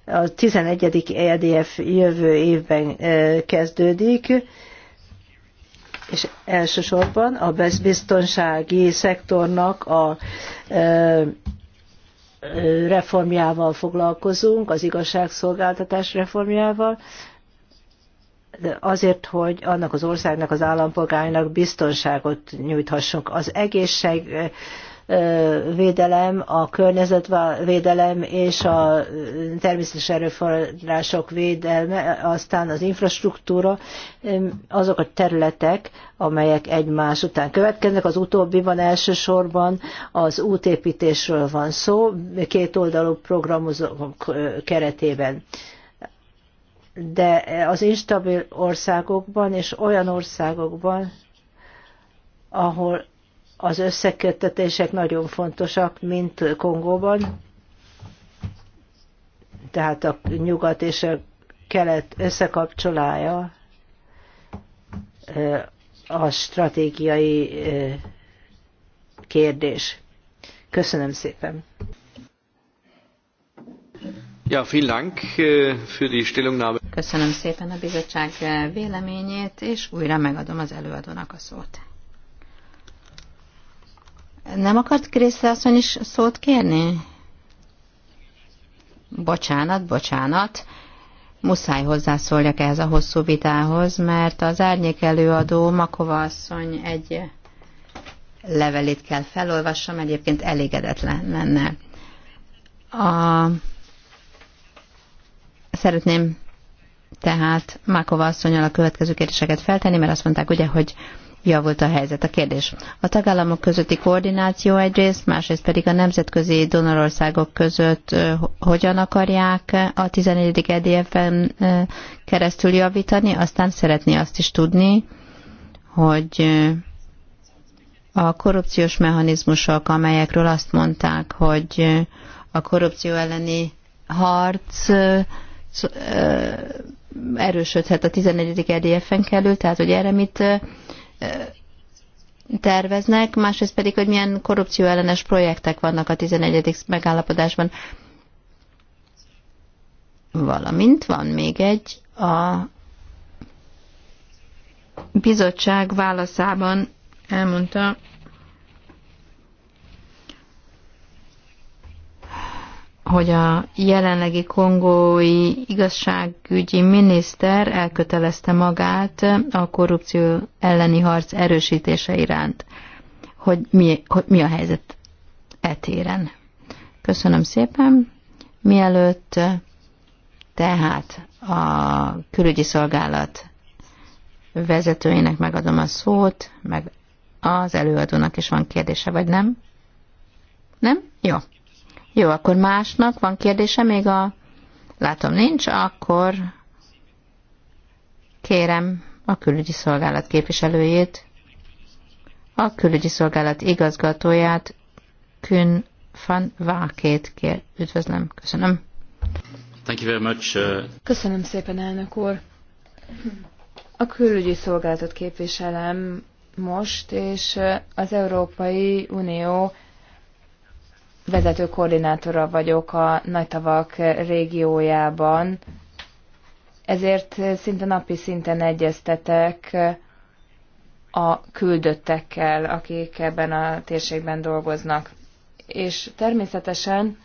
a 11. EDF jövő évben kezdődik, és elsősorban a biztonsági szektornak a reformjával foglalkozunk, az igazságszolgáltatás reformjával, azért, hogy annak az országnak, az állampolgárnak biztonságot nyújthassunk. Az egészség védelem, a környezetvédelem és a természetes erőforrások védelme, aztán az infrastruktúra, azok a területek, amelyek egymás után következnek. Az utóbbiban elsősorban az útépítésről van szó, kétoldalú programozók keretében de az instabil országokban és olyan országokban, ahol az összeköttetések nagyon fontosak, mint Kongóban, tehát a nyugat és a kelet összekapcsolája a stratégiai kérdés. Köszönöm szépen! Ja, vielen Dank äh, für die Stellungnahme. Köszönöm szépen a bizottság äh, véleményét, és újra megadom az előadónak a szót. Nem akart Kriszta asszony is szót kérni? Bocsánat, bocsánat. Muszáj hozzászóljak ehhez a hosszú vitához, mert az árnyék előadó Makova asszony egy levelét kell felolvassam, egyébként elégedetlen lenne. A Szeretném tehát Mákova asszonyal a következő kérdéseket feltenni, mert azt mondták ugye, hogy javult a helyzet. A kérdés. A tagállamok közötti koordináció egyrészt, másrészt pedig a nemzetközi donorországok között hogyan akarják a 14. EDF-en keresztül javítani, aztán szeretné azt is tudni, hogy a korrupciós mechanizmusok, amelyekről azt mondták, hogy a korrupció elleni harc erősödhet a 14. EDF-en kerül, tehát hogy erre mit terveznek, másrészt pedig, hogy milyen korrupcióellenes projektek vannak a 11. megállapodásban. Valamint van még egy, a bizottság válaszában elmondta, hogy a jelenlegi kongói igazságügyi miniszter elkötelezte magát a korrupció elleni harc erősítése iránt. Hogy mi, hogy mi a helyzet etéren. Köszönöm szépen. Mielőtt tehát a külügyi szolgálat vezetőjének megadom a szót, meg az előadónak is van kérdése, vagy nem? Nem? Jó. Jó, akkor másnak van kérdése még a... Látom, nincs, akkor kérem a külügyi szolgálat képviselőjét, a külügyi szolgálat igazgatóját, Kün van Vákét kér. Üdvözlöm, köszönöm. Thank you very much. Uh, köszönöm szépen, elnök úr. A külügyi szolgálatot képviselem most, és uh, az Európai Unió vezető koordinátora vagyok a Nagytavak régiójában, ezért szinte napi szinten egyeztetek a küldöttekkel, akik ebben a térségben dolgoznak. És természetesen,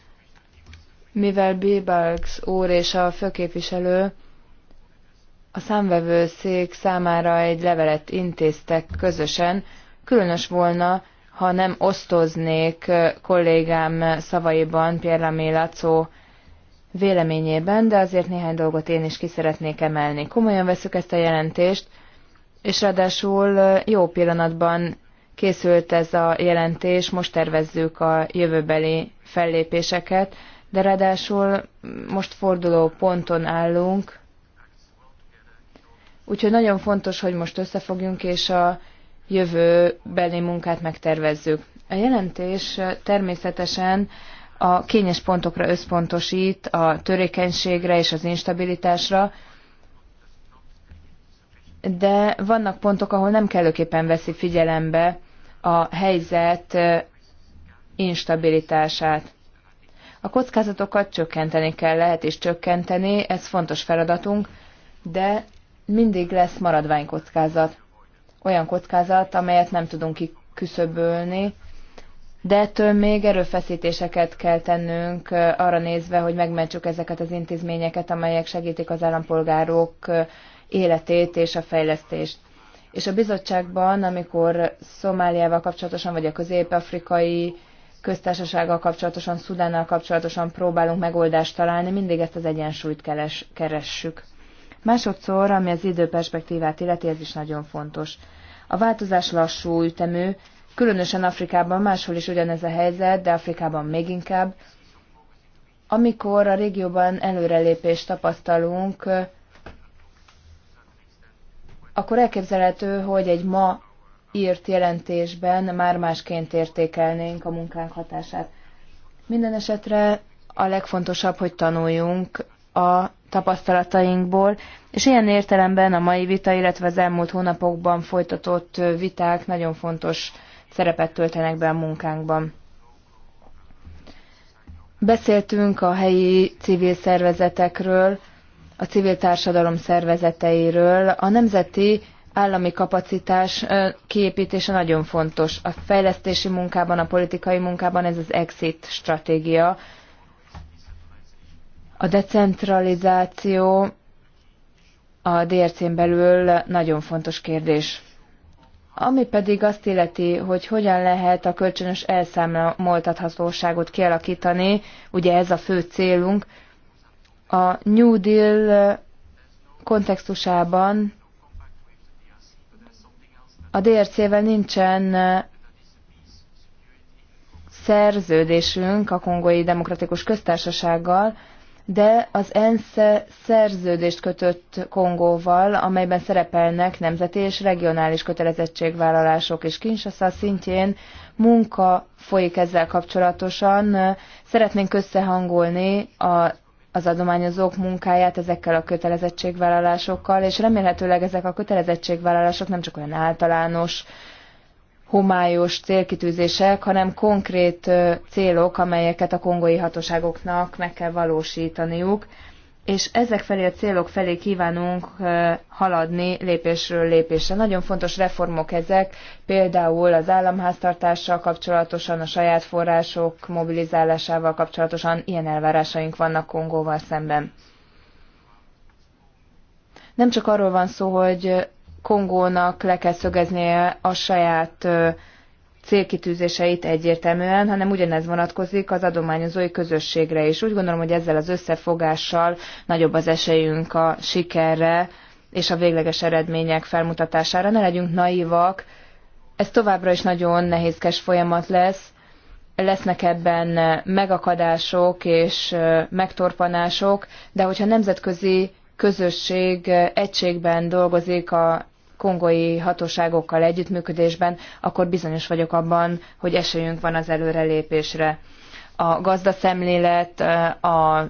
mivel Bibalgs úr és a főképviselő a számvevőszék számára egy levelet intéztek közösen, különös volna, ha nem osztoznék kollégám szavaiban, Pierre Lacó véleményében, de azért néhány dolgot én is ki szeretnék emelni. Komolyan veszük ezt a jelentést, és ráadásul jó pillanatban készült ez a jelentés, most tervezzük a jövőbeli fellépéseket, de ráadásul most forduló ponton állunk, úgyhogy nagyon fontos, hogy most összefogjunk, és a jövőbeli munkát megtervezzük. A jelentés eh, természetesen a kényes pontokra összpontosít, a törékenységre és az instabilitásra, de vannak pontok, ahol nem kellőképpen veszi figyelembe a helyzet eh, instabilitását. A kockázatokat csökkenteni kell, lehet is csökkenteni, ez fontos feladatunk, de mindig lesz maradványkockázat olyan kockázat, amelyet nem tudunk kiküszöbölni, de ettől még erőfeszítéseket kell tennünk arra nézve, hogy megmentsük ezeket az intézményeket, amelyek segítik az állampolgárok életét és a fejlesztést. És a bizottságban, amikor Szomáliával kapcsolatosan, vagy a közép-afrikai köztársasággal kapcsolatosan, Szudánnal kapcsolatosan próbálunk megoldást találni, mindig ezt az egyensúlyt keres, keressük. Másodszor, ami az időperspektívát illeti, ez is nagyon fontos. A változás lassú ütemű, különösen Afrikában máshol is ugyanez a helyzet, de Afrikában még inkább. Amikor a régióban előrelépést tapasztalunk, akkor elképzelhető, hogy egy ma írt jelentésben már másként értékelnénk a munkánk hatását. Minden esetre a legfontosabb, hogy tanuljunk a tapasztalatainkból, és ilyen értelemben a mai vita, illetve az elmúlt hónapokban folytatott viták nagyon fontos szerepet töltenek be a munkánkban. Beszéltünk a helyi civil szervezetekről, a civil társadalom szervezeteiről. A nemzeti állami kapacitás kiépítése nagyon fontos. A fejlesztési munkában, a politikai munkában ez az exit stratégia, a decentralizáció a DRC-n er belül nagyon fontos kérdés. Ami pedig azt illeti, hogy hogyan lehet a kölcsönös elszámoltathatóságot kialakítani, ugye ez a fő célunk, a New Deal kontextusában a DRC-vel er nincsen szerződésünk a kongói demokratikus köztársasággal, de az ENSZ szerződést kötött Kongóval, amelyben szerepelnek nemzeti és regionális kötelezettségvállalások, és Kinshasa szintjén munka folyik ezzel kapcsolatosan. Szeretnénk összehangolni a az adományozók munkáját ezekkel a kötelezettségvállalásokkal, és remélhetőleg ezek a kötelezettségvállalások nem csak olyan általános homályos célkitűzések, hanem konkrét célok, amelyeket a kongói hatóságoknak meg kell valósítaniuk, és ezek felé a célok felé kívánunk haladni lépésről lépésre. Nagyon fontos reformok ezek, például az államháztartással kapcsolatosan, a saját források mobilizálásával kapcsolatosan ilyen elvárásaink vannak Kongóval szemben. Nem csak arról van szó, hogy Kongónak le kell szögeznie a saját célkitűzéseit egyértelműen, hanem ugyanez vonatkozik az adományozói közösségre is. Úgy gondolom, hogy ezzel az összefogással nagyobb az esélyünk a sikerre és a végleges eredmények felmutatására. Ne legyünk naivak, ez továbbra is nagyon nehézkes folyamat lesz, lesznek ebben megakadások és megtorpanások, de hogyha nemzetközi közösség egységben dolgozik a kongói hatóságokkal együttműködésben, akkor bizonyos vagyok abban, hogy esélyünk van az előrelépésre. A gazdaszemlélet, a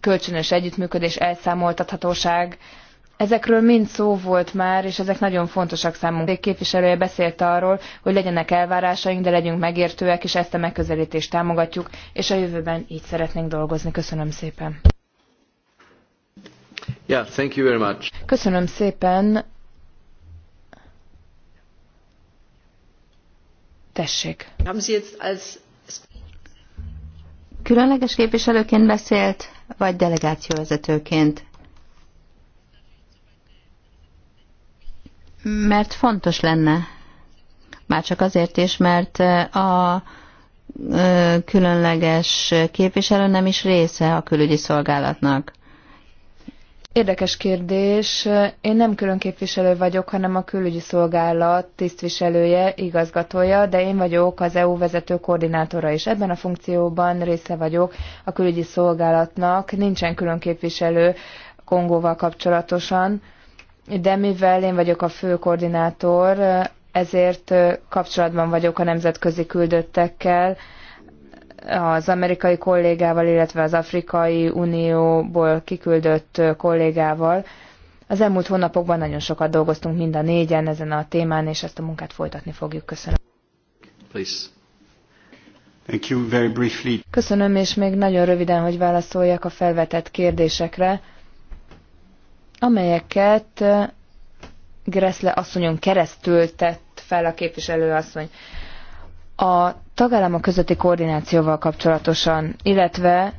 kölcsönös együttműködés, elszámoltathatóság, Ezekről mind szó volt már, és ezek nagyon fontosak számunkra. Egy képviselője beszélt arról, hogy legyenek elvárásaink, de legyünk megértőek, és ezt a megközelítést támogatjuk, és a jövőben így szeretnénk dolgozni. Köszönöm szépen. Yeah, thank you very much. Köszönöm szépen Tessék. Különleges képviselőként beszélt, vagy delegációvezetőként? Mert fontos lenne. Már csak azért is, mert a különleges képviselő nem is része a külügyi szolgálatnak. Érdekes kérdés. Én nem külön képviselő vagyok, hanem a külügyi szolgálat tisztviselője, igazgatója, de én vagyok az EU vezető koordinátora is. Ebben a funkcióban része vagyok a külügyi szolgálatnak. Nincsen külön képviselő Kongóval kapcsolatosan, de mivel én vagyok a fő koordinátor, ezért kapcsolatban vagyok a nemzetközi küldöttekkel, az amerikai kollégával, illetve az Afrikai Unióból kiküldött kollégával. Az elmúlt hónapokban nagyon sokat dolgoztunk mind a négyen ezen a témán, és ezt a munkát folytatni fogjuk. Köszönöm. Please. Thank you very briefly. Köszönöm, és még nagyon röviden, hogy válaszoljak a felvetett kérdésekre, amelyeket Gressle asszonyon keresztül tett fel a képviselő asszony. A tagállamok közötti koordinációval kapcsolatosan, illetve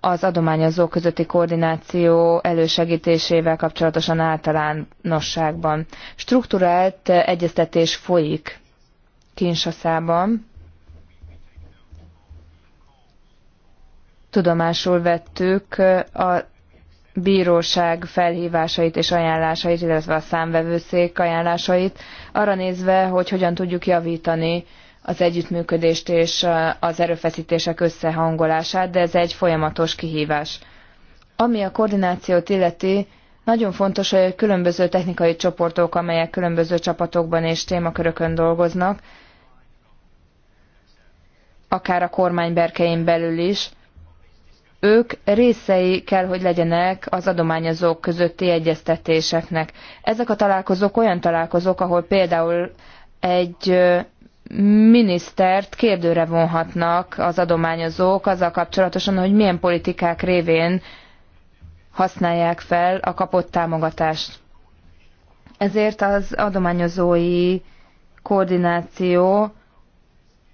az adományozó közötti koordináció elősegítésével kapcsolatosan általánosságban. Strukturált egyeztetés folyik Kinsaszában. Tudomásul vettük a bíróság felhívásait és ajánlásait, illetve a számvevőszék ajánlásait, arra nézve, hogy hogyan tudjuk javítani az együttműködést és az erőfeszítések összehangolását, de ez egy folyamatos kihívás. Ami a koordinációt illeti, nagyon fontos, hogy a különböző technikai csoportok, amelyek különböző csapatokban és témakörökön dolgoznak, akár a kormány berkein belül is, ők részei kell, hogy legyenek az adományozók közötti egyeztetéseknek. Ezek a találkozók olyan találkozók, ahol például egy minisztert kérdőre vonhatnak az adományozók azzal kapcsolatosan, hogy milyen politikák révén használják fel a kapott támogatást. Ezért az adományozói koordináció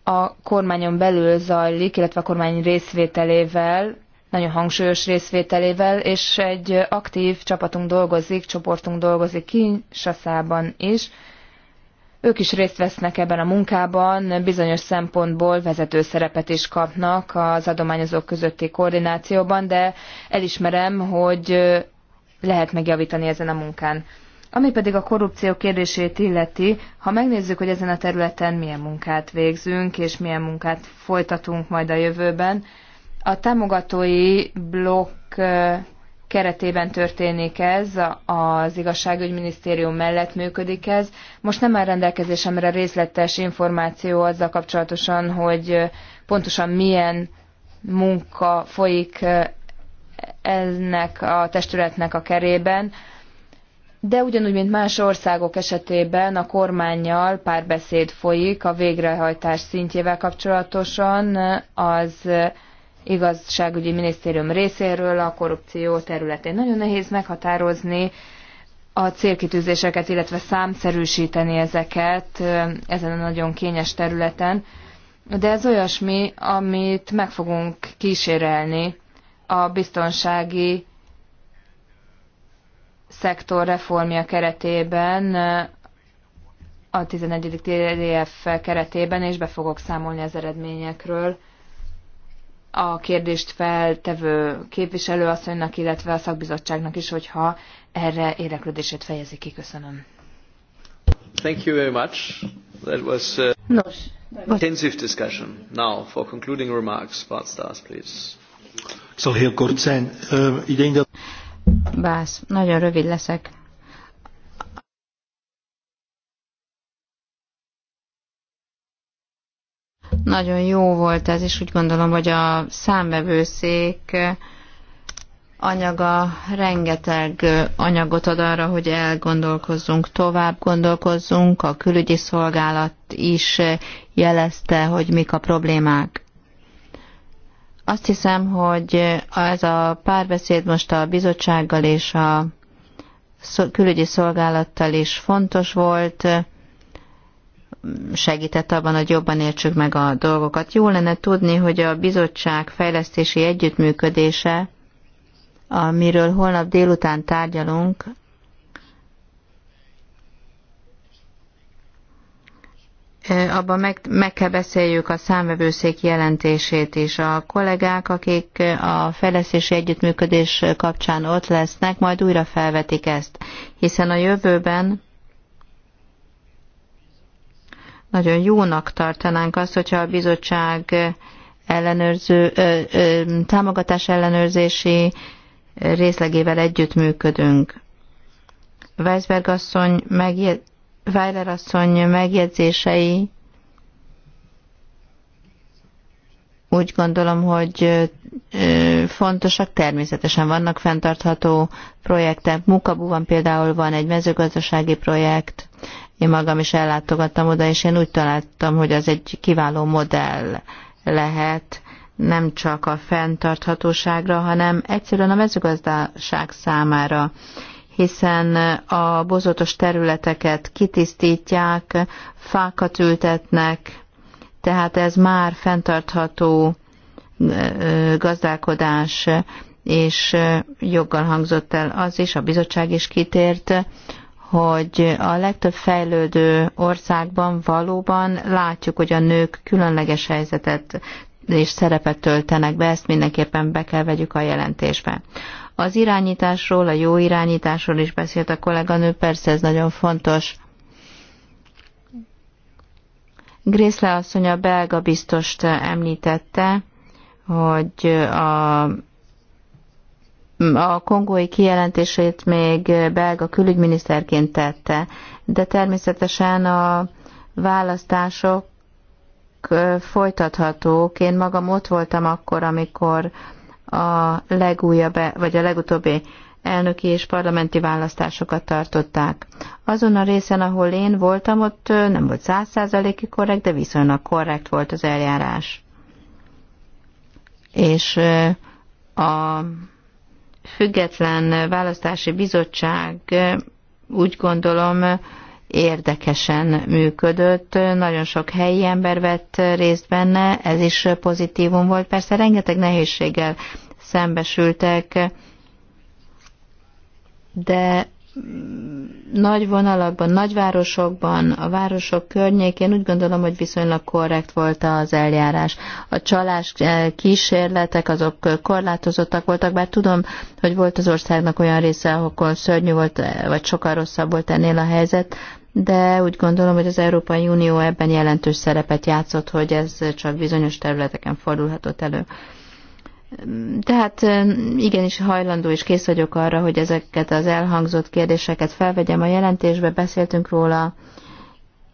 a kormányon belül zajlik, illetve a kormány részvételével, nagyon hangsúlyos részvételével, és egy aktív csapatunk dolgozik, csoportunk dolgozik Kinsaszában is, ők is részt vesznek ebben a munkában, bizonyos szempontból vezető szerepet is kapnak az adományozók közötti koordinációban, de elismerem, hogy lehet megjavítani ezen a munkán. Ami pedig a korrupció kérdését illeti, ha megnézzük, hogy ezen a területen milyen munkát végzünk, és milyen munkát folytatunk majd a jövőben, a támogatói blokk keretében történik ez, az igazságügyminisztérium mellett működik ez. Most nem áll rendelkezésemre részletes információ azzal kapcsolatosan, hogy pontosan milyen munka folyik ennek a testületnek a kerében, de ugyanúgy, mint más országok esetében a kormányjal párbeszéd folyik a végrehajtás szintjével kapcsolatosan az igazságügyi minisztérium részéről a korrupció területén. Nagyon nehéz meghatározni a célkitűzéseket, illetve számszerűsíteni ezeket ezen a nagyon kényes területen, de ez olyasmi, amit meg fogunk kísérelni a biztonsági szektor reformja keretében, a 11. TDF keretében, és be fogok számolni az eredményekről a kérdést feltevő képviselőasszonynak, illetve a szakbizottságnak is, hogyha erre érdeklődését fejezi ki. Köszönöm. Thank you very much. That was uh, Nos, intensive discussion. Now for concluding remarks, Bart Stars, please. Ik zal szóval heel kort zijn. Uh, ik denk dat... nagyon rövid leszek. Nagyon jó volt ez, és úgy gondolom, hogy a számvevőszék anyaga rengeteg anyagot ad arra, hogy elgondolkozzunk, tovább gondolkozzunk. A külügyi szolgálat is jelezte, hogy mik a problémák. Azt hiszem, hogy ez a párbeszéd most a bizottsággal és a külügyi szolgálattal is fontos volt segített abban, hogy jobban értsük meg a dolgokat. Jó lenne tudni, hogy a bizottság fejlesztési együttműködése, amiről holnap délután tárgyalunk, abban meg, meg kell beszéljük a számvevőszék jelentését is. A kollégák, akik a fejlesztési együttműködés kapcsán ott lesznek, majd újra felvetik ezt, hiszen a jövőben nagyon jónak tartanánk azt, hogyha a bizottság ellenőrző, ö, ö, támogatás ellenőrzési részlegével együttműködünk. Weisberg asszony, megjegyzései, Weiler asszony megjegyzései úgy gondolom, hogy fontosak, természetesen vannak fenntartható projektek. Mukabuban például van egy mezőgazdasági projekt, én magam is ellátogattam oda, és én úgy találtam, hogy az egy kiváló modell lehet, nem csak a fenntarthatóságra, hanem egyszerűen a mezőgazdaság számára hiszen a bozotos területeket kitisztítják, fákat ültetnek, tehát ez már fenntartható gazdálkodás, és joggal hangzott el az is, a bizottság is kitért, hogy a legtöbb fejlődő országban valóban látjuk, hogy a nők különleges helyzetet és szerepet töltenek be, ezt mindenképpen be kell vegyük a jelentésbe. Az irányításról, a jó irányításról is beszélt a kolléganő, persze ez nagyon fontos. Grészle asszony a belga biztost említette, hogy a, a kongói kijelentését még belga külügyminiszterként tette, de természetesen a választások folytathatók. Én magam ott voltam akkor, amikor a legújabb, e- vagy a legutóbbi elnöki és parlamenti választásokat tartották. Azon a részen, ahol én voltam, ott nem volt százszázaléki korrekt, de viszonylag korrekt volt az eljárás. És a független választási bizottság úgy gondolom érdekesen működött, nagyon sok helyi ember vett részt benne, ez is pozitívum volt. Persze rengeteg nehézséggel szembesültek, de mm, nagy vonalakban, nagyvárosokban, a városok környékén úgy gondolom, hogy viszonylag korrekt volt az eljárás. A csalás eh, kísérletek azok korlátozottak voltak, bár tudom, hogy volt az országnak olyan része, ahol szörnyű volt, eh, vagy sokkal rosszabb volt ennél a helyzet, de úgy gondolom, hogy az Európai Unió ebben jelentős szerepet játszott, hogy ez csak bizonyos területeken fordulhatott elő. Tehát igenis hajlandó és kész vagyok arra, hogy ezeket az elhangzott kérdéseket felvegyem a jelentésbe, beszéltünk róla,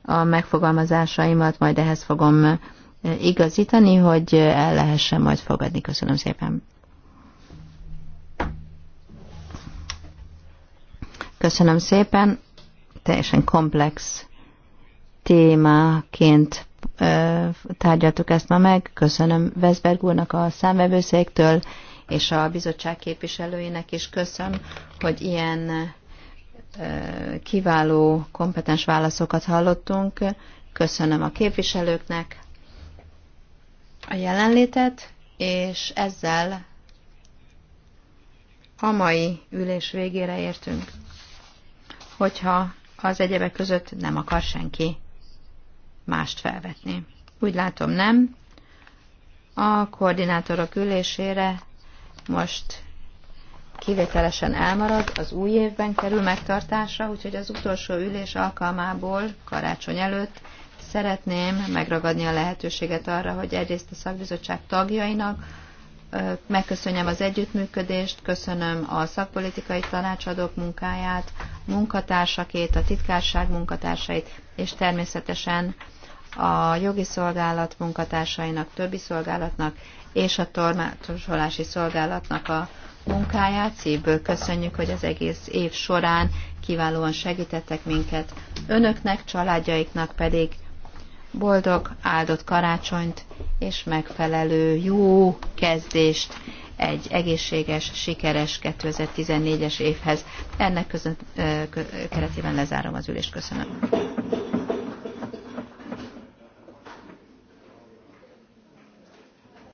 a megfogalmazásaimat majd ehhez fogom igazítani, hogy el lehessen majd fogadni. Köszönöm szépen. Köszönöm szépen. Teljesen komplex témaként tárgyaltuk ezt ma meg. Köszönöm Veszberg úrnak a számvevőszéktől, és a bizottság képviselőinek is köszönöm, hogy ilyen kiváló, kompetens válaszokat hallottunk. Köszönöm a képviselőknek a jelenlétet, és ezzel a mai ülés végére értünk. Hogyha az egyebek között nem akar senki mást felvetni. Úgy látom nem. A koordinátorok ülésére most kivételesen elmarad, az új évben kerül megtartásra, úgyhogy az utolsó ülés alkalmából karácsony előtt szeretném megragadni a lehetőséget arra, hogy egyrészt a szakbizottság tagjainak megköszönjem az együttműködést, köszönöm a szakpolitikai tanácsadók munkáját, munkatársakét, a titkárság munkatársait, és természetesen a jogi szolgálat munkatársainak, többi szolgálatnak és a tormácsolási szolgálatnak a munkáját. Szívből köszönjük, hogy az egész év során kiválóan segítettek minket. Önöknek, családjaiknak pedig boldog, áldott karácsonyt és megfelelő jó kezdést egy egészséges, sikeres 2014-es évhez. Ennek között, keretében lezárom az ülést. Köszönöm.